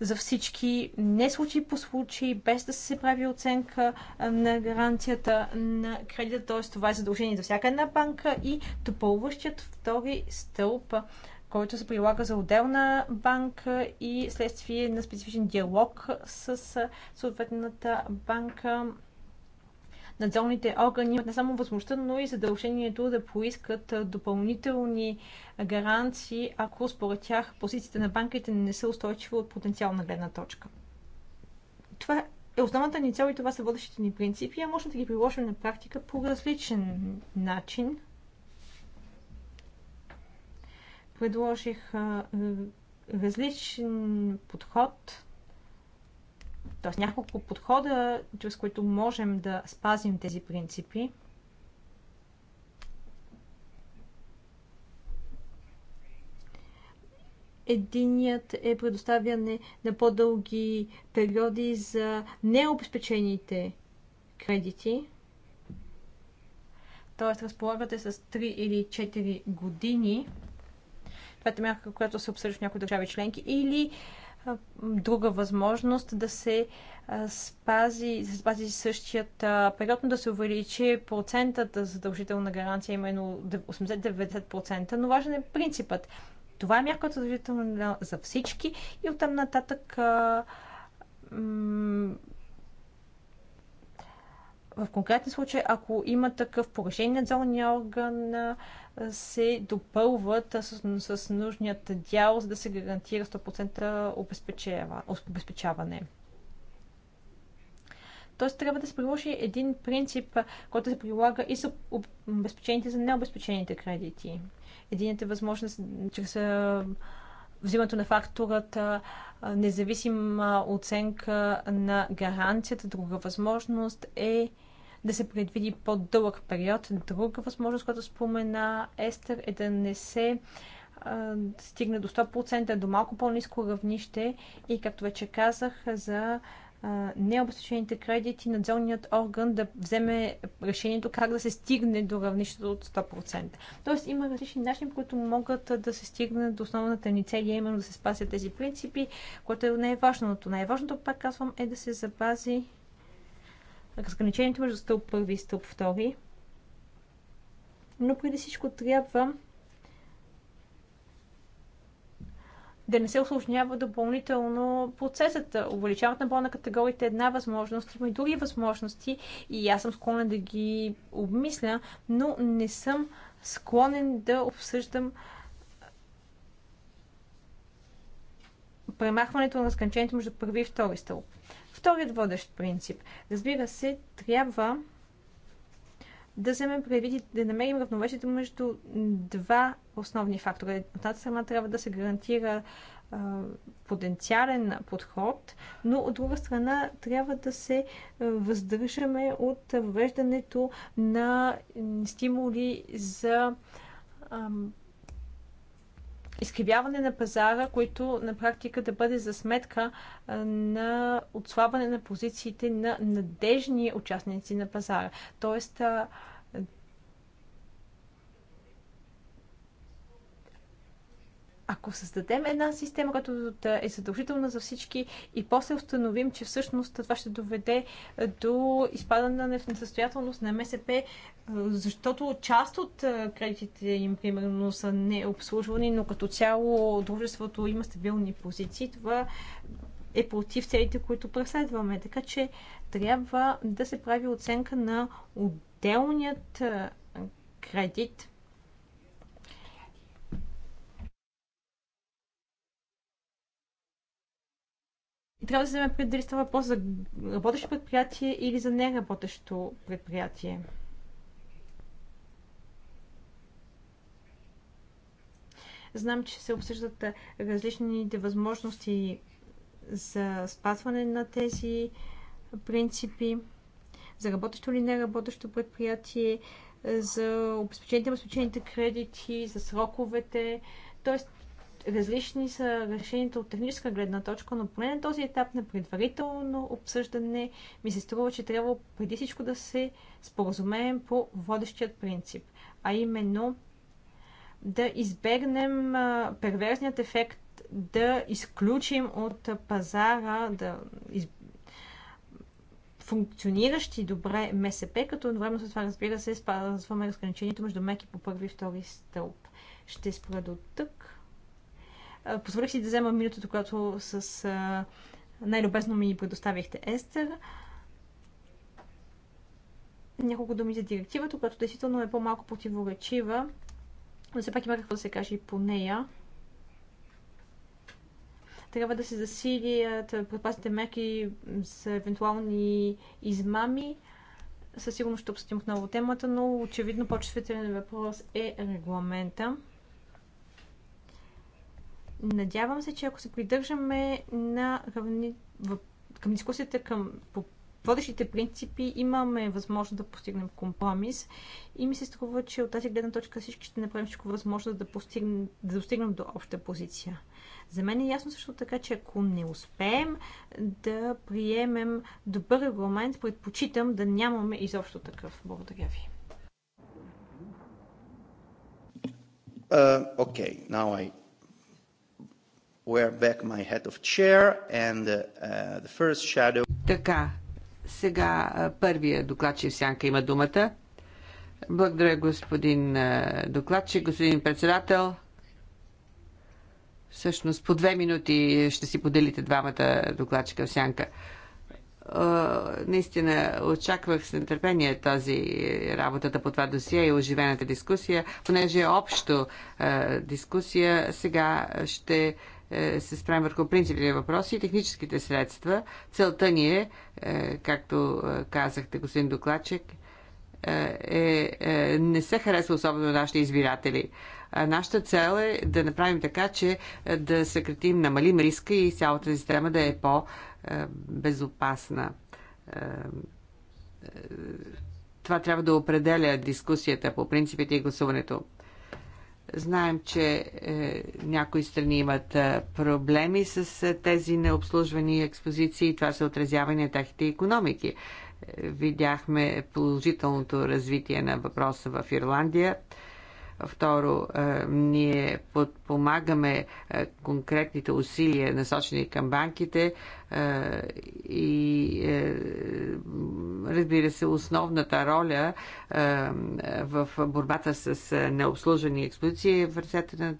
S4: за всички, не случай по случай, без да се прави оценка на гаранцията на кредита, т.е. това е задължение за всяка една банка и допълващият втори стълб, който се прилага за отделна банка и следствие на специфичен диалог с съответната банка надзорните органи имат не само възможността, но и задължението да поискат допълнителни гаранции, ако според тях позициите на банките не са устойчиви от потенциална гледна точка. Това е основната ни цел и това са водещите ни принципи, а можем да ги приложим на практика по различен начин. Предложих различен подход – Тоест няколко подхода, чрез които можем да спазим тези принципи. Единият е предоставяне на по-дълги периоди за необезпечените кредити. Тоест, разполагате с 3 или 4 години. Това е мярка, която се обсъжда в някои държави членки. Или друга възможност да се спази, се спази същият период, но да се увеличи процентът задължителна гаранция, именно 80-90%, но важен е принципът. Това е мярка задължителна за всички и оттам нататък а, в конкретен случай, ако има такъв поражение надзорния орган, се допълват с, с нужният дял, за да се гарантира 100% обезпечаване. Тоест трябва да се приложи един принцип, който се прилага и за обезпечените за необезпечените кредити. Единият е възможност чрез взимането на фактората, независима оценка на гаранцията. Друга възможност е да се предвиди по-дълъг период. Друга възможност, която спомена Естер, е да не се а, стигне до 100%, до малко по-низко равнище и, както вече казах, за необезпечените кредити, надзорният орган да вземе решението как да се стигне до равнището от 100%. Тоест има различни начини, по които могат да се стигне до основната ни цели, именно да се спасят тези принципи, което е най-важното. Най-важното, пак казвам, е да се запази разграничението между стълб първи и стълб втори. Но преди всичко трябва да не се осложнява допълнително процесът. Увеличават на болна на категориите е една възможност, има и други възможности и аз съм склонен да ги обмисля, но не съм склонен да обсъждам премахването на разграничението между първи и втори стълб. Вторият водещ принцип. Разбира се, трябва да вземем предвид да намерим равновесието между два основни фактора. От една страна трябва да се гарантира потенциален подход, но от друга страна трябва да се въздържаме от въвеждането на стимули за изкривяване на пазара, които на практика да бъде за сметка на отслабване на позициите на надежни участници на пазара. Тоест, Ако създадем една система, която да е задължителна за всички и после установим, че всъщност това ще доведе до изпадане в несъстоятелност на МСП, защото част от кредитите им, примерно, са необслужвани, но като цяло дружеството има стабилни позиции, това е против целите, които преследваме. Така че трябва да се прави оценка на отделният кредит – И трябва да се вземе пред дали става въпрос за работещо предприятие или за неработещо предприятие. Знам, че се обсъждат различните възможности за спазване на тези принципи, за работещо или неработещо предприятие, за обезпечените и обезпечените кредити, за сроковете. Тоест, Различни са решенията от техническа гледна точка, но поне на този етап на предварително обсъждане ми се струва, че трябва преди всичко да се споразумеем по водещият принцип, а именно да избегнем перверзният ефект да изключим от пазара да из... функциониращи добре МСП, като време с това, разбира се, спазваме разграничението между меки по първи и втори стълб. Ще спра до тук. Позволих си да взема минутата, която с най-любезно ми предоставихте Естер. Няколко думи за директивата, която действително е по-малко противоречива, но все пак има какво да се каже и по нея трябва да се засилят предпазните мерки за евентуални измами. Със сигурност ще обсъдим отново темата, но очевидно по-чувствителен въпрос е регламента. Надявам се, че ако се придържаме на равни... към дискусията към водещите принципи, имаме възможност да постигнем компромис и ми се струва, че от тази гледна точка всички ще направим всичко възможно да, постигнем, да достигнем до обща позиция. За мен е ясно също така, че ако не успеем да приемем добър регламент, предпочитам да нямаме изобщо такъв. Благодаря ви.
S5: Uh, okay, now
S3: I Uh,
S2: така, сега първия докладчик Сянка има думата. Благодаря, господин докладчик, господин председател. Всъщност по две минути ще си поделите двамата докладчика в Сянка. Наистина очаквах с нетърпение тази работата по това досие и оживената дискусия, понеже е общо дискусия. Сега ще е, се справим върху принципните въпроси и техническите средства. Целта ни е, е както е, казахте, господин докладчик, е, е, не се харесва особено нашите избиратели. нашата цел е да направим така, че да съкратим, намалим риска и цялата система да е по-безопасна. Това трябва да определя дискусията по принципите и гласуването. Знаем, че е, някои страни имат е, проблеми с е, тези необслужвани експозиции и това се отразява на техните економики. Е, видяхме положителното развитие на въпроса в Ирландия. Е, Второ, е, ние подпомагаме е, конкретните усилия, насочени към банките е, и разбира се, основната роля в борбата с необслужени експозиции е в ръцете на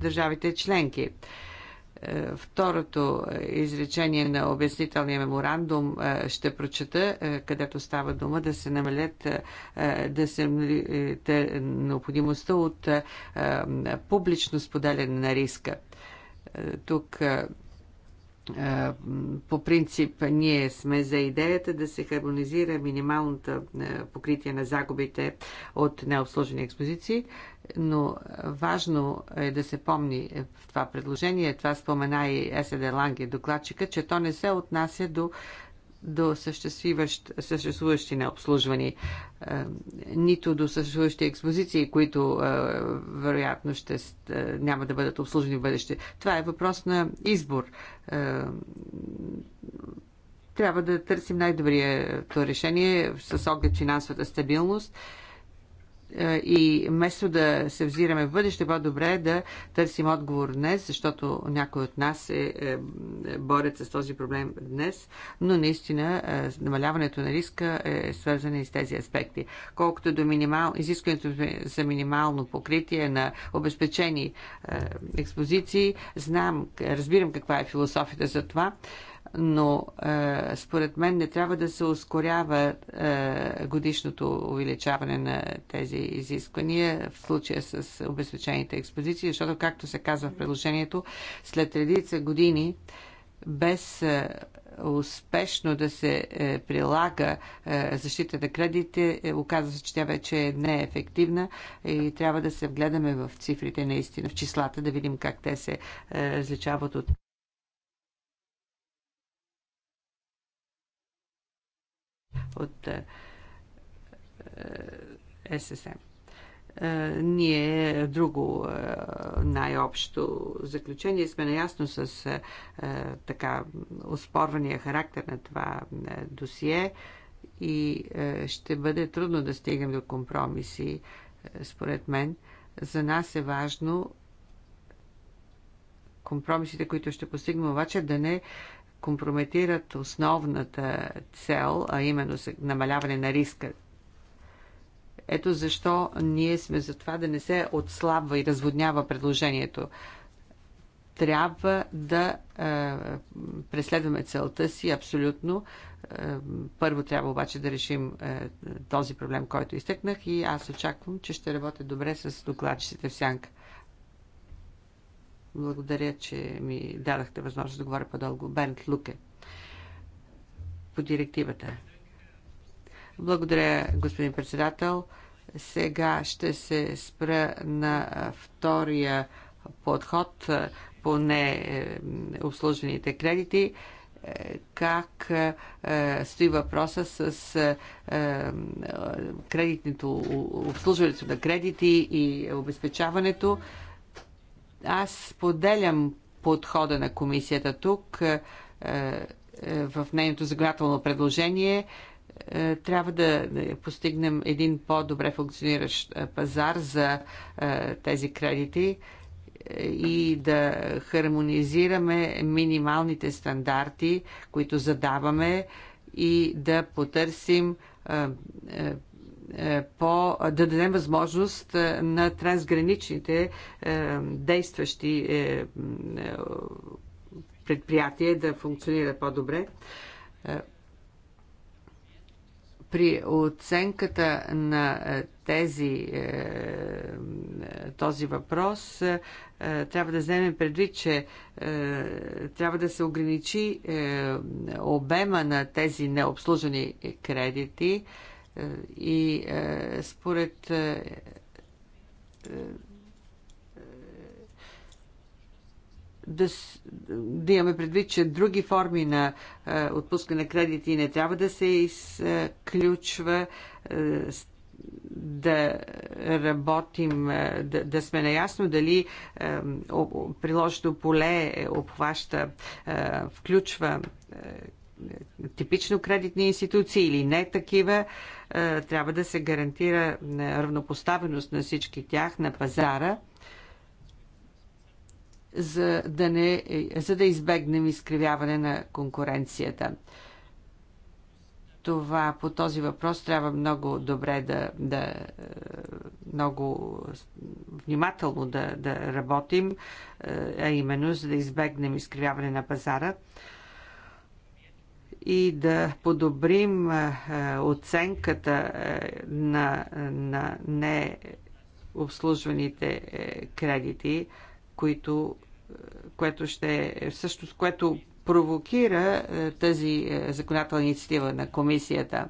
S2: държавите членки второто е, изречение на обяснителния меморандум е, ще прочета, е, където става дума да се намалят да се необходимостта от публично споделяне на риска. Тук по принцип ние сме за идеята да се хармонизира минималното покритие на загубите от необслужени експозиции но важно е да се помни в това предложение, това спомена и С.Д. Ланге, докладчика, че то не се отнася до до съществуващи необслужвани, е, нито до съществуващи експозиции, които е, вероятно ще, е, няма да бъдат обслужени в бъдеще. Това е въпрос на избор. Трябва да търсим най-добрието решение с оглед финансовата стабилност е, и вместо да се взираме в бъдеще, по-добре е да търсим отговор днес, защото някои от нас е, е, борят с този проблем днес, но наистина е, намаляването на риска е свързано и с тези аспекти. Колкото до минимал, изискването за минимално покритие на обезпечени експозиции, знам, разбирам каква е философията за това но е, според мен не трябва да се ускорява е, годишното увеличаване на тези изисквания в случая с обезпечените експозиции, защото, както се казва в предложението, след редица години без е, успешно да се е, прилага е, защита на кредите, е, оказва се, че тя вече не е ефективна и трябва да се вгледаме в цифрите наистина, в числата, да видим как те се е, различават от от е, е, ССМ. Е, ние друго най-общо заключение сме наясно с така оспорвания характер на това досие и ще бъде трудно да стигнем до компромиси, според мен. За нас е важно компромисите, които ще постигнем, обаче да не компрометират основната цел, а именно намаляване на риска. Ето защо ние сме за това да не се отслабва и разводнява предложението. Трябва да е, преследваме целта си абсолютно. Е, първо трябва обаче да решим е, този проблем, който изтъкнах и аз очаквам, че ще работя добре с докладчиците в сянка. Благодаря, че ми дадахте възможност да говоря по-дълго. Бент Луке по директивата. Благодаря, господин председател. Сега ще се спра на втория подход по е, обслужените кредити. Е, как е, стои въпроса с кредитното обслужването на кредити и обезпечаването? Аз поделям подхода на комисията тук е, е, в нейното законодателно предложение е, трябва да постигнем един по-добре функциониращ пазар за тези кредити и да хармонизираме минималните стандарти, които задаваме и да потърсим е, по, да дадем възможност е, на трансграничните е, действащи предприятия да функционира по-добре при оценката на тези, този въпрос трябва да вземем предвид, че трябва да се ограничи обема на тези необслужени кредити и е, според е, е, да, да имаме предвид, че други форми на отпускане на кредити не трябва да се изключва, да работим, да, да сме наясно дали е, приложното поле обхваща, е, включва е, типично кредитни институции или не такива, е, трябва да се гарантира равнопоставеност на всички тях на пазара, за да, не, за да избегнем изкривяване на конкуренцията. Това по този въпрос трябва много добре да, да е, много внимателно да, да работим, е, а именно за да избегнем изкривяване на пазара и да подобрим оценката на, на необслужваните е, кредити, които, е, което ще също, е, всъщност, което провокира тази законодателна инициатива на комисията.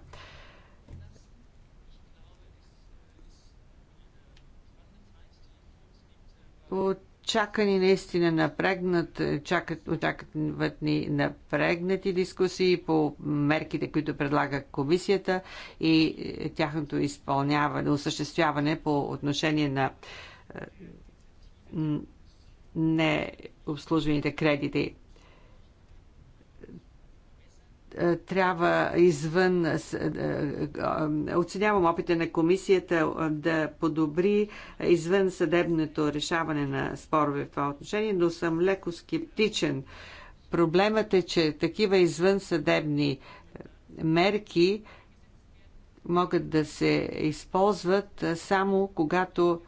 S2: От Чакани наистина напрегнат, чакат, очакват ни напрегнати дискусии по мерките, които предлага комисията и е, тяхното изпълняване, осъществяване по отношение на е, необслужваните кредити. Е, трябва извън. Е, е, оценявам опита на комисията да подобри извън съдебното решаване на спорове в това отношение, но съм леко скептичен. Проблемът е, че такива извън съдебни мерки могат да се използват само когато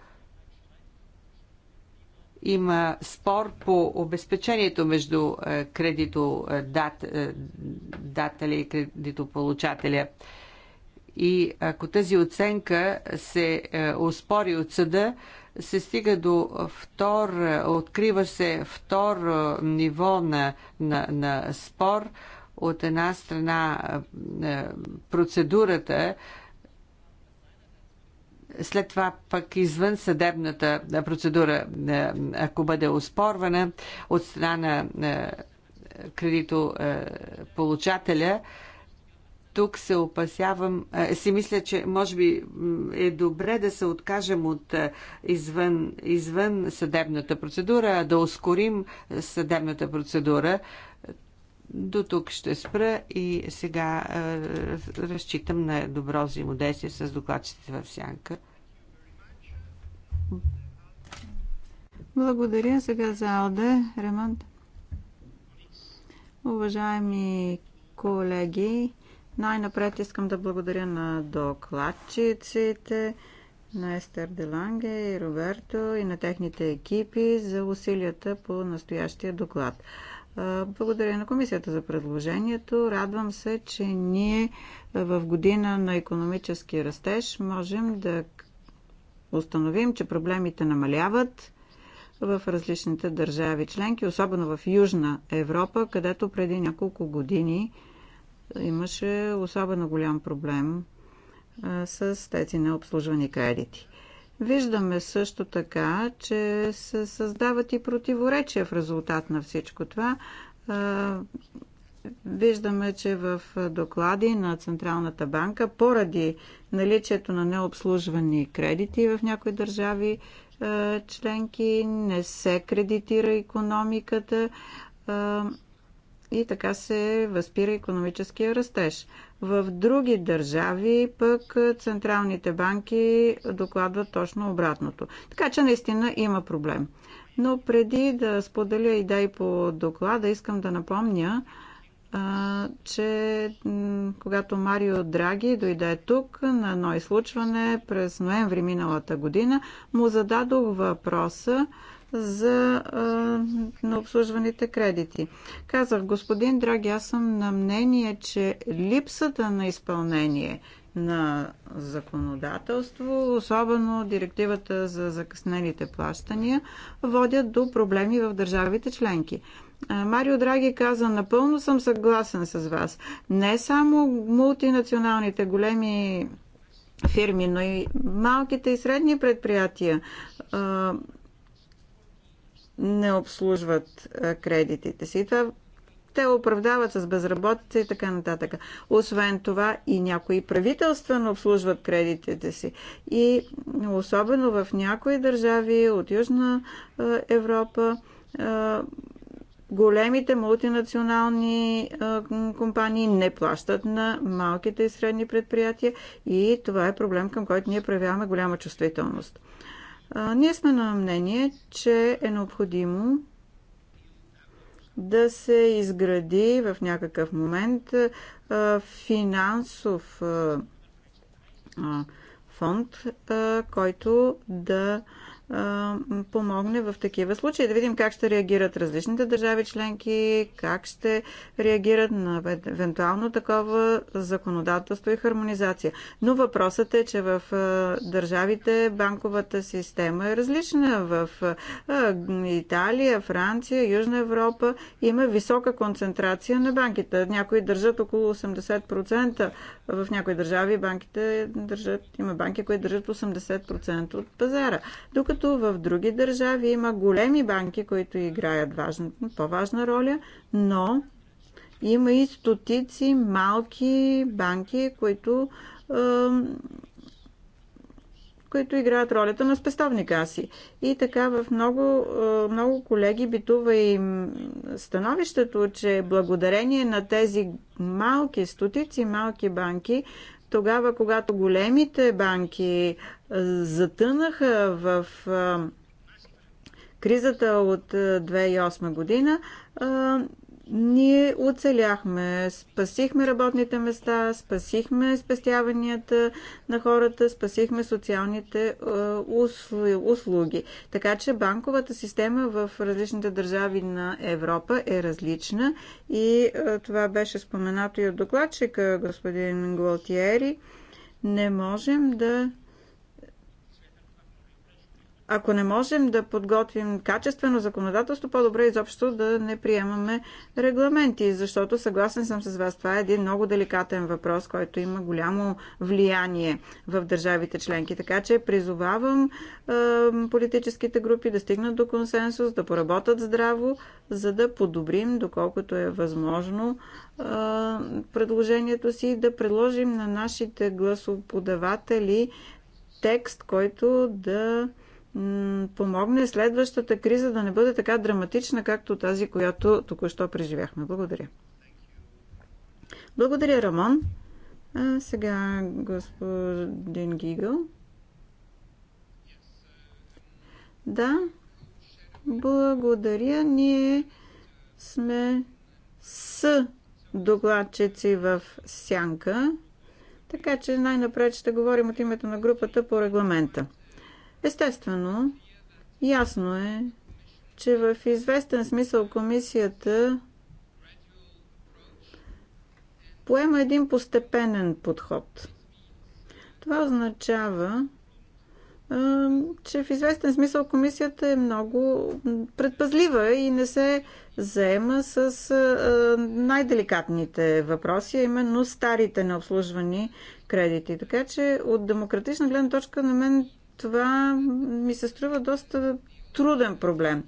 S2: има спор по обезпечението между е, кредитодателя е, и кредитополучателя. И ако тази оценка се е, оспори от съда, се стига до втор, открива се второ ниво на, на, на спор. От една страна процедурата, след това пък извън съдебната процедура, ако бъде оспорвана от страна на кредитополучателя, тук се опасявам, си мисля, че може би е добре да се откажем от извън, извън съдебната процедура, да ускорим съдебната процедура, до тук ще спра и сега разчитам на добро взаимодействие с докладчите в
S3: Сянка. Благодаря сега за Алде, Ремонт. Уважаеми колеги, най-напред искам да благодаря на докладчиците, на Естер Деланге и Роберто и на техните екипи за усилията по настоящия доклад. Благодаря на комисията за предложението. Радвам се, че ние в година на економически растеж можем да установим, че проблемите намаляват в различните държави членки, особено в Южна Европа, където преди няколко години имаше особено голям проблем с тези необслужвани кредити. Виждаме също така, че се създават и противоречия в резултат на всичко това. Виждаме, че в доклади на Централната банка, поради наличието на необслужвани кредити в някои държави членки, не се кредитира економиката и така се възпира економическия растеж. В други държави пък централните банки докладват точно обратното. Така че наистина има проблем. Но преди да споделя идеи по доклада, искам да напомня, че когато Марио Драги дойде тук на едно изслучване през ноември миналата година, му зададох въпроса за а, на обслужваните кредити. Казах, господин Драги, аз съм на мнение, че липсата на изпълнение на законодателство, особено директивата за закъснените плащания, водят до проблеми в държавите членки. Марио Драги каза, напълно съм съгласен с вас. Не само мултинационалните големи фирми, но и малките и средни предприятия не обслужват кредитите си. Това те оправдават с безработица и така нататък. Освен това и някои правителствено обслужват кредитите си. И особено в някои държави от Южна Европа големите мултинационални компании не плащат на малките и средни предприятия и това е проблем, към който ние проявяваме голяма чувствителност. Ние сме на мнение, че е необходимо да се изгради в някакъв момент финансов фонд, който да помогне в такива случаи. Да видим как ще реагират различните държави членки, как ще реагират на евентуално такова законодателство и хармонизация. Но въпросът е, че в държавите банковата система е различна. В Италия, Франция, Южна Европа има висока концентрация на банките. Някои държат около 80%. В някои държави банките държат, има банки, които държат 80% от пазара. Докато докато в други държави има големи банки, които играят важна, по-важна роля, но има и стотици малки банки, които, е, които играят ролята на спестовни каси. И така в много, е, много колеги битува и становището, че благодарение на тези малки, стотици малки банки, тогава, когато големите банки затънаха в кризата от 2008 година, ние оцеляхме, спасихме работните места, спасихме спестяванията на хората, спасихме социалните е, услуги. Така че банковата система в различните държави на Европа е различна и е, това беше споменато и от докладчика господин Голтиери. Не можем да ако не можем да подготвим качествено законодателство, по-добре изобщо да не приемаме регламенти, защото съгласен съм с вас, това е един много деликатен въпрос, който има голямо влияние в държавите членки. Така че призовавам е, политическите групи да стигнат до консенсус, да поработят здраво, за да подобрим, доколкото е възможно, е, предложението си, да предложим на нашите гласоподаватели текст, който да помогне следващата криза да не бъде така драматична, както тази, която току-що преживяхме. Благодаря. Благодаря, Рамон. А сега господин Гигъл. Да, благодаря. Ние сме с докладчици в Сянка, така че най-напред ще говорим от името на групата по регламента. Естествено, ясно е, че в известен смисъл комисията поема един постепенен подход. Това означава, че в известен смисъл комисията е много предпазлива и не се заема с най-деликатните въпроси, а именно старите необслужвани кредити. Така че от демократична гледна точка на мен това ми се струва доста труден проблем,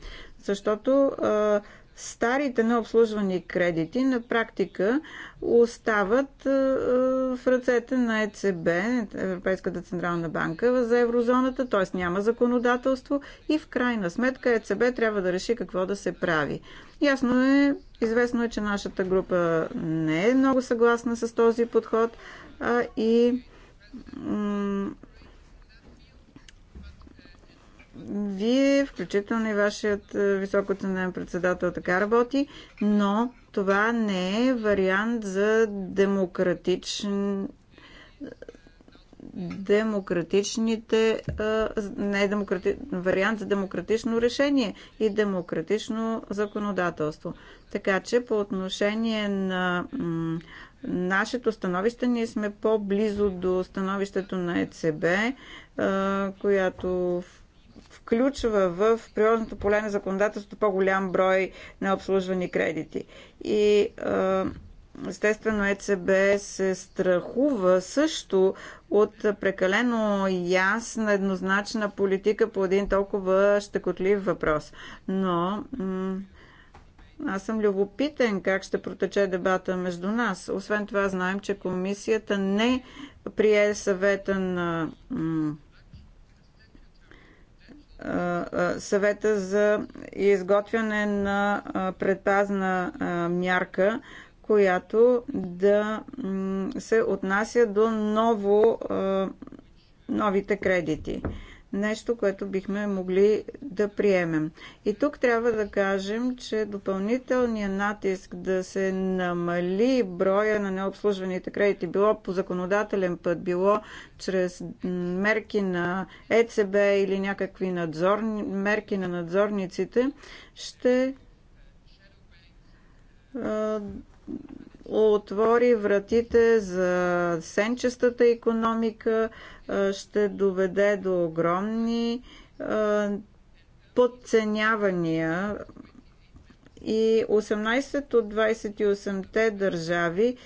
S3: защото а, старите необслужвани кредити на практика остават а, в ръцете на ЕЦБ, Европейската централна банка за еврозоната, т.е. няма законодателство и в крайна сметка ЕЦБ трябва да реши какво да се прави. Ясно е, известно е, че нашата група не е много съгласна с този подход а, и вие, включително и вашият е, високоценен председател така работи, но това не е вариант за демократичен демократичните е, не е демократи, вариант за демократично решение и демократично законодателство. Така че по отношение на нашето становище, ние сме по-близо до становището на ЕЦБ, която в включва в приложното поле на законодателството по-голям брой на обслужвани кредити. И естествено ЕЦБ се страхува също от прекалено ясна, еднозначна политика по един толкова щекотлив въпрос. Но аз съм любопитен как ще протече дебата между нас. Освен това знаем, че комисията не прие съвета на съвета за изготвяне на предпазна мярка, която да се отнася до ново, новите кредити нещо, което бихме могли да приемем. И тук трябва да кажем, че допълнителният натиск да се намали броя на необслужваните кредити, било по законодателен път, било чрез мерки на ЕЦБ или някакви надзорни, мерки на надзорниците, ще отвори вратите за сенчестата економика, ще доведе до огромни подценявания и 18 от 28-те държави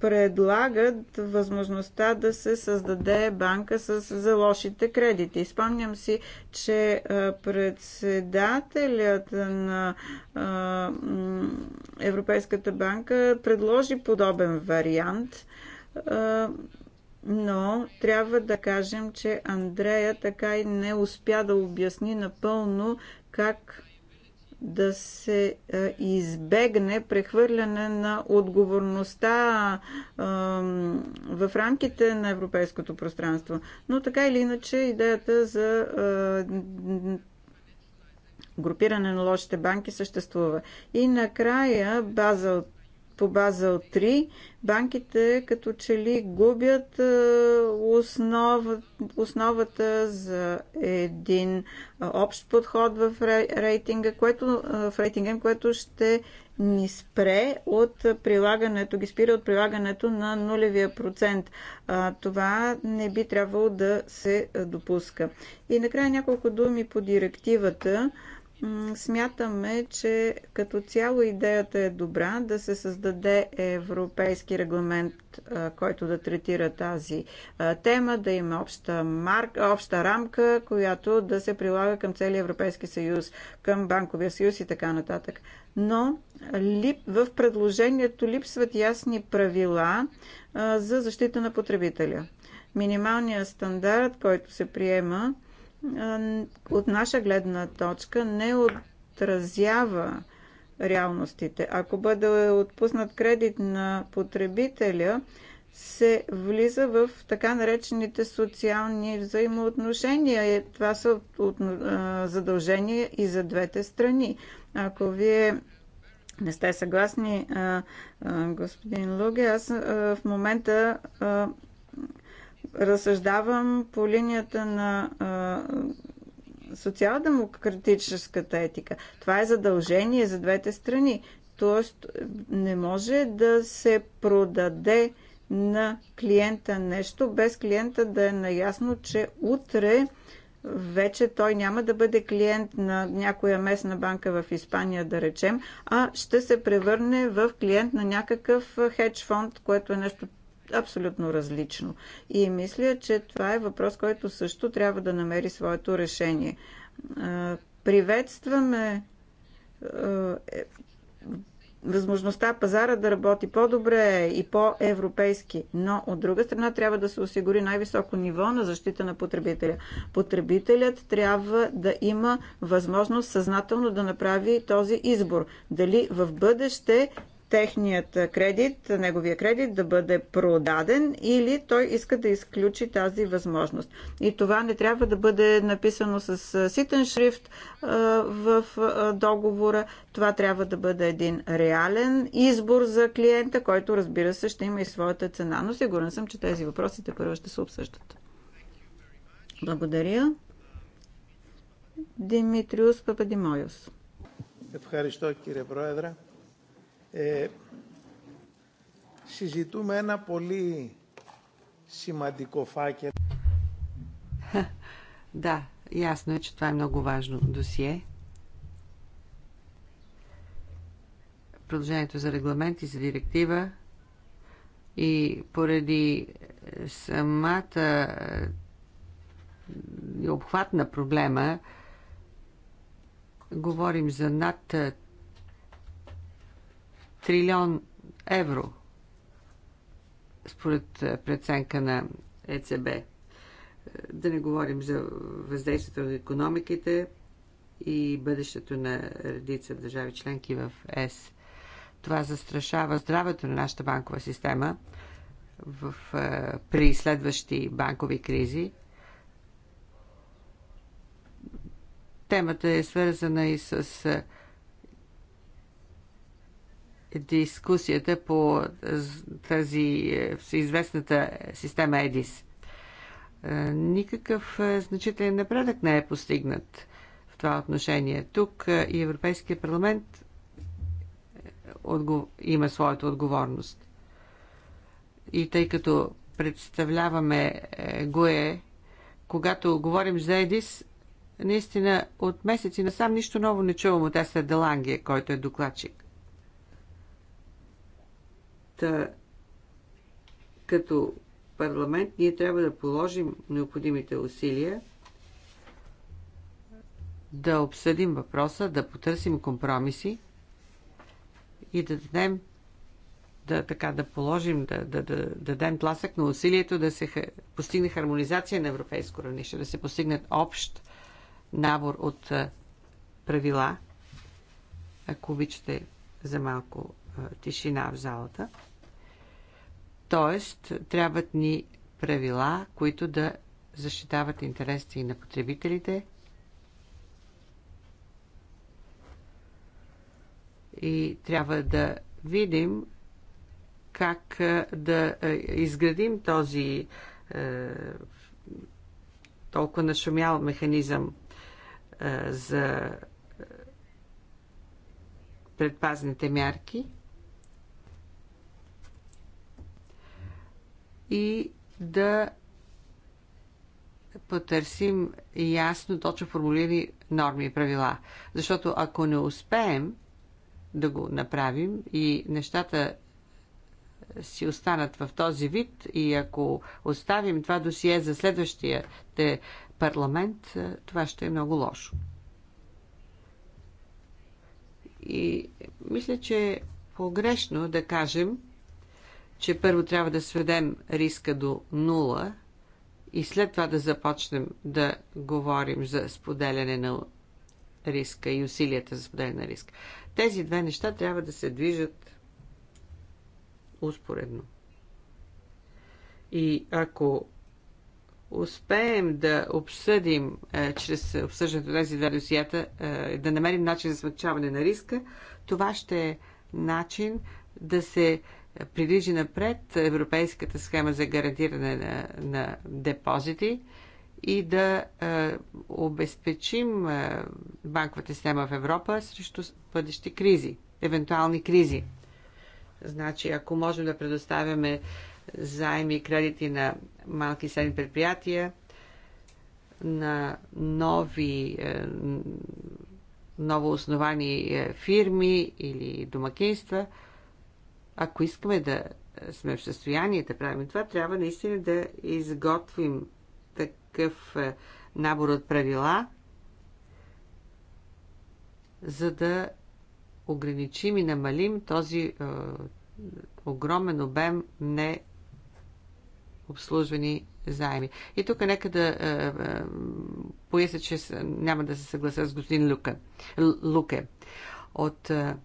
S3: предлагат възможността да се създаде банка с, за лошите кредити. Спомням си, че председателят на Европейската банка предложи подобен вариант но трябва да кажем, че Андрея така и не успя да обясни напълно как да се избегне прехвърляне на отговорността в рамките на европейското пространство. Но така или иначе идеята за групиране на лошите банки съществува. И накрая Базел по Базел 3, банките като че ли губят е, основа, основата за един е, общ подход в рейтинга, което, е, в рейтинга, което ще ни спре от прилагането, ги спира от прилагането на нулевия процент. Това не би трябвало да се допуска. И накрая няколко думи по директивата. Смятаме, че като цяло идеята е добра да се създаде европейски регламент, който да третира тази тема, да има обща, марка, обща рамка, която да се прилага към целия Европейски съюз, към Банковия съюз и така нататък. Но лип, в предложението липсват ясни правила за защита на потребителя. Минималният стандарт, който се приема, от наша гледна точка не отразява реалностите. Ако бъде отпуснат кредит на потребителя, се влиза в така наречените социални взаимоотношения. Е, това са задължения и за двете страни. Ако вие не сте съгласни, господин Луге, аз в момента разсъждавам по линията на социал-демократическата етика. Това е задължение за двете страни. Тоест не може да се продаде на клиента нещо, без клиента да е наясно, че утре вече той няма да бъде клиент на някоя местна банка в Испания, да речем, а ще се превърне в клиент на някакъв хедж фонд, което е нещо абсолютно различно. И мисля, че това е въпрос, който също трябва да намери своето решение. Приветстваме е, възможността пазара да работи по-добре и по-европейски, но от друга страна трябва да се осигури най-високо ниво на защита на потребителя. Потребителят трябва да има възможност съзнателно да направи този избор. Дали в бъдеще техният кредит, неговия кредит да бъде продаден или той иска да изключи тази възможност. И това не трябва да бъде написано с ситен шрифт в договора. Това трябва да бъде един реален избор за клиента, който разбира се ще има и своята цена. Но сигурен съм, че тези въпроси те първо ще се обсъждат. Благодаря. Димитриус Пападимойос.
S5: Ευχαριστώ κύριε Πρόεδρε. Ε, е, συζητούμε ένα πολύ σημαντικό φάκελο.
S2: Да, ясно е, че това е много важно досие. Продължението за регламент и за директива и поради е, самата е, обхват на проблема говорим за над трилион евро, според е, преценка на ЕЦБ. Е, да не говорим за въздействието на економиките и бъдещето на редица държави членки в ЕС. Това застрашава здравето на нашата банкова система в, е, при следващи банкови кризи. Темата е свързана и с дискусията по тази е, всеизвестната система ЕДИС. Е, никакъв е, значителен напредък не е постигнат в това отношение. Тук и Европейския парламент има своята отговорност. И тъй като представляваме ГОЕ, когато говорим за ЕДИС, наистина от месеци насам нищо ново не чувам от Естер Делангия, който е докладчик. Та, като парламент ние трябва да положим необходимите усилия да обсъдим въпроса, да потърсим компромиси и да дадем да, така, да положим, да, да, да, да дадем тласък на усилието да се постигне хармонизация на европейско равнище, да се постигнат общ набор от правила. Ако обичате за малко тишина в залата. Тоест, трябват ни правила, които да защитават интересите и на потребителите, и трябва да видим как да изградим този е, толкова нашумял механизъм е, за предпазните мярки. и да потърсим ясно, точно формулирани норми и правила. Защото ако не успеем да го направим и нещата си останат в този вид и ако оставим това досие за следващия парламент, е, това ще е много лошо. И мисля, че е погрешно да кажем, че първо трябва да сведем риска до нула и след това да започнем да говорим за споделяне на риска и усилията за споделяне на риска. Тези две неща трябва да се движат успоредно. И ако успеем да обсъдим е, чрез обсъждането на тези две досията, е, да намерим начин за смъчаване на риска, това ще е начин да се придвижи напред европейската схема за гарантиране на, на депозити и да е, обезпечим е, банковата система в Европа срещу бъдещи кризи, евентуални кризи. Значи, ако можем да предоставяме заеми и кредити на малки и средни предприятия, на нови, е, ново основани е, фирми или домакинства, ако искаме да сме в състояние да правим това, трябва наистина да изготвим такъв е, набор от правила, за да ограничим и намалим този е, огромен обем не обслужвани заеми. И тук нека да е, е, поясня, че няма да се съглася с господин Люка, Луке. От е,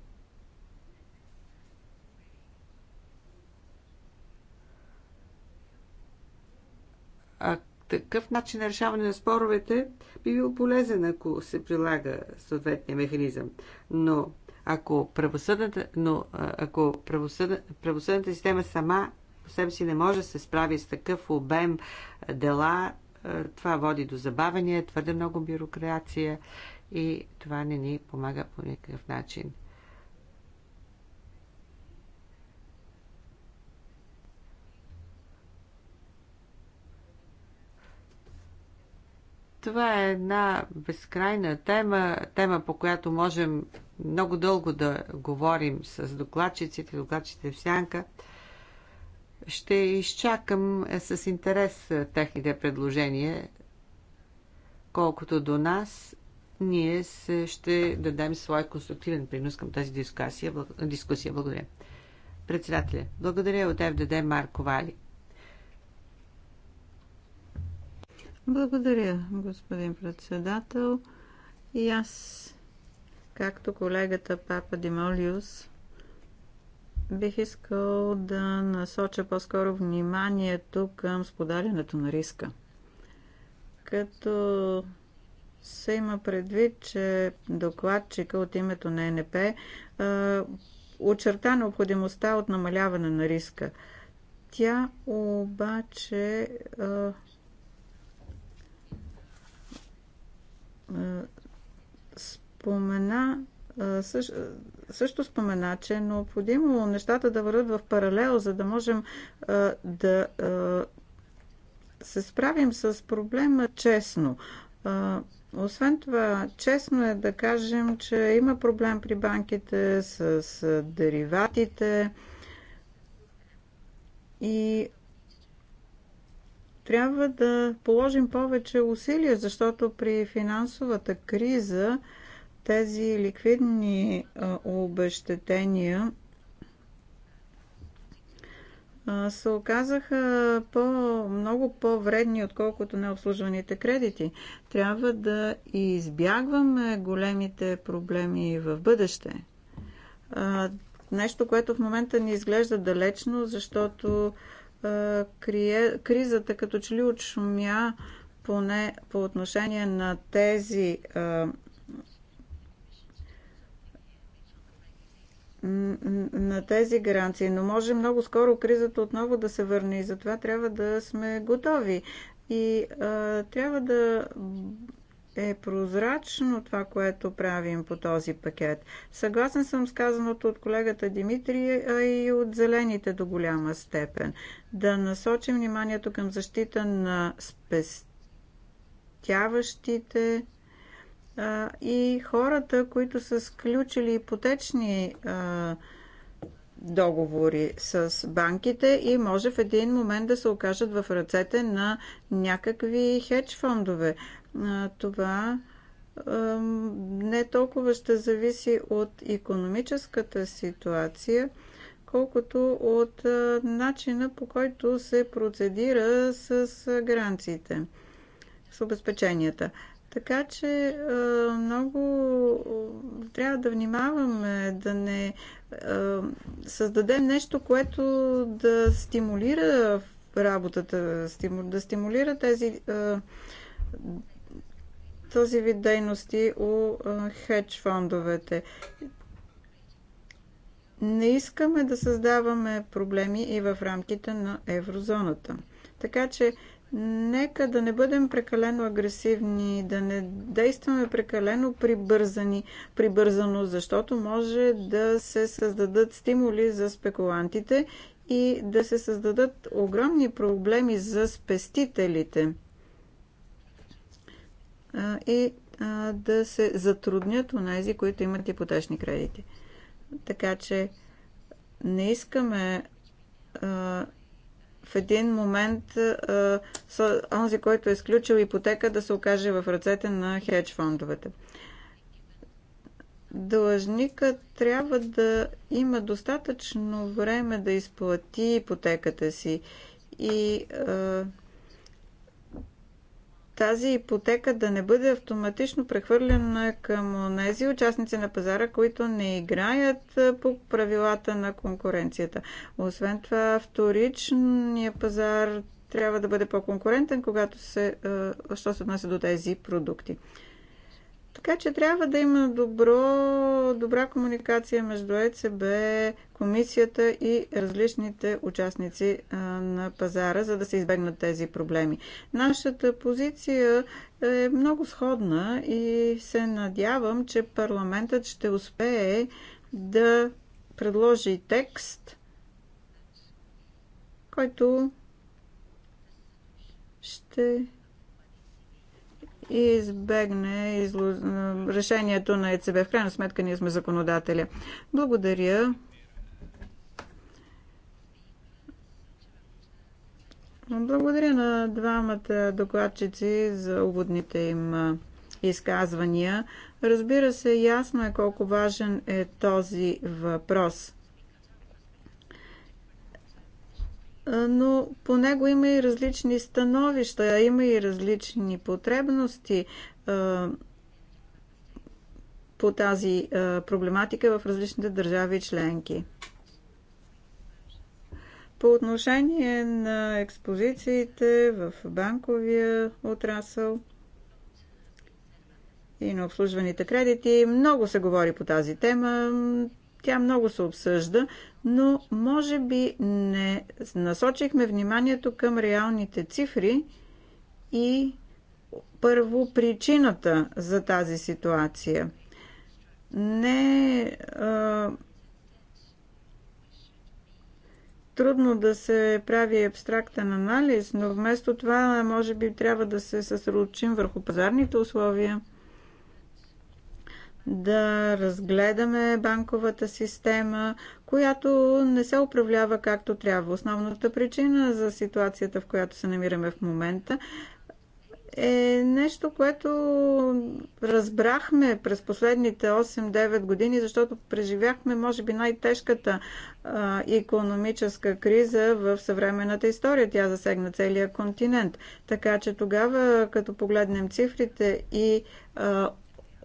S2: А такъв начин на решаване на споровете би бил полезен, ако се прилага съответния механизъм. Но ако правосъдната, но, ако правосъдна, правосъдната система сама по себе си не може да се справи с такъв обем дела, това води до забавения, твърде много бюрокрация и това не ни помага по никакъв начин. Това е една безкрайна тема, тема по която можем много дълго да говорим с докладчиците, докладчите в сянка. Ще изчакам е, с интерес е, техните предложения. Колкото до нас, ние ще дадем свой конструктивен принос към тази дискусия. дискусия. Благодаря. Председателя, благодаря от ФДД Марко Вали.
S3: Благодаря, господин председател. И аз, както колегата Папа Димолиус, бих искал да насоча по-скоро вниманието към споделянето на риска. Като се има предвид, че докладчика от името на НП очерта необходимостта от намаляване на риска. Тя обаче спомена също, също спомена, че е необходимо нещата да върват в паралел, за да можем да се справим с проблема честно. Освен това, честно е да кажем, че има проблем при банките с дериватите и трябва да положим повече усилия, защото при финансовата криза тези ликвидни обещетения се оказаха по, много по-вредни, отколкото необслужваните кредити. Трябва да избягваме големите проблеми в бъдеще. Нещо, което в момента ни изглежда далечно, защото кризата като че ли отшумя поне по отношение на тези на тези гаранции, но може много скоро кризата отново да се върне и затова трябва да сме готови. И а, трябва да е прозрачно това, което правим по този пакет. Съгласен съм с казаното от колегата Димитрия, а и от зелените до голяма степен. Да насочим вниманието към защита на спестяващите а, и хората, които са сключили ипотечни а, договори с банките и може в един момент да се окажат в ръцете на някакви хедж фондове. Това не толкова ще зависи от економическата ситуация, колкото от начина по който се процедира с гаранциите, с обезпеченията. Така че много трябва да внимаваме да не създадем нещо, което да стимулира работата, да стимулира тези този вид дейности у хедж фондовете. Не искаме да създаваме проблеми и в рамките на еврозоната. Така че Нека да не бъдем прекалено агресивни, да не действаме прекалено прибързани, прибързано, защото може да се създадат стимули за спекулантите и да се създадат огромни проблеми за спестителите и да се затруднят у нези, които имат ипотечни кредити. Така че не искаме в един момент онзи, който е сключил ипотека, да се окаже в ръцете на хедж фондовете. Длъжникът трябва да има достатъчно време да изплати ипотеката си и тази ипотека да не бъде автоматично прехвърлена към тези участници на пазара, които не играят по правилата на конкуренцията. Освен това, вторичният пазар трябва да бъде по-конкурентен, когато се, що се отнася до тези продукти. Така че трябва да има добро, добра комуникация между ЕЦБ, комисията и различните участници на пазара, за да се избегнат тези проблеми. Нашата позиция е много сходна и се надявам, че парламентът ще успее да предложи текст, който ще и избегне решението на ЕЦБ. В крайна сметка ние сме законодателя. Благодаря. Благодаря на двамата докладчици за уводните им изказвания. Разбира се, ясно е колко важен е този въпрос. но по него има и различни становища, има и различни потребности по тази проблематика в различните държави членки. По отношение на експозициите в банковия отрасъл и на обслужваните кредити, много се говори по тази тема. Тя много се обсъжда, но може би не насочихме вниманието към реалните цифри и първо причината за тази ситуация. Не трудно да се прави абстрактен анализ, но вместо това може би трябва да се съсредоточим върху пазарните условия – да разгледаме банковата система, която не се управлява както трябва. Основната причина за ситуацията, в която се намираме в момента, е нещо, което разбрахме през последните 8-9 години, защото преживяхме, може би, най-тежката економическа криза в съвременната история. Тя засегна целия континент. Така че тогава, като погледнем цифрите и а,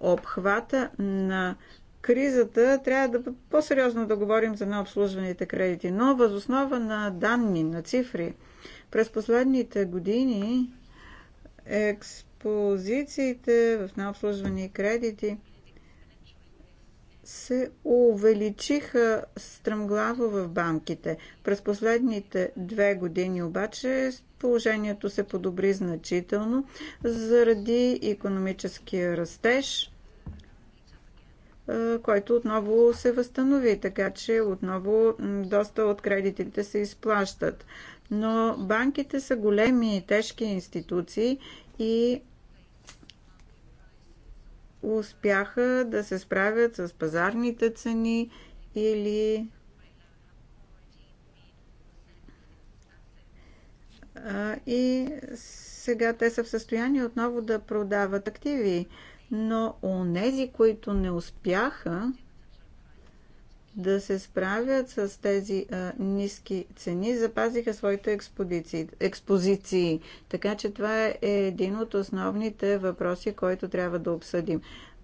S3: обхвата на кризата трябва да по-сериозно да говорим за необслужваните кредити, но възоснова на данни, на цифри. През последните години експозициите в необслужвани кредити се увеличиха стръмглаво в банките. През последните две години обаче положението се подобри значително заради економическия растеж, който отново се възстанови, така че отново доста от кредитите се изплащат. Но банките са големи и тежки институции и успяха да се справят с пазарните цени или и сега те са в състояние отново да продават активи. Но нези, които не успяха, да се справят с тези а, ниски цени, запазиха своите експозиции. Така че това е един от основните въпроси, който трябва да обсъдим.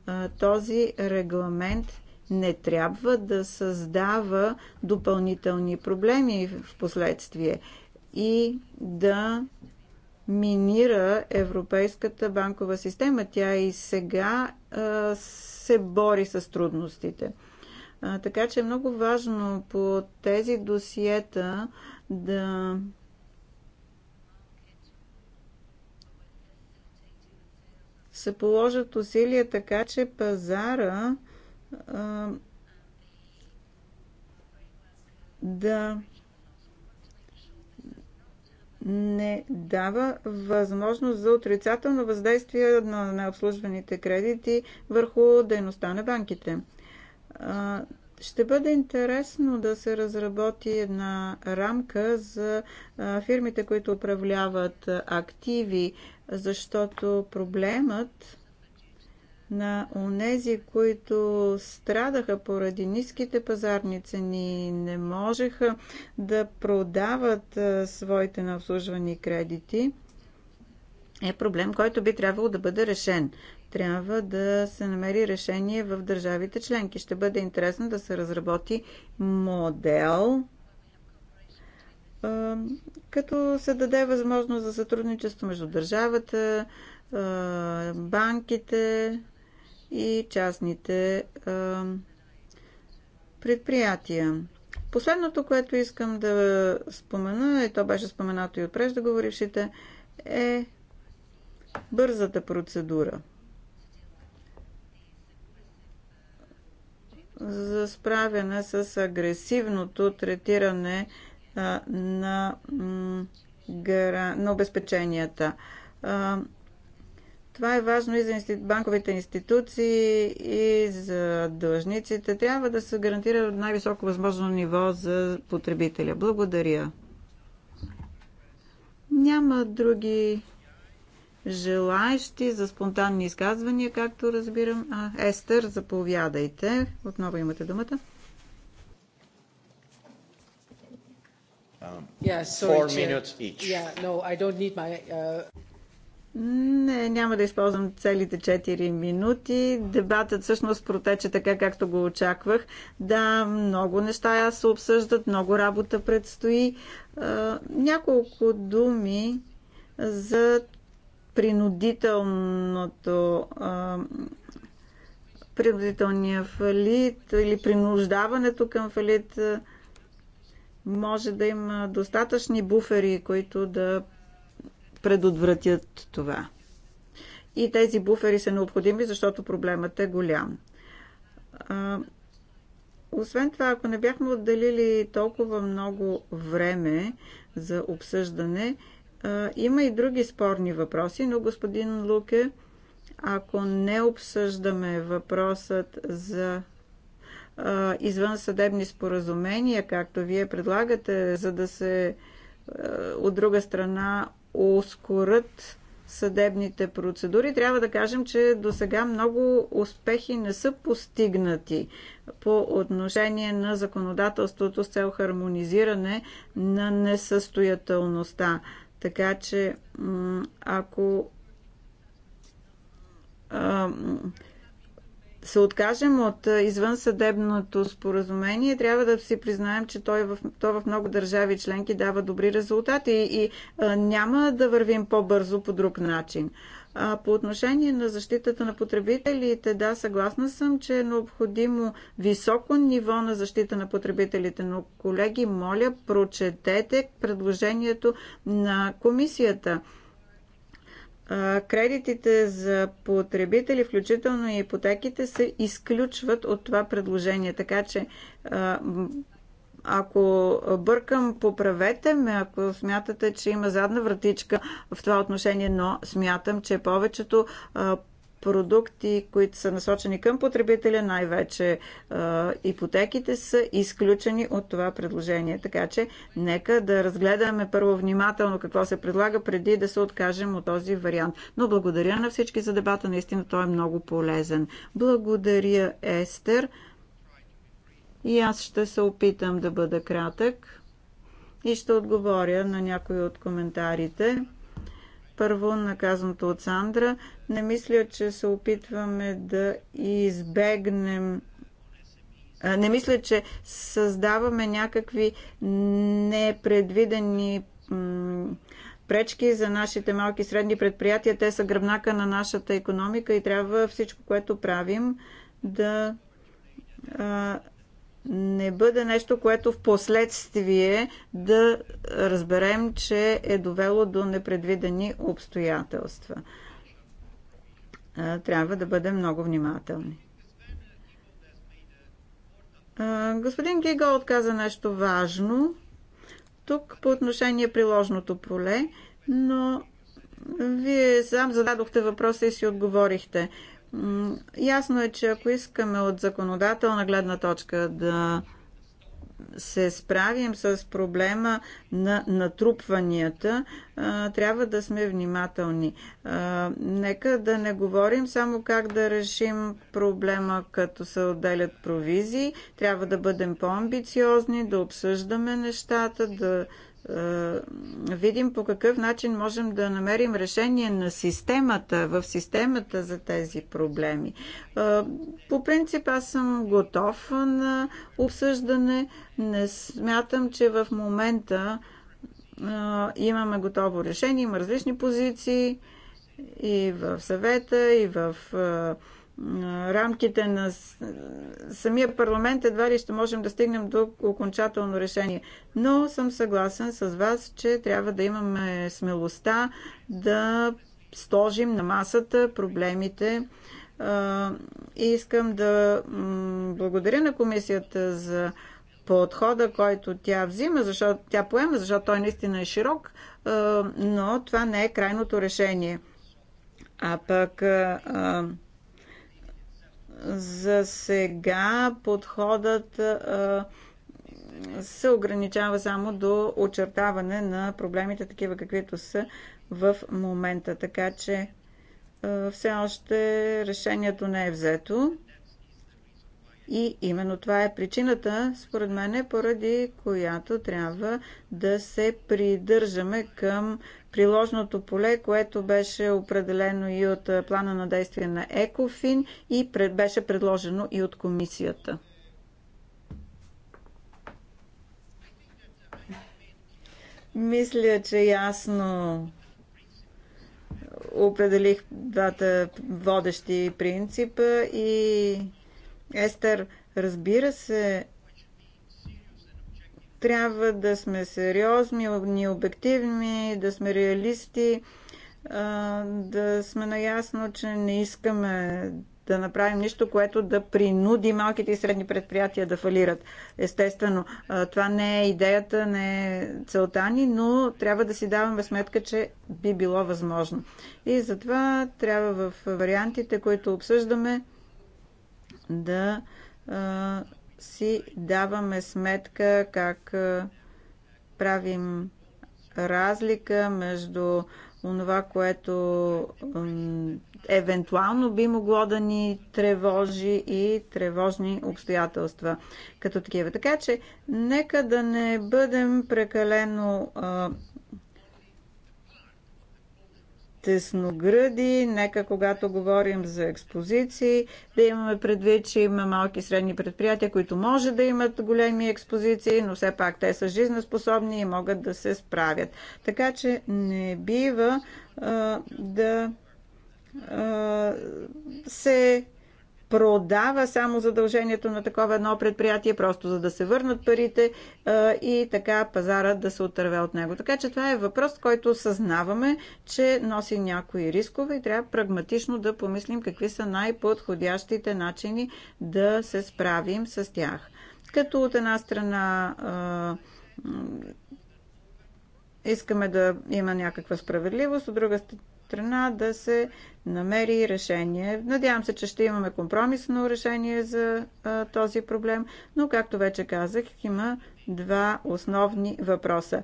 S3: А, този регламент не трябва да създава допълнителни проблеми в последствие и да минира европейската банкова система. Тя и сега а, се бори с трудностите. Така че е много важно по тези досиета да се положат усилия така, че пазара а, да не дава възможност за отрицателно въздействие на, на обслужваните кредити върху дейността на банките ще бъде интересно да се разработи една рамка за фирмите, които управляват активи, защото проблемът на онези, които страдаха поради ниските пазарни цени, не можеха да продават своите наобслужвани кредити, е проблем, който би трябвало да бъде решен трябва да се намери решение в държавите членки. Ще бъде интересно да се разработи модел, като се даде възможност за сътрудничество между държавата, банките и частните предприятия. Последното, което искам да спомена, и то беше споменато и от преждеговорившите, е бързата процедура – за справяне с агресивното третиране на, на обезпеченията. Това е важно и за банковите институции, и за длъжниците. Трябва да се гарантира най-високо възможно ниво за потребителя. Благодаря. Няма други желаещи за спонтанни изказвания, както разбирам. А, Естер, заповядайте. Отново имате думата. Um, uh, Не, няма да използвам целите 4 минути. Дебатът всъщност протече така, както го очаквах. Да, много неща се обсъждат, много работа предстои. няколко думи за принудителното принудителния фалит или принуждаването към фалит може да има достатъчни буфери, които да предотвратят това. И тези буфери са необходими, защото проблемът е голям. А, освен това, ако не бяхме отделили толкова много време за обсъждане, има и други спорни въпроси, но господин Луке, ако не обсъждаме въпросът за извънсъдебни споразумения, както вие предлагате, за да се от друга страна ускорят съдебните процедури, трябва да кажем, че до сега много успехи не са постигнати по отношение на законодателството с цел хармонизиране на несъстоятелността. Така че, ако се откажем от извънсъдебното споразумение, трябва да си признаем, че той е в, то в много държави членки дава добри резултати и, и няма да вървим по-бързо по друг начин. А, по отношение на защитата на потребителите, да, съгласна съм, че е необходимо високо ниво на защита на потребителите, но колеги, моля, прочетете предложението на комисията кредитите за потребители, включително и ипотеките, се изключват от това предложение. Така че ако бъркам, поправете ме, ако смятате, че има задна вратичка в това отношение, но смятам, че повечето продукти, които са насочени към потребителя, най-вече ипотеките са изключени от това предложение. Така че нека да разгледаме първо внимателно какво се предлага преди да се откажем от този вариант. Но благодаря на всички за дебата, наистина той е много полезен. Благодаря, Естер. И аз ще се опитам да бъда кратък и ще отговоря на някои от коментарите. Първо, наказаното от Сандра. Не мисля, че се опитваме да избегнем не мисля, че създаваме някакви непредвидени пречки за нашите малки и средни предприятия. Те са гръбнака на нашата економика и трябва всичко, което правим, да не бъде нещо, което в последствие да разберем, че е довело до непредвидени обстоятелства. Трябва да бъдем много внимателни. Господин Гига отказа нещо важно тук по отношение приложното поле, но вие сам зададохте въпроса и си отговорихте. Ясно е, че ако искаме от законодателна гледна точка да се справим с проблема на натрупванията, трябва да сме внимателни. Нека да не говорим само как да решим проблема, като се отделят провизии. Трябва да бъдем по-амбициозни, да обсъждаме нещата, да е, видим по какъв начин можем да намерим решение на системата, в системата за тези проблеми. Е, по принцип аз съм готов на обсъждане. Не смятам, че в момента е, имаме готово решение. Има различни позиции и в съвета, и в рамките на самия парламент едва ли ще можем да стигнем до окончателно решение. Но съм съгласен с вас, че трябва да имаме смелостта да сложим на масата проблемите. И искам да благодаря на комисията за подхода, който тя взима, защото тя поема, защото той наистина е широк, но това не е крайното решение. А пък за сега подходът се ограничава само до очертаване на проблемите, такива каквито са в момента. Така че все още решението не е взето. И именно това е причината, според мен, поради която трябва да се придържаме към приложното поле, което беше определено и от е, плана на действие на ЕКОФИН и пред, беше предложено и от комисията. Мисля, че ясно определих двата водещи принципа и Естер, разбира се, трябва да сме сериозни, ни обективни, да сме реалисти, да сме наясно, че не искаме да направим нищо, което да принуди малките и средни предприятия да фалират. Естествено, това не е идеята, не е целта ни, но трябва да си даваме сметка, че би било възможно. И затова трябва в вариантите, които обсъждаме, да си даваме сметка как правим разлика между онова, което евентуално би могло да ни тревожи и тревожни обстоятелства като такива. Така че, нека да не бъдем прекалено тесногради, нека когато говорим за експозиции, да имаме предвид, че има малки и средни предприятия, които може да имат големи експозиции, но все пак те са жизнеспособни и могат да се справят. Така че не бива а, да а, се продава само задължението на такова едно предприятие, просто за да се върнат парите и така пазара да се отърве от него. Така че това е въпрос, който съзнаваме, че носи някои рискове и трябва прагматично да помислим какви са най-подходящите начини да се справим с тях. Като от една страна искаме да има някаква справедливост, от друга страна да се намери решение. Надявам се, че ще имаме компромисно решение за а, този проблем, но както вече казах, има два основни въпроса.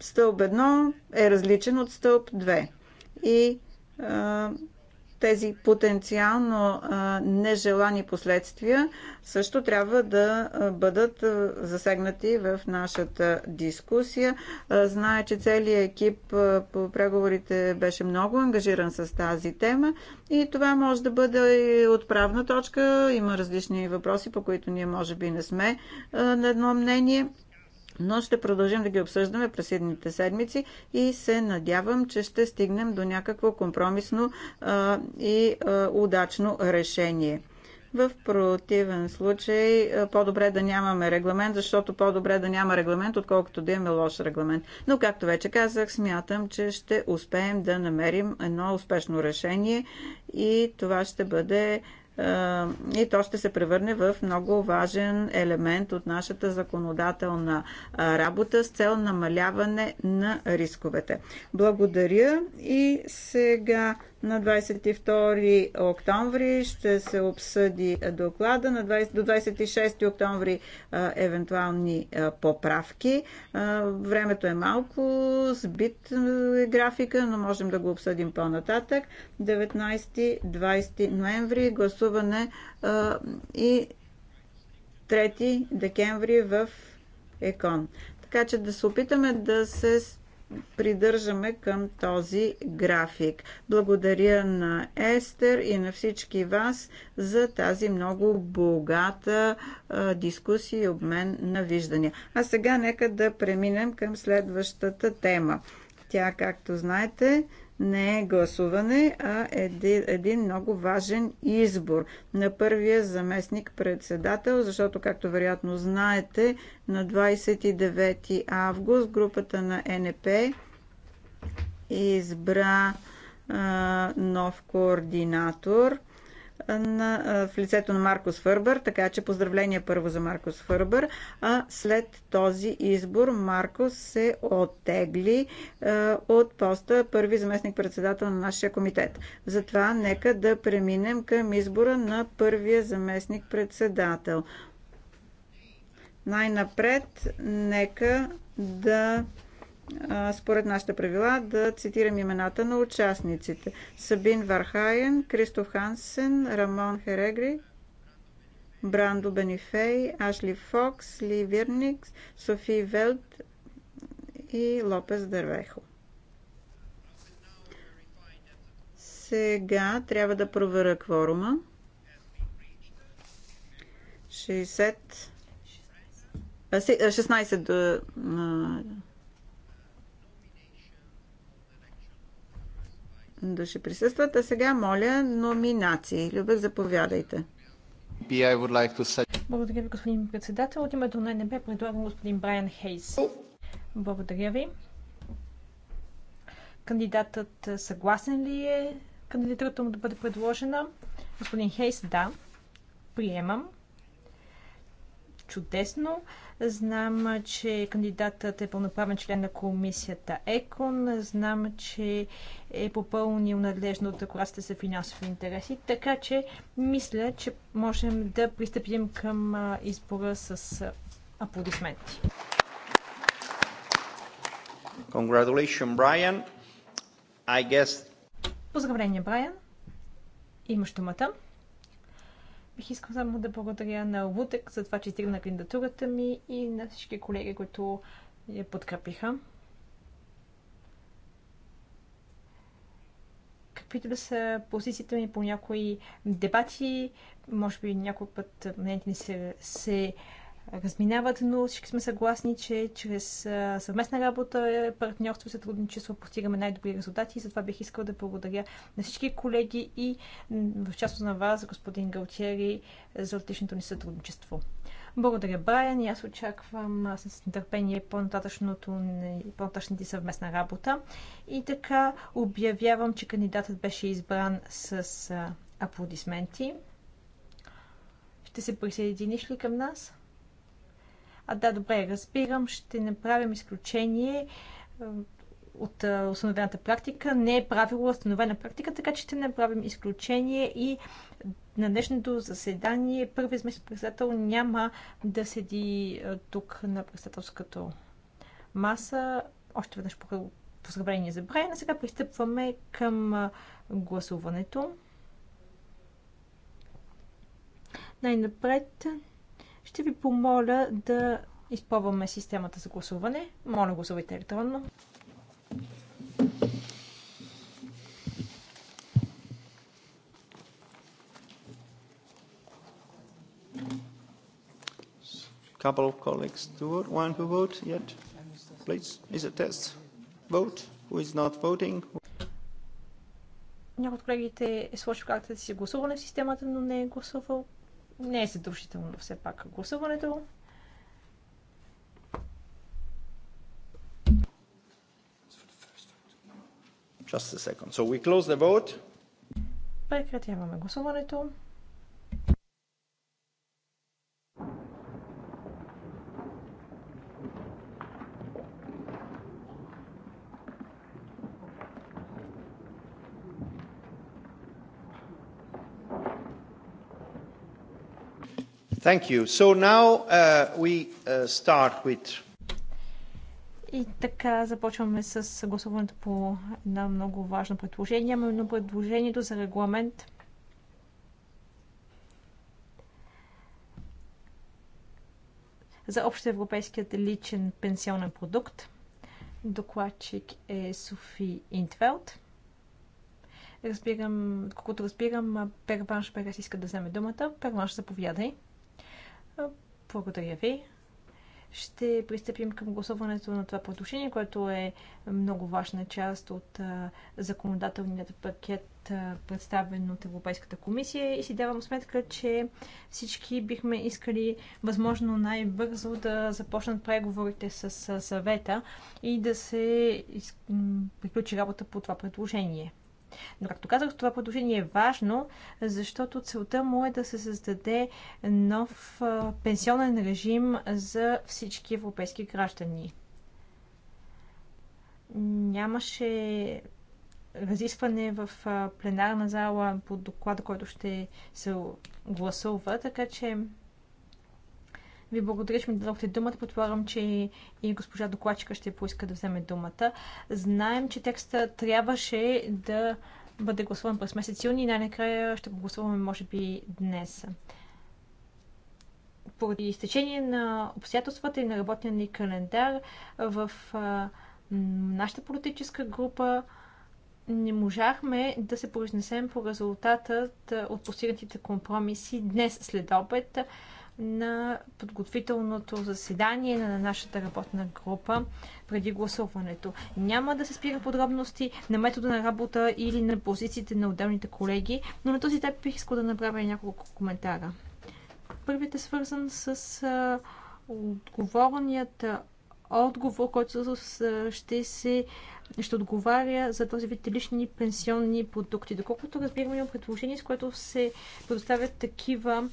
S3: Стълб 1 е различен от стълб 2 и а, тези потенциално нежелани последствия също трябва да бъдат засегнати в нашата дискусия. Зная, че целият екип по преговорите беше много ангажиран с тази тема и това може да бъде и отправна точка. Има различни въпроси, по които ние може би не сме на едно мнение но ще продължим да ги обсъждаме през следните седмици и се надявам, че ще стигнем до някакво компромисно а, и а, удачно решение. В противен случай, по-добре да нямаме регламент, защото по-добре да няма регламент, отколкото да имаме лош регламент. Но, както вече казах, смятам, че ще успеем да намерим едно успешно решение и това ще бъде е, и то ще се превърне в много важен елемент от нашата законодателна е, работа с цел намаляване на рисковете. Благодаря и сега на 22 октомври ще се обсъди доклада, на 20, до 26 октомври а, е, евентуални а, поправки. А, времето е малко, сбит е графика, но можем да го обсъдим по-нататък. 19-20 ноември гласуваме гласуване и 3 декември в ЕКОН. Така че да се опитаме да се придържаме към този график. Благодаря на Естер и на всички вас за тази много богата а, дискусия и обмен на виждания. А сега нека да преминем към следващата тема. Тя, както знаете, не е гласуване, а един, един много важен избор на първия заместник председател, защото, както вероятно знаете, на 29 август групата на НП избра а, нов координатор на, в лицето на Маркус Фърбър, така че поздравления първо за Маркос Фърбър, а след този избор Маркус се оттегли е, от поста първи заместник председател на нашия комитет. Затова нека да преминем към избора на първия заместник председател. Най-напред нека да според нашите правила да цитирам имената на участниците. Сабин Вархайен, Кристоф Хансен, Рамон Херегри, Брандо Бенифей, Ашли Фокс, Ли Вирникс, Софи Велт и Лопес Дървехо. Сега трябва да проверя кворума. 60 16 души присъстват. А сега моля номинации. Любек, заповядайте.
S4: Благодаря ви, господин председател. От името на НБ предлагам господин Брайан Хейс. Благодаря ви. Кандидатът е, съгласен ли е кандидатурата му да бъде предложена? Господин Хейс, да. Приемам чудесно. Знам, че кандидатът е пълноправен член на комисията ЕКОН. Знам, че е попълнил надлежно от декларацията за финансови интереси. Така че мисля, че можем да пристъпим към избора с аплодисменти.
S5: Congratulations, Brian. I guess...
S4: Поздравления, Брайан. Имаш думата. Бих искам само да благодаря на Лутек за това, че стигна кандидатурата ми и на всички колеги, които я подкрепиха. Каквито да са позициите ми по някои дебати, може би някой път мнението ни се, се разминават, но всички сме съгласни, че чрез съвместна работа, партньорство и сътрудничество постигаме най-добри резултати и затова бих искал да благодаря на всички колеги и в частност на вас, господин Галтиери, за отличното ни сътрудничество. Благодаря, Брайан, и аз очаквам с нетърпение по-нататъчната съвместна работа. И така обявявам, че кандидатът беше избран с аплодисменти. Ще се присъединиш ли към нас? А да, добре, разбирам, ще направим изключение е, от е, установената практика. Не е правило установена практика, така че ще направим изключение и на днешното заседание първи заместник председател няма да седи е, тук на председателската маса. Още веднъж поздравление за Брайан. Сега пристъпваме към гласуването. Най-напред ще ви помоля да изпробваме системата за гласуване. Моля, гласувайте електронно.
S5: couple of colleagues to vote. One who vote yet? Please, is a test. Vote. Who is not voting?
S4: Някои от колегите е сложил картата си гласуване в системата, но не е гласувал. Не е задушително все пак гласуването.
S3: Just a second. So we
S1: close the vote.
S4: Прекратяваме гласуването.
S5: Thank you. So now uh, we uh, start with
S4: и така започваме с гласуването по едно много важно предложение, именно предложението за регламент за общо европейският личен пенсионен продукт. Докладчик е Софи Интвелт. Разбирам, колкото разбирам, Перванш Перес иска да вземе думата. Перванш, заповядай. Да благодаря ви. Ще пристъпим към гласуването на това предложение, което е много важна част от законодателният пакет, представен от Европейската комисия. И си давам сметка, че всички бихме искали възможно най-бързо да започнат преговорите с съвета и да се приключи работа по това предложение. Но, както казах, това предложение е важно, защото целта му е да се създаде нов пенсионен режим за всички европейски граждани. Нямаше разискване в пленарна зала по доклада, който ще се гласува, така че ви благодаря, че ми дадохте думата. Предполагам, че и госпожа докладчика ще поиска да вземе думата. Знаем, че текста трябваше да бъде гласуван през месец юни и най-накрая ще го гласуваме, може би, днес. Поради изтечение на обстоятелствата и на работния ни календар в нашата политическа група не можахме да се произнесем по резултатът от постигнатите компромиси днес след обед на подготвителното заседание на нашата работна група преди гласуването. Няма да се спира подробности на метода на работа или на позициите на отделните колеги, но на този етап бих искал да направя няколко коментара. Първият е свързан с отговорният отговор, който ще се ще отговаря за този вид лични пенсионни продукти. Доколкото разбираме, има предложение, с което се предоставят такива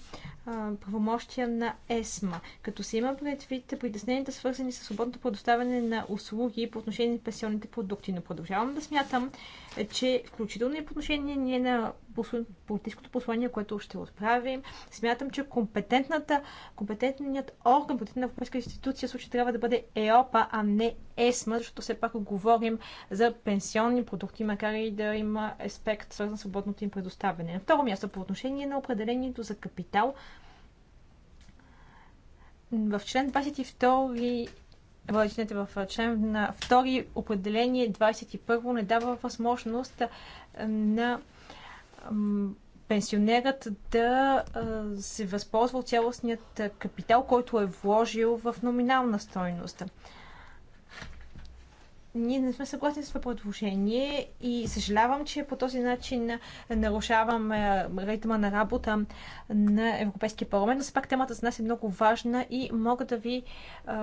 S4: правомощия на ЕСМА, като се има предвид притесненията свързани с свободното предоставяне на услуги по отношение на пенсионните продукти. Но продължавам да смятам, е, че включително и по отношение ние на политическото послание, което ще отправим, смятам, че компетентната, компетентният орган, компетентна европейска институция, случай трябва да бъде ЕОПА, а не ЕСМА, защото все пак говорим за пенсионни продукти, макар и да има аспект свързан с свободното им предоставяне. На второ място, по отношение на определението за капитал, в член 22 Владичнете в член на 2, определение 21 не дава възможност на пенсионерът да се възползва от цялостният капитал, който е вложил в номинална стойност ние не сме съгласни с това предложение и съжалявам, че по този начин нарушавам е, ритма на работа на Европейския парламент, но все пак темата за нас е много важна и мога да ви е,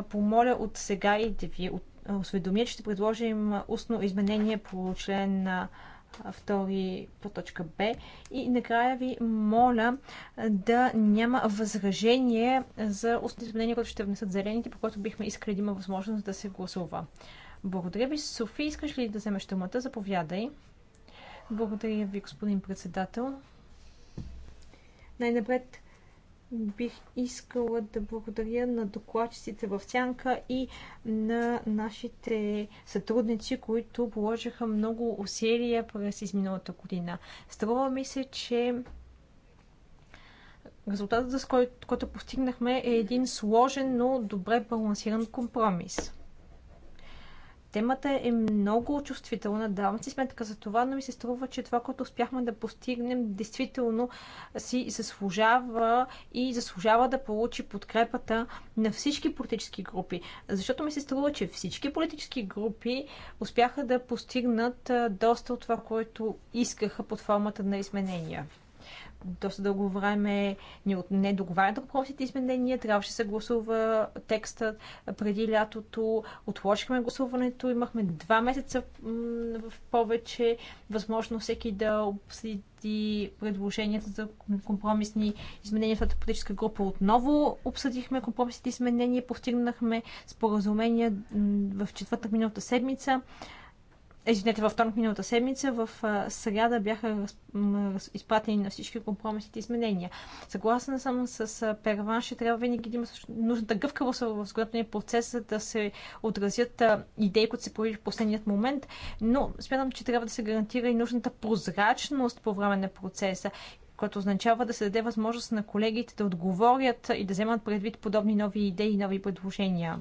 S4: помоля от сега и да ви осведомя, че ще предложим устно изменение по член на е, втори по точка Б. И накрая ви моля да няма възражение за устни изменения, които ще внесат зелените, по което бихме искали да има възможност да се гласува. Благодаря ви. Софи, искаш ли да вземеш думата? Заповядай. Благодаря ви, господин председател. Най-напред бих искала да благодаря на докладчиците в Сянка и на нашите сътрудници, които положиха много усилия през изминалата година. Струва ми се, че резултатът, с който, който постигнахме, е един сложен, но добре балансиран компромис. Темата е много чувствителна, давам си сметка за това, но ми се струва, че това, което успяхме да постигнем, действително си заслужава и заслужава да получи подкрепата на всички политически групи. Защото ми се струва, че всички политически групи успяха да постигнат доста от това, което искаха под формата на изменения доста дълго време ни отне договарят въпросите изменения, трябваше да се гласува текстът преди лятото, отложихме гласуването, имахме два месеца в повече възможно всеки да обсъди предложенията за компромисни изменения в тази политическа група. Отново обсъдихме компромисните изменения, постигнахме споразумения в четвъртък миналата седмица. Е, извинете, във вторник миналата седмица, в среда бяха изпратени на всички компромисите изменения. Съгласна съм с Перван, ще трябва винаги да има нужната гъвкавост в сградния процес, за да се отразят идеи, които се появи в последният момент, но смятам, че трябва да се гарантира и нужната прозрачност по време на процеса което означава да се даде възможност на колегите да отговорят и да вземат предвид подобни нови идеи и нови предложения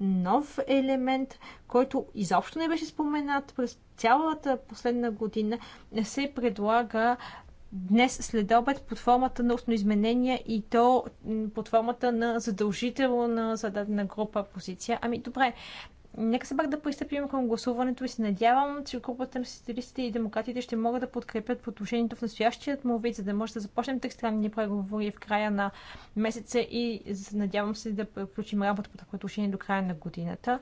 S4: нов елемент, който изобщо не беше споменат през цялата последна година, се предлага днес след обед под формата на устно изменение и то под формата на задължителна на зададена група позиция. Ами добре, Нека се пак да пристъпим към гласуването и се надявам, че групата на социалистите и демократите ще могат да подкрепят подложението в настоящият му вид, за да може да започнем тристранни преговори в края на месеца и надявам се да приключим работа по такова отношение до края на годината.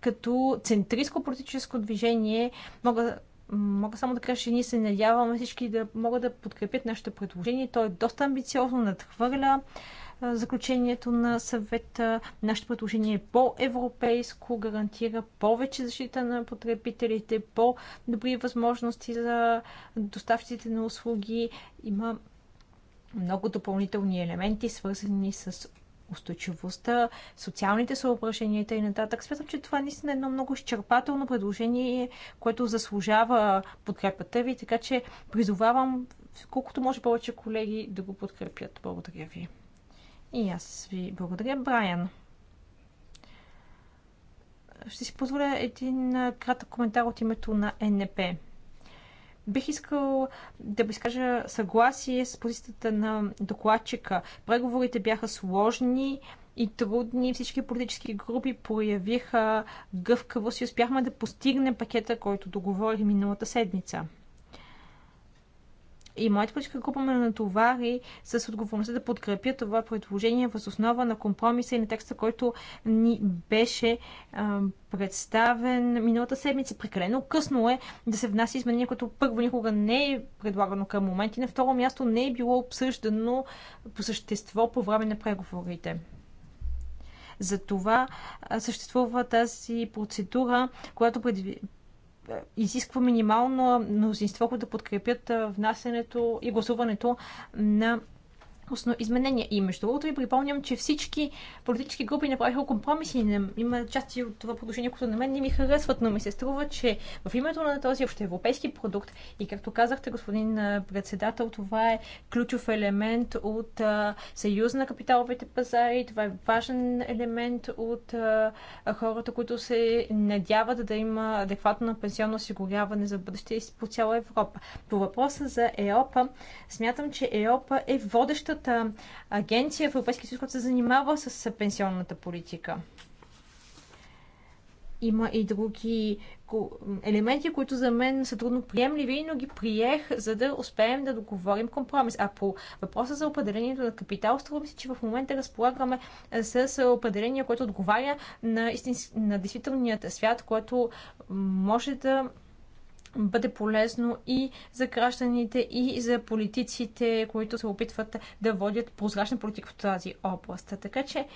S4: Като центристско политическо движение мога мога само да кажа, че ние се надяваме всички да могат да подкрепят нашето предложение. То е доста амбициозно, надхвърля заключението на съвета. Нашето предложение е по-европейско, гарантира повече защита на потребителите, по-добри възможности за доставчиците на услуги. Има много допълнителни елементи, свързани с устойчивостта, социалните съображения и нататък. Смятам, че това наистина е едно много изчерпателно предложение, което заслужава подкрепата ви, така че призовавам колкото може повече колеги да го подкрепят. Благодаря ви. И аз ви благодаря, Брайан. Ще си позволя един кратък коментар от името на НП. Бих искал да изкажа съгласие с позицията на докладчика. Преговорите бяха сложни и трудни. Всички политически групи проявиха гъвкавост и успяхме да постигнем пакета, който договорих миналата седмица. И моята политическа е група ме натовари с отговорността да подкрепя това предложение въз основа на компромиса и на текста, който ни беше а, представен миналата седмица. Прекалено късно е да се внася изменение, което първо никога не е предлагано към момент и на второ място не е било обсъждано по същество по време на преговорите. Затова съществува тази процедура, която е, изисква минимално мнозинството да подкрепят внасянето и гласуването на устно изменение. И между другото ви припомням, че всички политически групи направиха компромиси. Има части от това продължение, които на мен не ми харесват, но ми се струва, че в името на този европейски продукт и както казахте, господин председател, това е ключов елемент от а, съюз на капиталовите пазари. Това е важен елемент от а, хората, които се надяват да има адекватно пенсионно осигуряване за бъдеще по цяла Европа. По въпроса за ЕОПа, смятам, че ЕОПа е водеща единствената агенция в Европейския съюз, която се занимава с пенсионната политика. Има и други елементи, които за мен са трудно приемливи, но ги приех, за да успеем да договорим компромис. А по въпроса за определението на капитал, струва се, че в момента разполагаме с определение, което отговаря на, истински, на действителният свят, което може да бъде полезно и за гражданите, и за политиците, които се опитват да водят прозрачна политика в тази област. Така че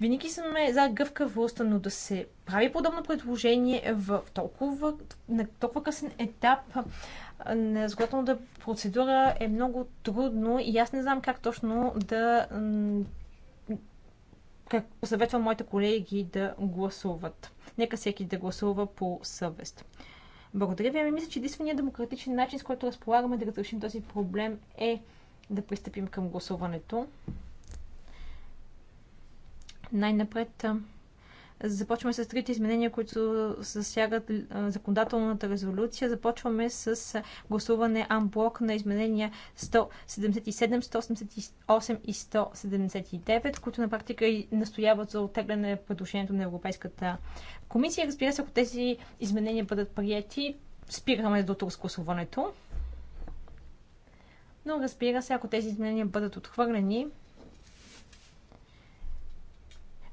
S4: винаги сме за гъвкавост, но да се прави подобно предложение в толкова, на толкова късен етап на изготвената процедура е много трудно и аз не знам как точно да как посъветвам моите колеги да гласуват. Нека всеки да гласува по съвест. Благодаря ви. Ами мисля, че единственият демократичен начин, с който разполагаме да разрешим този проблем е да пристъпим към гласуването. Най-напред Започваме с трите изменения, които засягат законодателната резолюция. Започваме с гласуване анблок на изменения 177, 188 и 179, които на практика и настояват за оттегляне предложението на Европейската комисия. Разбира се, ако тези изменения бъдат приети, спираме до тук с гласуването. Но разбира се, ако тези изменения бъдат отхвърлени,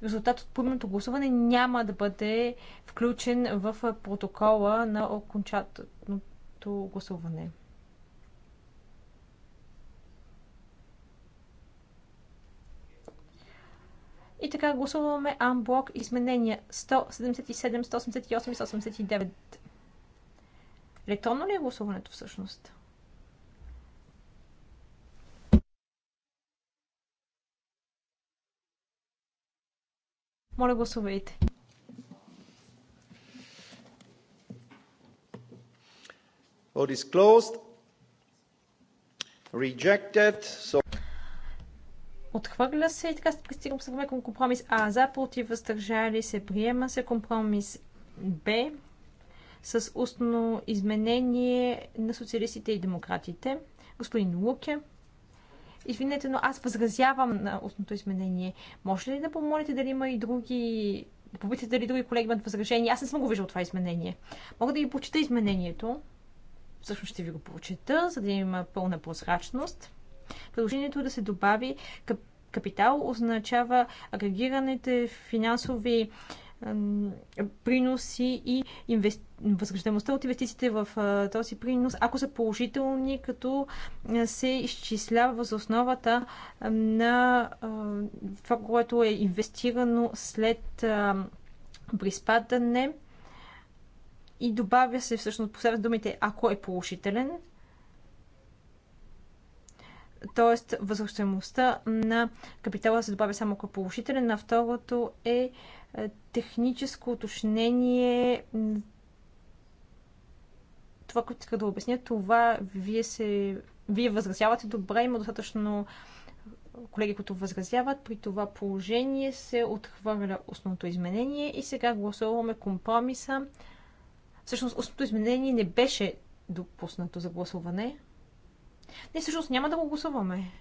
S4: резултат от поименното гласуване няма да бъде включен в протокола на окончателното гласуване. И така гласуваме Unblock изменения 177, 188 и 189. Електронно ли е гласуването всъщност? Моля, гласувайте.
S1: Vote is closed. Rejected. So...
S4: Отхвърля се и така стигам сега към компромис А. За, против, въздържали се, приема се компромис Б с устно изменение на социалистите и демократите. Господин Луке. Извинете, но аз възразявам на устното изменение. Може ли да помолите дали има и други... Да попитате дали други колеги имат възражения? Аз не съм го виждал това изменение. Мога да ви почита изменението. Всъщност ще ви го прочита, за да има пълна прозрачност. Предложението е да се добави капитал означава агрегираните финансови приноси и инвести... от инвестициите в този принос, ако са положителни, като се изчислява въз основата на това, което е инвестирано след приспадане и добавя се всъщност последват думите ако е положителен, т.е. възвръщаемостта на капитала се добавя само ако е положителен, а второто е е, техническо уточнение. Това, което иска да обясня, това вие се... Вие възразявате добре, има достатъчно колеги, които възразяват. При това положение се отхвърля основното изменение и сега гласуваме компромиса. Всъщност, основното изменение не беше допуснато за гласуване. Не, всъщност няма да го гласуваме.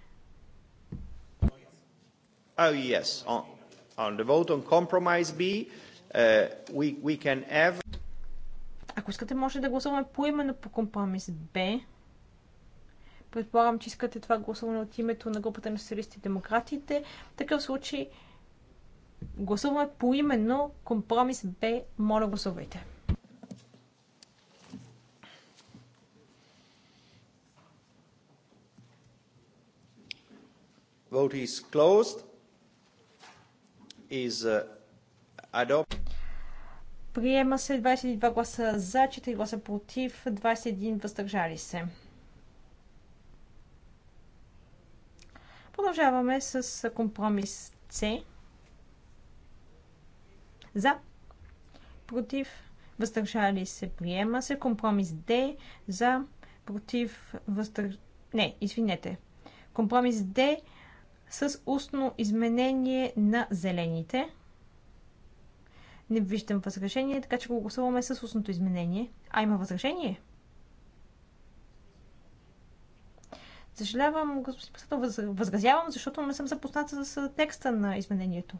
S4: Oh, yes. Oh, On the vote on compromise B, uh, we, we can have... Ако искате, може да гласуваме поименно по компромис Б. Предполагам, че искате това гласуване от името на групата на социалистите и демократите. В такъв случай гласуваме поименно компромис Б. Моля, гласувайте.
S3: Vote is closed. Uh,
S4: приема се 22 гласа за, 4 гласа против, 21 въздържали се. Продължаваме с компромис С. За, против, въздържали се, приема се. Компромис Д за, против, въздържали... Не, извинете. Компромис Д с устно изменение на зелените. Не виждам възражение, така че го гласуваме с устното изменение. А, има възражение? Съжалявам, господин председател, възразявам, защото не съм запозната с текста на изменението.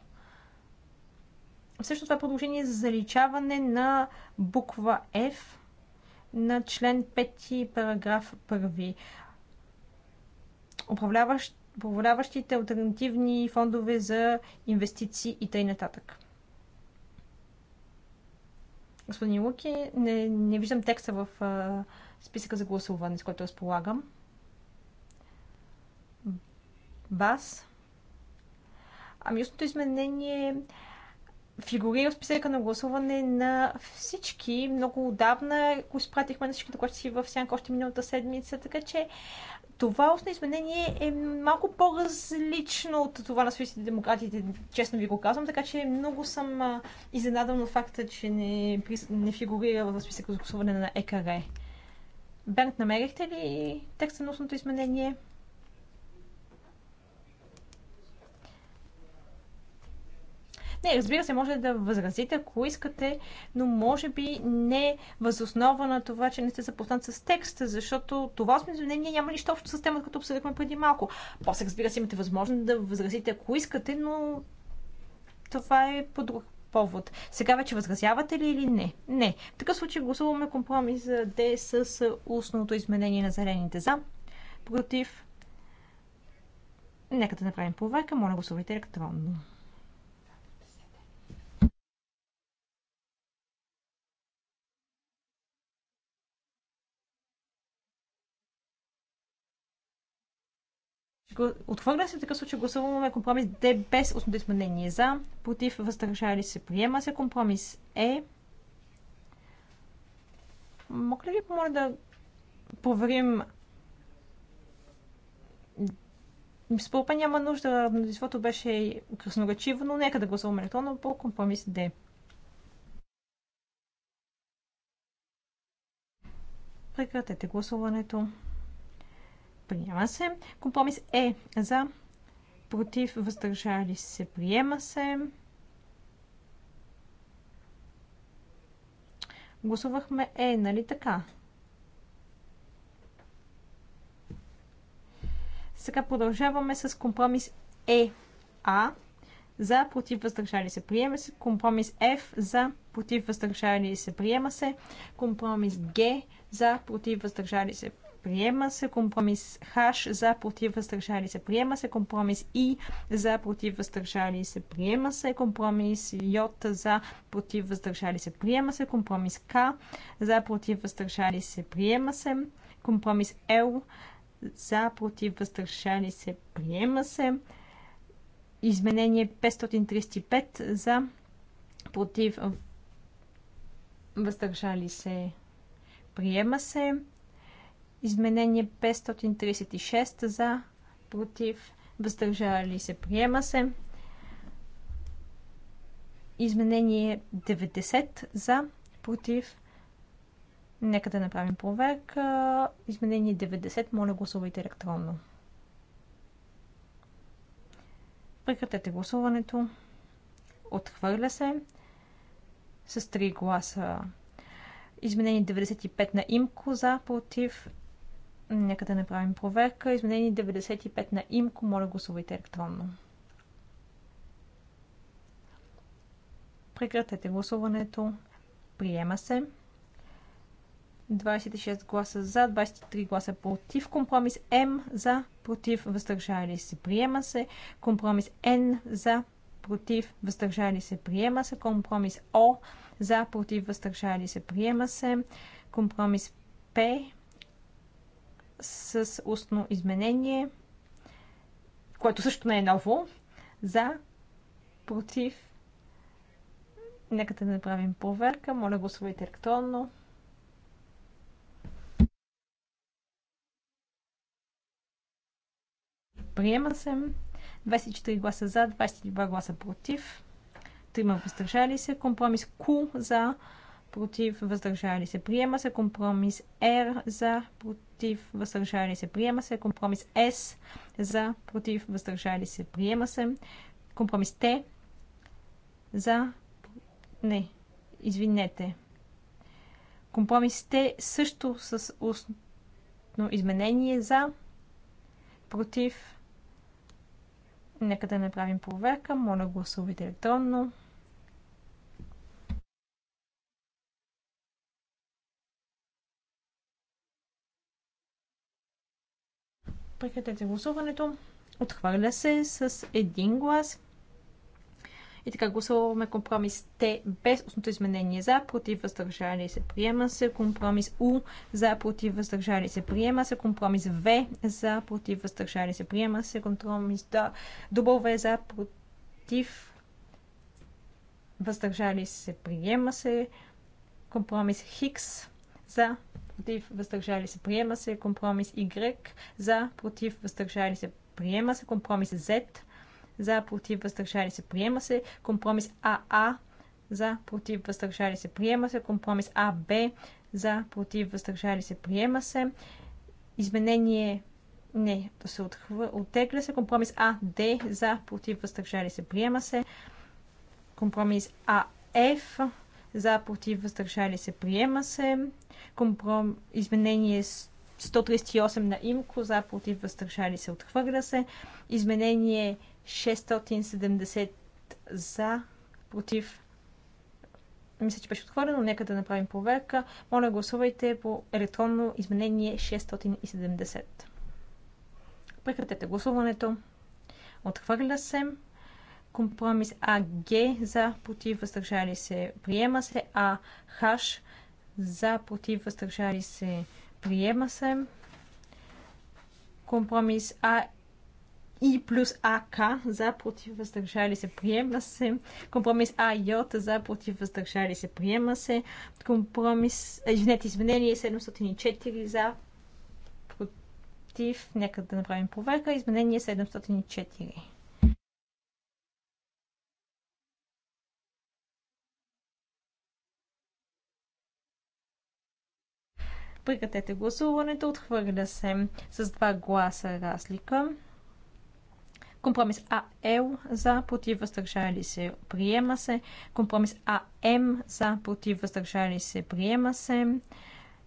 S4: Всъщност това е продължение за заличаване на буква F на член 5, параграф 1. Управляващ управляващите альтернативни фондове за инвестиции и т.н. Господин Луки, не, не виждам текста в а, списъка за гласуване, с който разполагам. Бас. Ами устното изменение фигурира в списъка на гласуване на всички. Много отдавна го изпратихме на всички си в сянка още миналата седмица, така че това устно изменение е малко по-различно от това на свистите демократите, честно ви го казвам, така че много съм изненадан от факта, че не, не фигурира в списък за гласуване на ЕКР. Бернт, намерихте ли текста на устното изменение? Не, разбира се, може да възразите, ако искате, но може би не възоснова на това, че не сте запознат с текста, защото това изменение няма нищо общо с темата, като обсъдихме преди малко. После, разбира се, имате възможност да възразите, ако искате, но това е по друг повод. Сега вече възразявате ли или не? Не. В такъв случай гласуваме компромис за Д с устното изменение на зелените за. Против. Нека да направим проверка. Моля, гласувайте електронно. Отхвърля се така случай гласуваме компромис Д без основно изменение за, против, въздържали се, приема се компромис Е. Мога ли ви помоля да проверим Спорпа няма нужда, мнозинството беше красногачиво, но нека да гласуваме електронно по компромис Д. Прекратете гласуването. Приема се. Компромис Е за против въздържали се. Приема се. Гласувахме Е, нали така? Сега продължаваме с компромис е, а за против въздържали се приема се, компромис F за против въздържали се приема се, компромис G за против въздържали се Приема се компромис Хаш за против въздържали се. Приема се компромис И за против въздържали се. Приема се компромис Й за против въздържали се. Приема се компромис К за против въздържали се. Приема се компромис Л за против въздържали се. Приема се изменение 535 за против въздържали се. Приема се Изменение 536 за, против, въздържали се, приема се. Изменение 90 за, против. Нека да направим проверка. Изменение 90, моля гласувайте електронно. Прекратете гласуването. Отхвърля се с 3 гласа. Изменение 95 на имко за, против Нека да направим проверка. Изменение 95 на имко. Моля гласувайте електронно. Прекратете гласуването. Приема се. 26 гласа за, 23 гласа против. Компромис М за, против, въздържали се, приема се. Компромис Н за, против, въздържали се, приема се. Компромис О за, против, въздържали се, приема се. Компромис П с устно изменение, което също не е ново, за, против. Нека да направим проверка. Моля, го гласувайте електронно. Приема се. 24 гласа за, 22 гласа против. Трима въздържали се. Компромис Q за, против, въздържали се, приема се. Компромис R за, против, въздържали се, приема се. Компромис S за, против, въздържали се, приема се. Компромис Т за, не, извинете. Компромис Т също с устно изменение за, против, нека да направим проверка. Моля гласувайте електронно. Прекратете гласуването. Отхвърля се с един глас. И така гласуваме компромис Т без основното изменение за, против въздържали се, приема се. Компромис У за, против въздържали се, приема се. Компромис В за, против въздържали се, приема се. Компромис Д, дубъл В за, против въздържали се, приема се. Компромис Хикс за, против, въздържали се, приема се. Компромис Y, за, против, въздържали се, приема се. Компромис Z, за, против, въздържали се, приема се. Компромис АА, за, против, въздържали се, приема се. Компромис АБ, за, против, въздържали се, приема се. Изменение не, да се оттегля се. Компромис А, Д, за, против, въздържали се, приема се. Компромис А, Ф, за, против, въздържали се, приема се. Компром... Изменение 138 на имко, за, против, въздържали се, отхвърля се. Изменение 670 за, против, мисля, че беше отхвърлено. Нека да направим проверка. Моля, гласувайте по електронно изменение 670. Прекратете гласуването. Отхвърля се. Компромис АГ за против въздържали се приема се. А ХАШ за против въздържали се приема се. Компромис А и плюс АК за против въздържали се приема се. Компромис АЙ за против въздържали се приема се. Компромис, извинете, изменение 704 за против. Нека да направим проверка. Изменение 704. Прекратете гласуването. Отхвърля се с два гласа разлика. Компромис АЛ за против въздържали се приема се. Компромис АМ за против въздържали се приема се.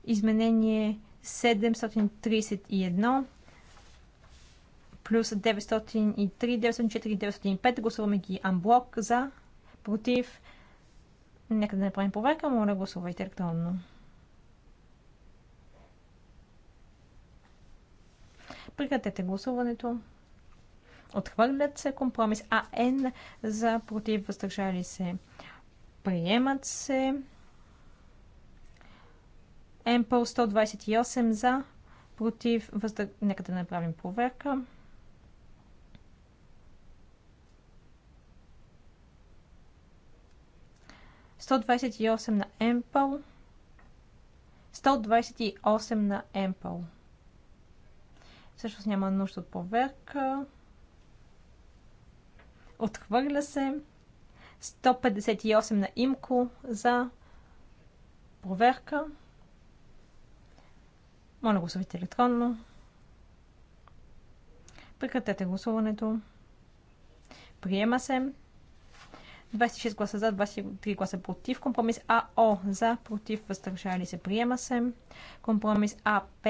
S4: Изменение 731 плюс 903, 904, 905. Гласуваме ги амблок за против. Нека да направим проверка. Моля, гласувайте електронно. Прекратете гласуването. Отхвърлят се компромис АН за против въздържали се. Приемат се. МПЛ 128 за против въздържали. Нека да направим проверка. ...128 на Емпъл. 128 на МПЛ. Всъщност няма нужда от проверка. Отхвърля се. 158 на имко за проверка. Моля гласувайте електронно. Прекратете гласуването. Приема се. 26 гласа за, 23 гласа против. Компромис АО за, против, въздържали се. Приема се. Компромис АП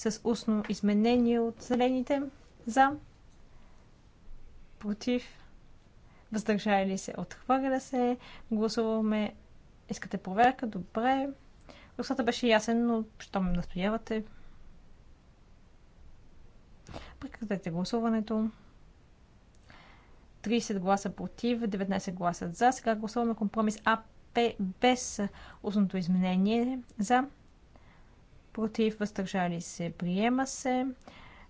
S4: с устно изменение от зелените. За. Против. Въздържали се. Отхвърля се. Гласуваме. Искате проверка? Добре. Гласата беше ясен, но що ме настоявате? Прекратете гласуването. 30 гласа против, 19 гласа за. Сега гласуваме компромис АП без устното изменение за против, въздържали се, приема се.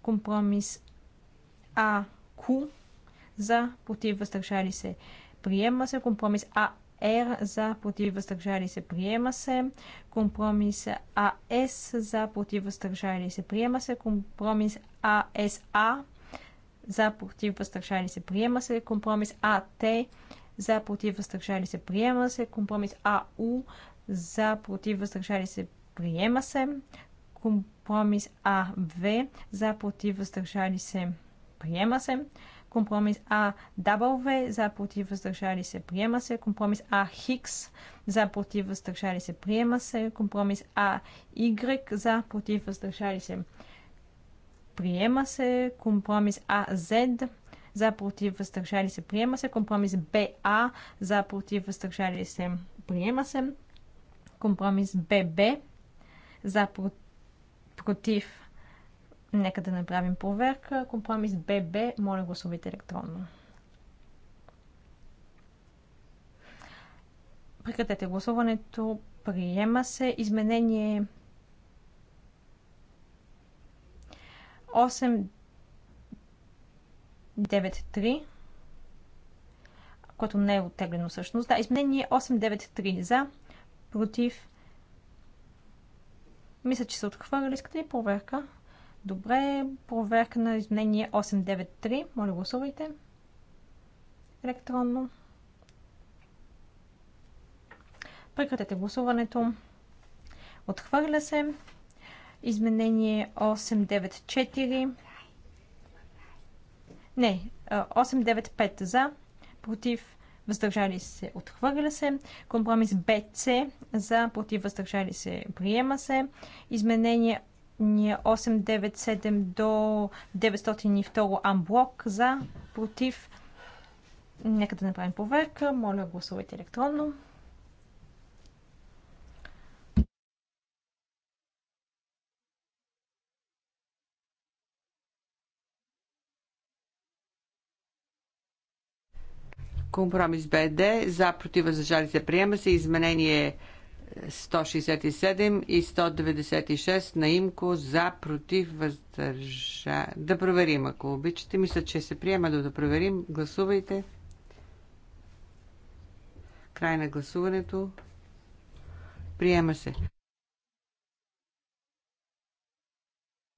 S4: Компромис АК за, против, въздържали се, приема се. Компромис АР за, против, въздържали се, приема се. Компромис АС за, против, въздържали се, приема се. Компромис АСА за, против, въздържали се, приема се. Компромис АТ за, против, въздържали се, приема се. Компромис АУ за, против, въздържали се, Приема се. Компромис АВ за против въздържали се. Приема се. Компромис А W за против въздържали се. Приема се. Компромис А Хикс за против въздържали се. Приема се. Компромис А Y за против въздържали се. Приема се. Компромис А Z за против въздържали се. Приема се. Компромис БА за против въздържали се. Приема се. Компромис ББ за против. Нека да направим проверка. Компромис ББ. Моля гласувайте електронно. Прекратете гласуването. Приема се. Изменение 893, което не е оттеглено всъщност. Да, изменение 893 за, против, мисля, че се отхвърли. Искате ли проверка? Добре, проверка на изменение 893. Моля, гласувайте. Електронно. Прекратете гласуването. Отхвърля се. Изменение 894. Не, 895 за, против въздържали се, отхвърля се. Компромис БЦ за, против, въздържали се, приема се. Изменение 897 до 902 амблок за, против. Нека да направим проверка. Моля, гласувайте електронно.
S2: Компромис БД. За, против, въздържали се. Приема се. Изменение 167 и 196 на имко за против въздържа. Да проверим, ако обичате. Мисля, че се приема да да проверим. Гласувайте. Край на гласуването. Приема се.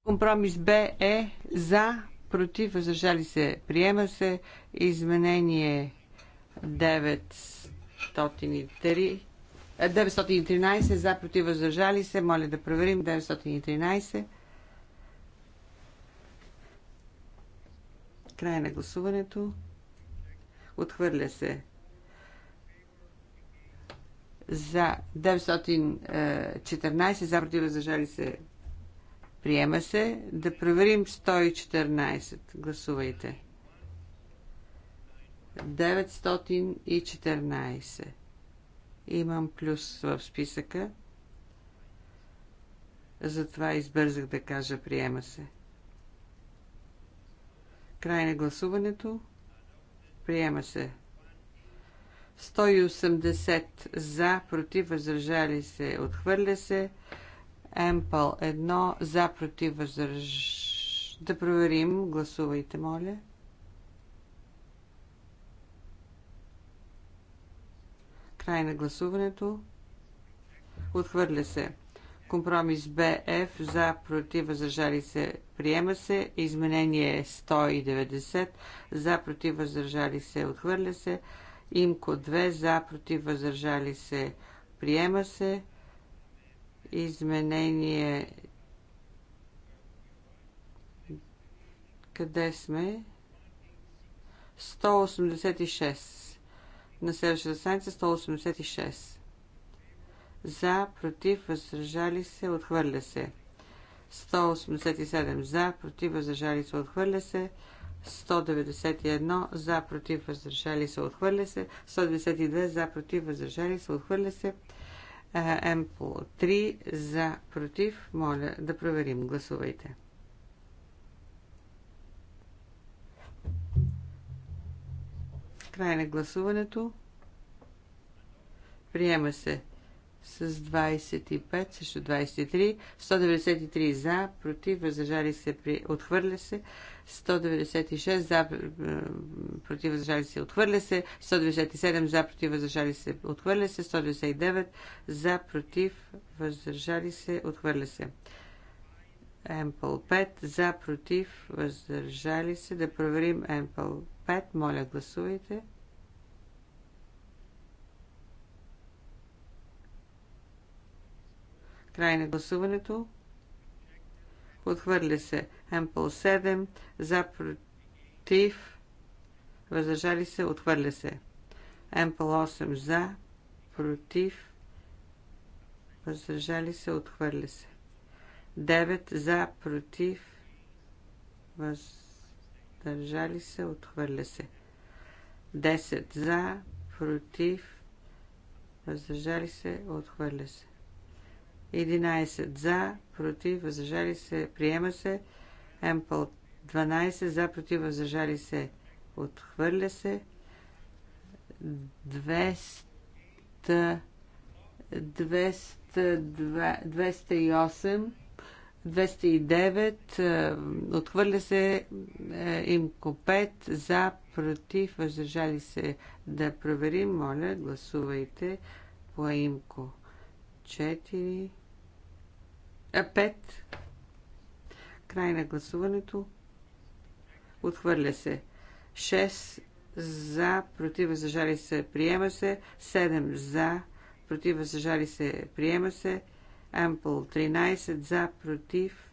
S2: Компромис Б е за, против, въздържали се, приема се. Изменение 903 913 е, за против въздържали се. Моля да проверим. 913. Край на гласуването. Отхвърля се. За 914 е, за против въздържали се. Приема се. Да проверим 114. Гласувайте. 914. Имам плюс в списъка. Затова избързах да кажа приема се. Край на гласуването. Приема се. 180 за, против, въздържали се, отхвърля се. Емпъл 1 за, против, въздържали. Да проверим. Гласувайте, моля. Край на гласуването. Отхвърля се. Компромис БФ за против въздържали се приема се. Изменение 190 за против въздържали се отхвърля се. Имко 2 за против въздържали се приема се. Изменение къде сме? 186 на следващата седмица 186. За, против, въздържали се, отхвърля се. 187 за, против, въздържали се, отхвърля се. 191 за, против, въздържали се, отхвърля се. 192 за, против, въздържали се, отхвърля се. Е, МПО 3 за, против. Моля да проверим. Гласувайте. Край на гласуването. Приема се с 25 също 23, 193 за, против, въздържали се, при... отхвърля се, 196 за, против, въздържали се, отхвърля се, 197 за, против, въздържали се, отхвърля се, 199 за, против, въздържали се, отхвърля се. Емпл 5 за, против, въздържали се, да проверим 5. 5. Моля, гласувайте. Край на гласуването. Подхвърля се МПЛ 7. За, против. Въздържали се. Отхвърля се. МПЛ 8. За, против. Въздържали се. Отхвърля се. 9. За, против. се въздържали се, отхвърля се. 10 за, против, въздържали се, отхвърля се. 11 за, против, въздържали се, приема се. Емпъл 12 за, против, въздържали се, отхвърля се. 200, 200 208 209. Е, отхвърля се е, имко 5. За, против, въздържали се да проверим. Моля, гласувайте по имко 4. 5. Е, Край на гласуването. Отхвърля се. 6 за, против, въздържали се, приема се. 7 за, против, въздържали се, приема се. Ампл 13 за, против,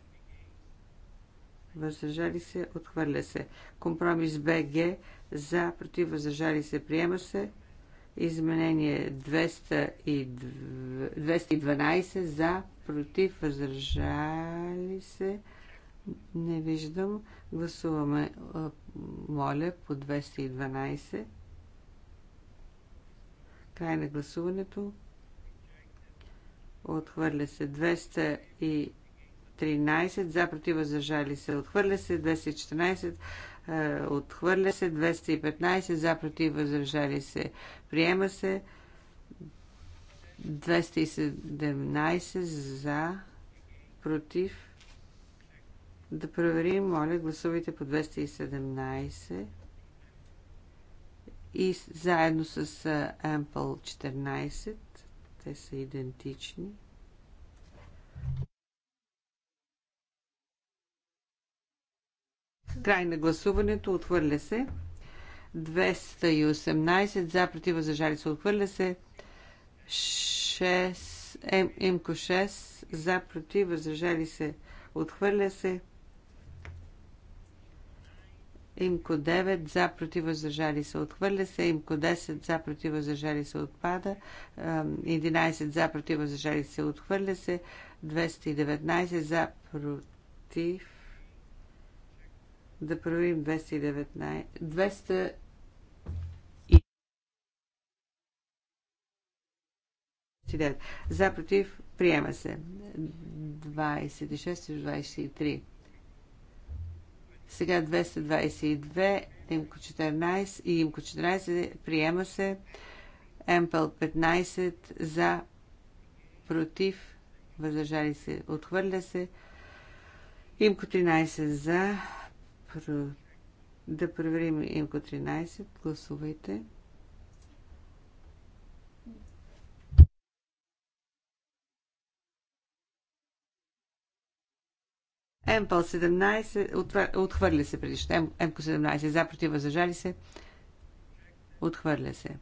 S2: въздържали се, отхвърля се. Компромис БГ за, против, въздържали се, приема се. Изменение 212 за, против, въздържали се. Не виждам. Гласуваме, моля, по 212. Край на гласуването. Отхвърля се 213 за, против, въздържали се. Отхвърля се 214 е, отхвърля се 215 за против въздържали се приема се 217 за против да проверим моля гласувайте по 217 и заедно с е, Ample 14 те са идентични. Край на гласуването. Отхвърля се. 218 за, против, въздържали се. Отхвърля се. 6, М, 6 за, против, въздържали се. Отхвърля се. Имко 9 за против въздържали се отхвърля се. Имко 10 за против въздържали се отпада. 11 за против въздържали се отхвърля се. 219 за против. Да проверим 219. 200 За против приема се. 26 23. Сега 222, имко 14 и имко 14 приема се. МПЛ 15 за, против, въздържали се, отхвърля се. Имко 13 за, про... да проверим Имко 13, гласувайте. МП 17 отхвърля се предишно. МК 17 за против въздържали се. Отхвърля се.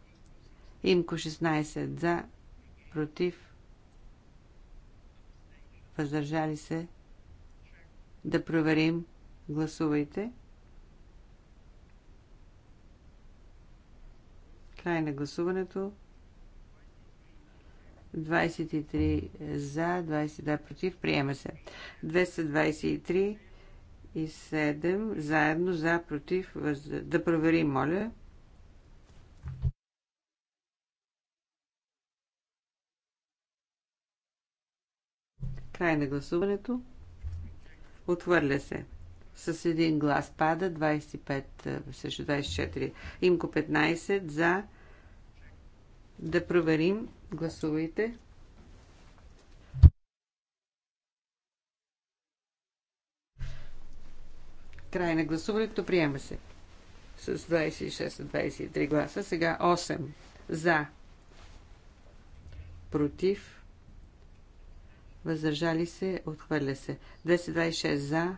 S2: Имко 16 за против въздържали се. Да проверим. Гласувайте. Край на гласуването. 23 за, 22 против. Приема се. 223 и 7 заедно за, против. Да проверим, моля. Край на гласуването. Отхвърля се. С един глас пада, 25 също 24. Имко 15 за. Да проверим. Гласувайте. Край на гласуването приема се. С 26-23 гласа. Сега 8 за. Против. Въздържали се. Отхвърля се. 226 за.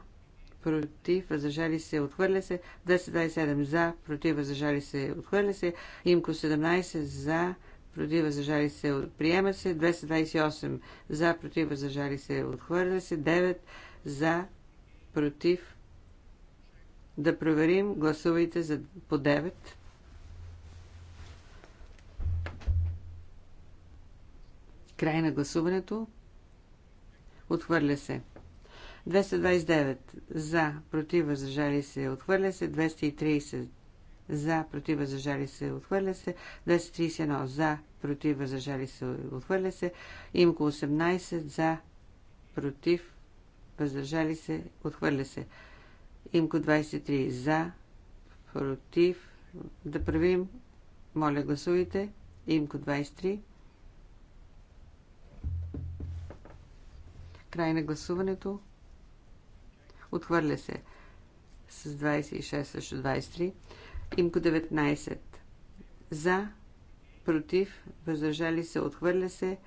S2: Против. Въздържали се. Отхвърля се. 227 за. Против. Въздържали се. Отхвърля се. Имко 17 за против въздържали се, приема се, 228 за, против въздържали се, отхвърля се, 9 за, против. Да проверим, гласувайте за, по 9. Край на гласуването. Отхвърля се. 229 за, против въздържали се, отхвърля се, 230 за, против, въздържали се, отхвърля се. 231 за, против, въздържали се, отхвърля се. Имко 18 за, против, въздържали се, отхвърля се. Имко 23 за, против, да правим. Моля, гласувайте. Имко 23. Край на гласуването. Отхвърля се с 26 срещу 23. Имко 19. За, против, въздържали се, отхвърля се.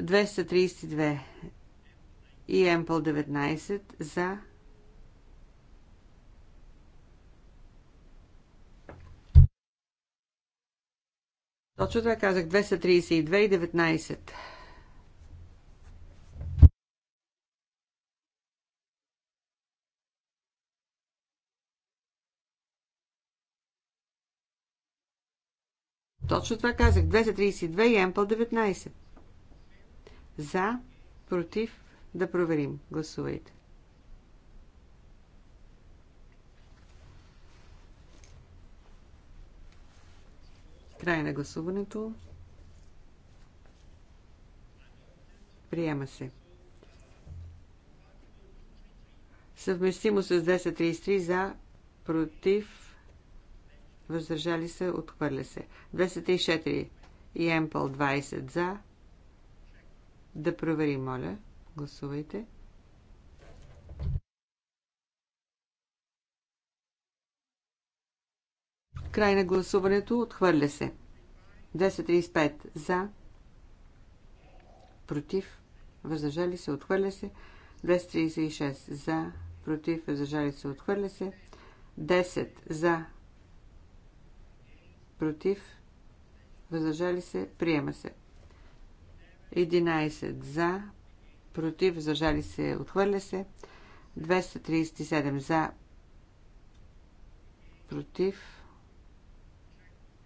S2: 232 и Емпъл 19 за Точно това казах 232 и 19. Точно това казах. 232 и Емпъл 19. За, против, да проверим. Гласувайте. Край на гласуването. Приема се. Съвместимо с 233 за, против, въздържали се, отхвърля се. 204 и Емпъл 20 за. Да провери, моля. Гласувайте. Край на гласуването отхвърля се. 235 за. Против. Въздържали се, отхвърля се. 236 за. Против. Въздържали се, отхвърля се. 10 за против, въздържали се, приема се. 11 за, против, въздържали се, отхвърля се. 237 за, против.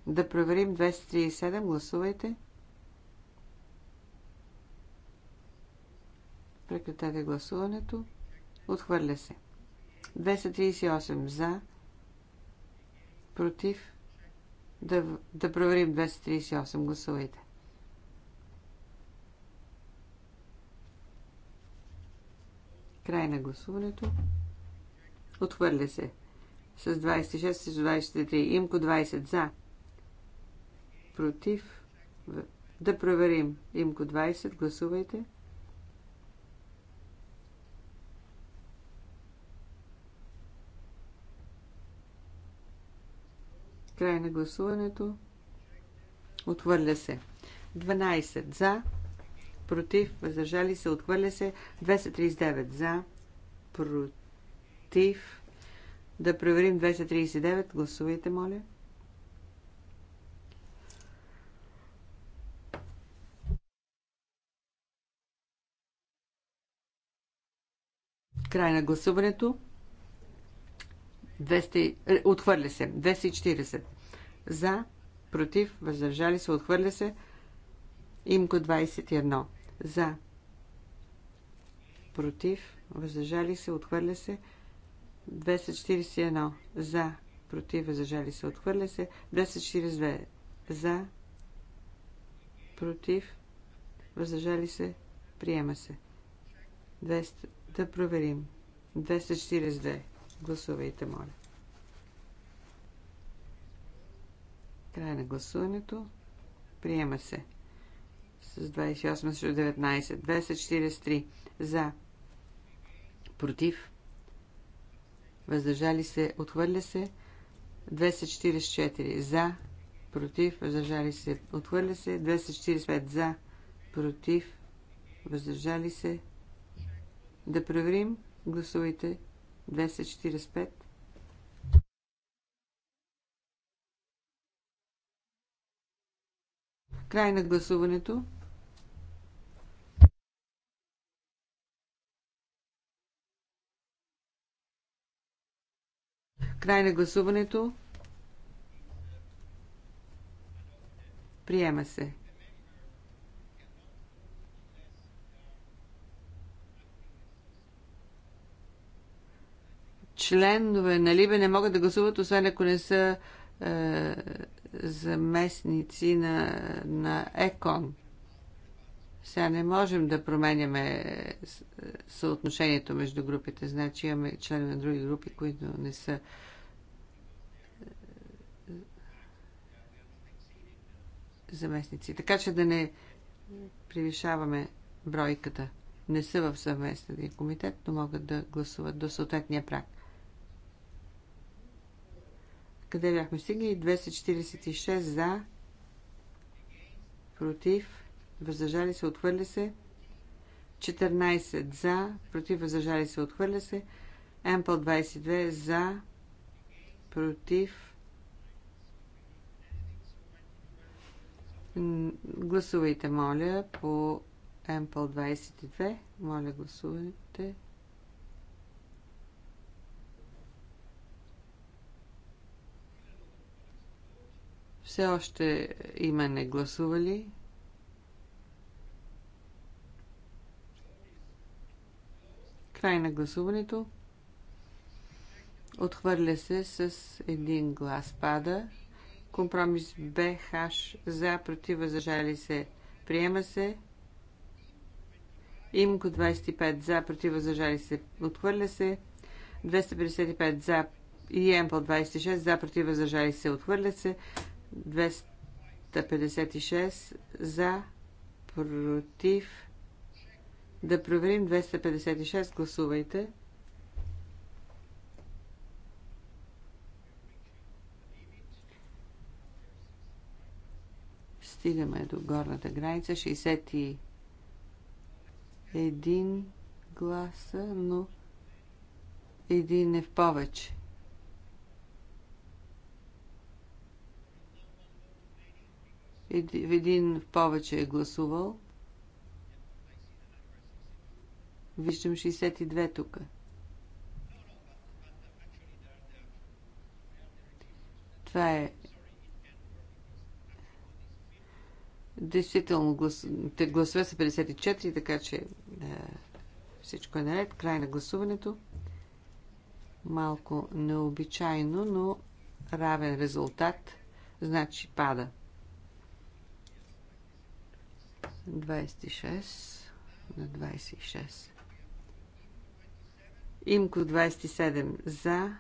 S2: Да проверим 237, гласувайте. Прекратете гласуването. Отхвърля се. 238 за, против, да, да проверим 238. гласовете. Край на гласуването. Отхвърля се. С 26 с 23. Имко 20 за. Против. Да проверим. Имко 20. Гласувайте. Край на гласуването. Отхвърля се. 12 за. Против. Въздържали се. Отхвърля се. 239 за. Против. Да проверим 239. Гласувайте, моля. Край на гласуването. 200, е, отхвърля се. 240. За, против, въздържали се, отхвърля се. Имко 21. За, против, въздържали се, отхвърля се. 241. За, против, въздържали се, отхвърля се. 242. За, против, въздържали се, приема се. 200. Да проверим. 242. Гласувайте, моля. Край на гласуването. Приема се. С 28 срещу 19. 243 за. Против. Въздържали се. Отхвърля се. 244 за. Против. Въздържали се. Отхвърля се. 245 за. Против. Въздържали се. Да проверим. Гласувайте. 245. Край на гласуването. Край на гласуването. Приема се. членове на Либе не могат да гласуват, освен ако не са е, заместници на, на ЕКОН. Сега не можем да променяме съотношението между групите. Значи имаме членове на други групи, които не са. Е, заместници. Така че да не превишаваме бройката. Не са в съвместния комитет, но могат да гласуват до съответния прак. Къде бяхме стигнали? 246 за, против, въздържали се, отхвърля се. 14 за, против, въздържали се, отхвърля се. Емпл 22 за, против. Гласувайте, моля, по Емпл 22. Моля, гласувайте. Все още има не гласували. Край на гласуването. Отхвърля се с един глас пада. Компромис БХ за против въздържали се. Приема се. Имко 25 за против въздържали се. Отхвърля се. 255 за и МП 26 за против въздържали се. Отхвърля се. 256 за, против. Да проверим 256. Гласувайте. Стигаме до горната граница. 61 гласа, но един е в повече. Един повече е гласувал. Виждам 62 тук. Това е Действително, глас... те гласове са 54, така че е, всичко е наред. Край на гласуването. Малко необичайно, но равен резултат, значи пада. 26 на 26. Имко 27 за,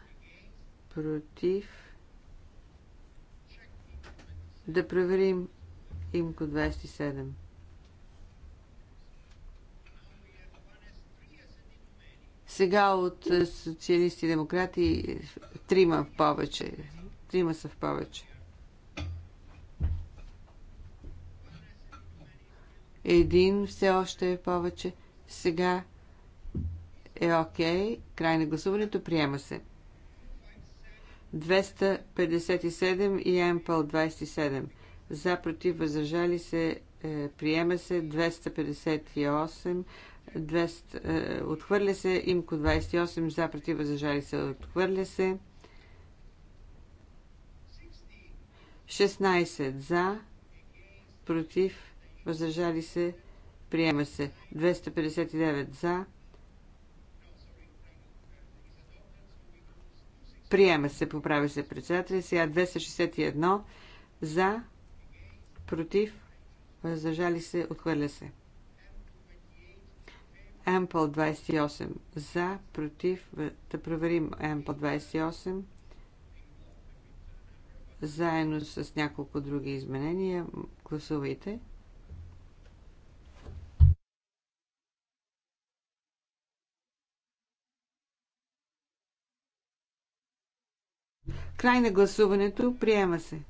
S2: против. Да проверим Имко 27. Сега от е, социалисти и демократи е, трима в повече. Трима са в повече. един все още е повече. Сега е окей. Okay. Край на гласуването. Приема се. 257 и Емпъл 27. За, против, възражали се. Е, приема се. 258. 200, е, отхвърля се. Имко 28. За, против, възражали се. Отхвърля се. 16 за, против, въздържали се, приема се. 259 за, приема се, поправя се председател. Сега 261 за, против, въздържали се, отхвърля се. Ампл 28 за, против, да проверим Ампл 28 заедно с няколко други изменения. Гласувайте. Край на гласуването. Приема се.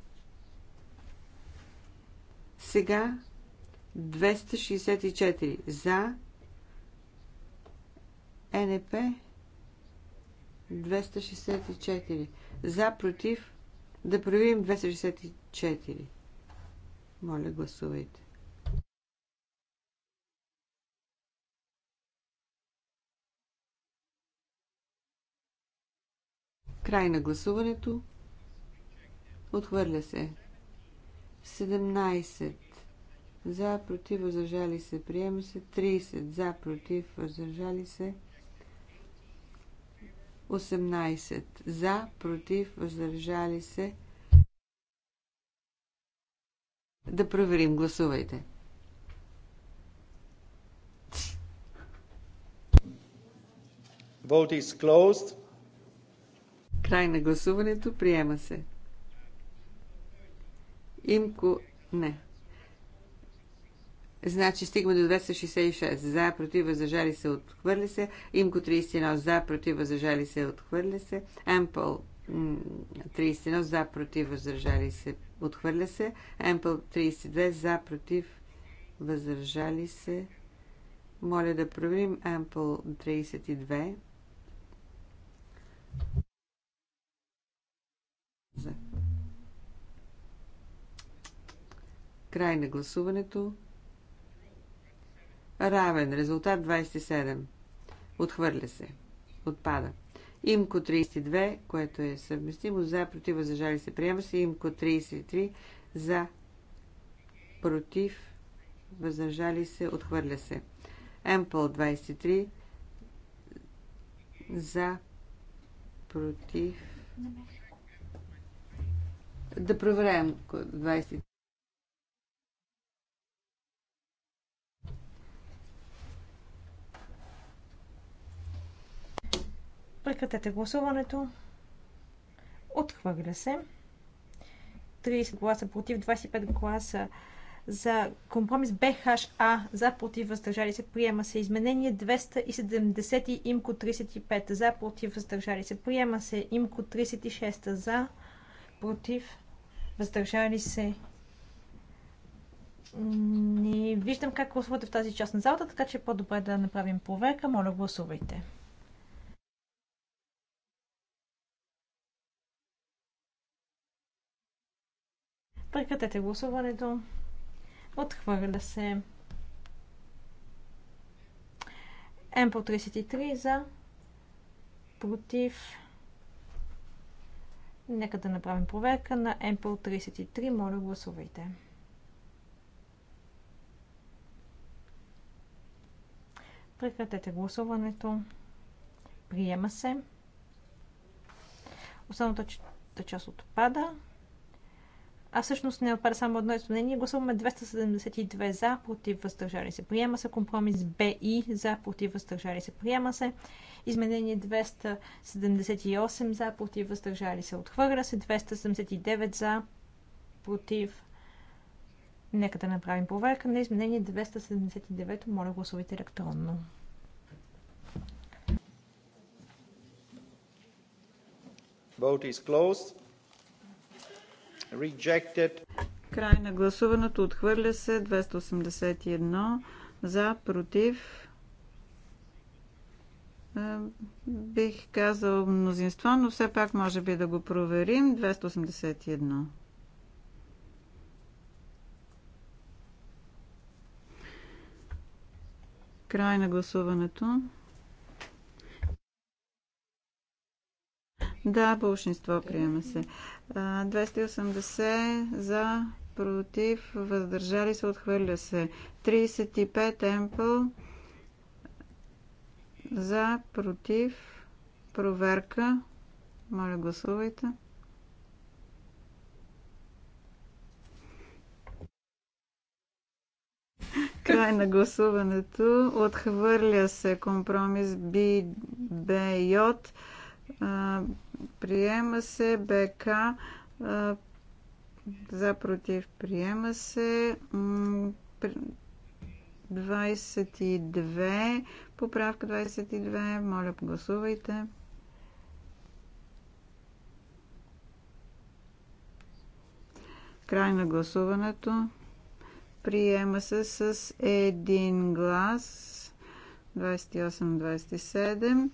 S2: Сега 264 за НП 264 за против да проявим 264 моля гласувайте Край на гласуването. Отхвърля се. 17. За, против, въздържали се. Приема се. 30. За, против, въздържали се. 18. За, против, въздържали се. Да проверим. Гласувайте.
S1: Vote is closed.
S2: Край на гласуването. Приема се. Имко. Не. Значи стигаме до 266. За, против, въздържали се, отхвърли се. Имко 31. За, против, въздържали се, отхвърли се. Ампъл 31. За, против, въздържали се, отхвърля се. Ампъл 32. За, против, въздържали се. Моля да проверим Ампъл 32. Край на гласуването. Равен. Резултат 27. Отхвърля се. Отпада. Имко 32, което е съвместимо за, против, въздържали се, приема се. Имко 33 за, против, възражали се, отхвърля се. Емпл 23 за, против. Да проверяем 23.
S4: Прекратете гласуването. Отхвърля се. 30 гласа против, 25 гласа за компромис БХА за против въздържали се приема се изменение 270 имко 35 за против въздържали се приема се имко 36 за против въздържали се не виждам как гласувате в тази част на залата, така че е по-добре да направим проверка. Моля, гласувайте. Прекратете гласуването. Отхвърля се. М по 33 за. Против. Нека да направим проверка на МПЛ 33. Моля, гласувайте. Прекратете гласуването. Приема се. Основната част отпада а всъщност не отпада само едно изменение. Гласуваме 272 за, против, въздържали се. Приема се компромис БИ за, против, въздържали се. Приема се изменение 278 за, против, въздържали се. Отхвърля се 279 за, против. Нека да направим проверка на изменение 279. Моля, гласувайте електронно.
S1: Vote is closed.
S3: Край на гласуването. Отхвърля се. 281 за, против. Е, бих казал мнозинство, но все пак може би да го проверим. 281. Край на гласуването. Да, бълшинство приема се. 280 за, против, въздържали се, отхвърля се. 35 емпъл за, против, проверка. Моля, гласувайте. Край на гласуването. Отхвърля се компромис J приема се, БК за против, приема се, 22, поправка 22, моля гласувайте. Край на гласуването. Приема се с един глас. 28-27.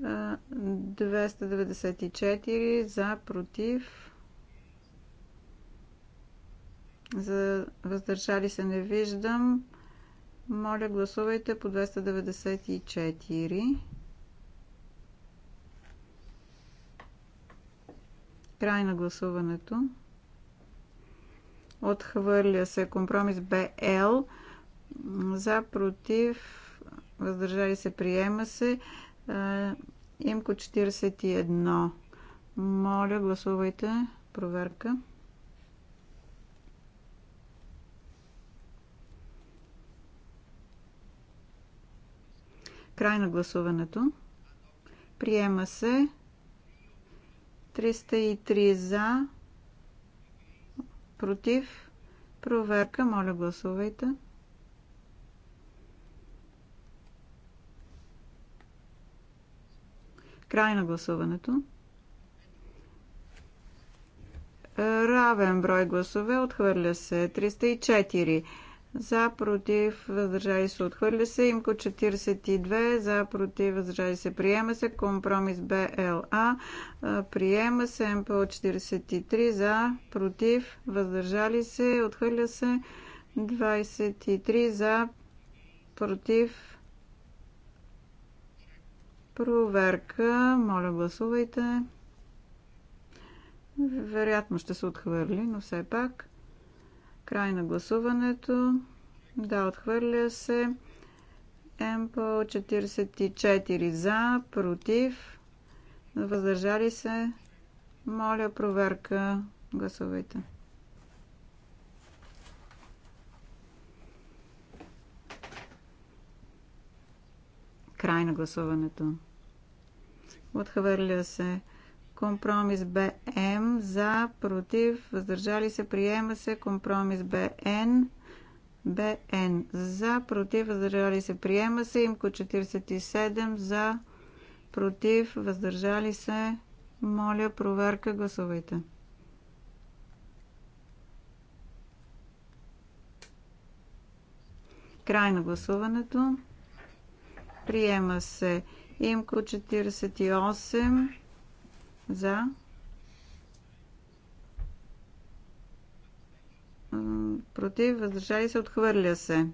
S3: 294 за, против. За въздържали се не виждам. Моля, гласувайте по 294. Край на гласуването. Отхвърля се компромис БЛ. За, против, въздържали се, приема се. Е, Имко 41. Моля, гласувайте. Проверка. Край на гласуването. Приема се 303 за, против. Проверка. Моля, гласувайте. Край на гласуването. Равен брой гласове. Отхвърля се. 304. За, против, въздържали се, отхвърля се. Имко 42, за, против, въздържали се, приема се. Компромис БЛА, приема се. МПО 43, за, против, въздържали се, отхвърля се. 23, за, против, Проверка. Моля, гласувайте. Вероятно ще се отхвърли, но все пак. Край на гласуването. Да, отхвърля се. МПО 44 за, против, въздържали се. Моля, проверка. Гласувайте. Край на гласуването. Отхвърля се. Компромис БМ за, против, въздържали се, приема се. Компромис БН БН за, против, въздържали се, приема се. Имко 47 за, против, въздържали се. Моля, проверка, гласувайте. Край на гласуването. Приема се Имко 48 за. Против, въздържали се, отхвърля се.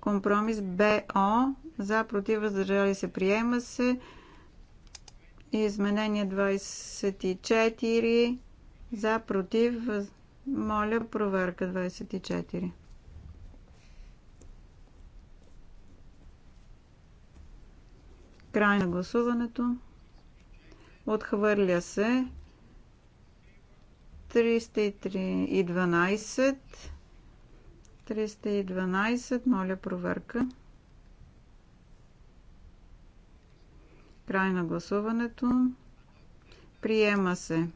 S3: Компромис БО за, против, въздържали се, приема се. изменение 24 за, против, моля проверка 24. Край на гласуването. Отхвърля се. 312. 312. Моля проверка. Край на гласуването. Приема се.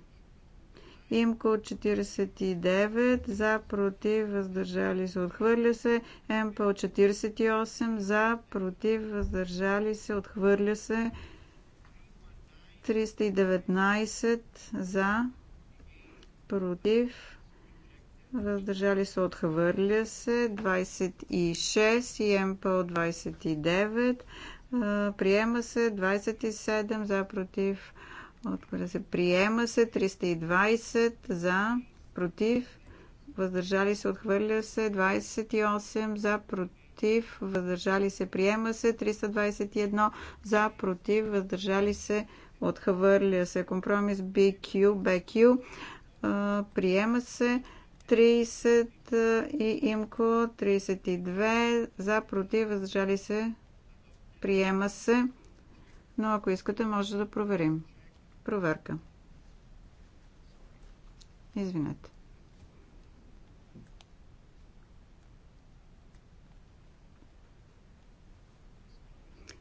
S3: Имко 49 за, против, въздържали се, отхвърля се. МПО 48 за, против, въздържали се, отхвърля се. 319 за, против, въздържали се, отхвърля се. 26 и МПО 29. Приема се 27 за, против, въздържали се Отхвърля се. Приема се. 320 за. Против. Въздържали се. Отхвърля се. 28 за. Против. Въздържали се. Приема се. 321 за. Против. Въздържали се. Отхвърля се. Компромис BQ. BQ. Приема се. 30 и имко 32 за против въздържали се приема се но ако искате може да проверим Проверка. Извинете.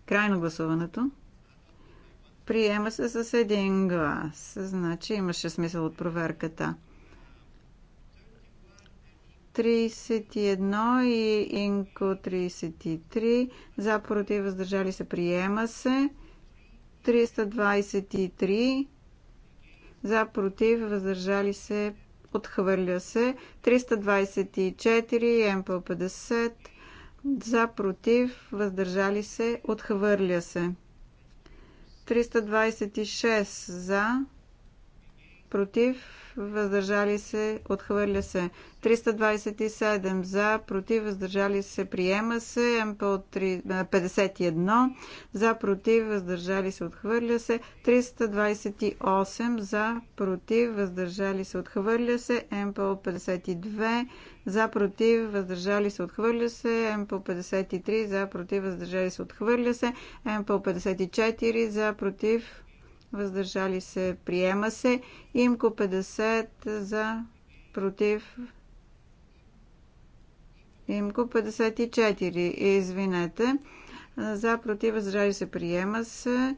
S3: Край на гласуването. Приема се с един глас. Значи имаше смисъл от проверката. 31 и Инко 33. За, против, въздържали се. Приема се. 323 за, против, въздържали се, отхвърля се. 324, МП 50, за, против, въздържали се, отхвърля се. 326 за, против, въздържали се, отхвърля се. 327 за, против, въздържали се, приема се. МП от 51 за, против, въздържали се, отхвърля се. 328 за, против, въздържали се, отхвърля се. МП от 52 за, против, въздържали се, отхвърля се. МП 53 за, против, въздържали се, отхвърля се. МП 54 за, против, въздържали се, приема се. Имко 50 за, против. Имко 54, извинете. За, против, въздържали се, приема се.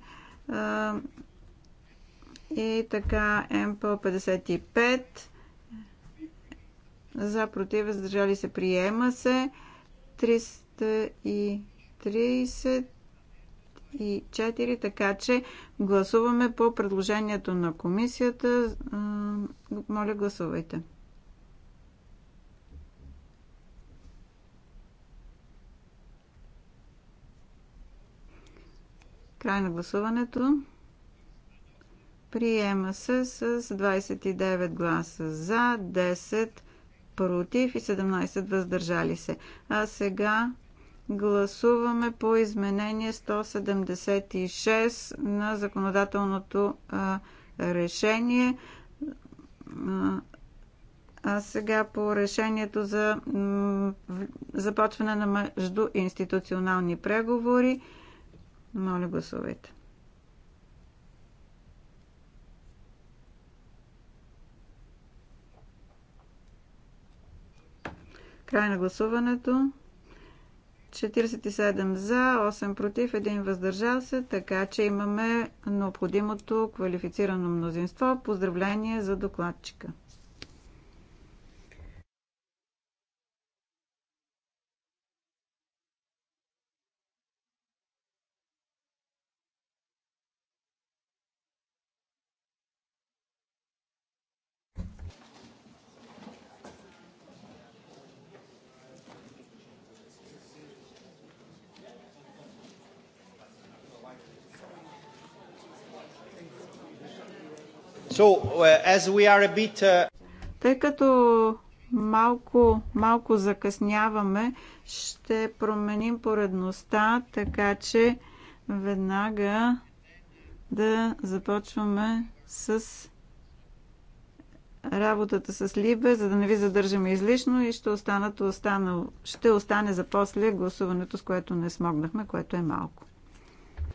S3: И така, МПО 55 за, против, въздържали се, приема се. 330 и 4, така че гласуваме по предложението на комисията. Моля, гласувайте. Край на гласуването. Приема се с 29 гласа за, 10 против и 17 въздържали се. А сега Гласуваме по изменение 176 на законодателното а, решение. А сега по решението за започване на междуинституционални преговори. Моля, гласувайте. Край на гласуването. 47 за, 8 против, 1 въздържал се, така че имаме необходимото квалифицирано мнозинство. Поздравление за докладчика!
S5: Uh, uh,
S3: Тъй като малко, малко закъсняваме, ще променим поредността, така че веднага да започваме с работата с Либе, за да не ви задържаме излишно и ще, останат, остана, ще остане за после гласуването, с което не смогнахме, което е малко.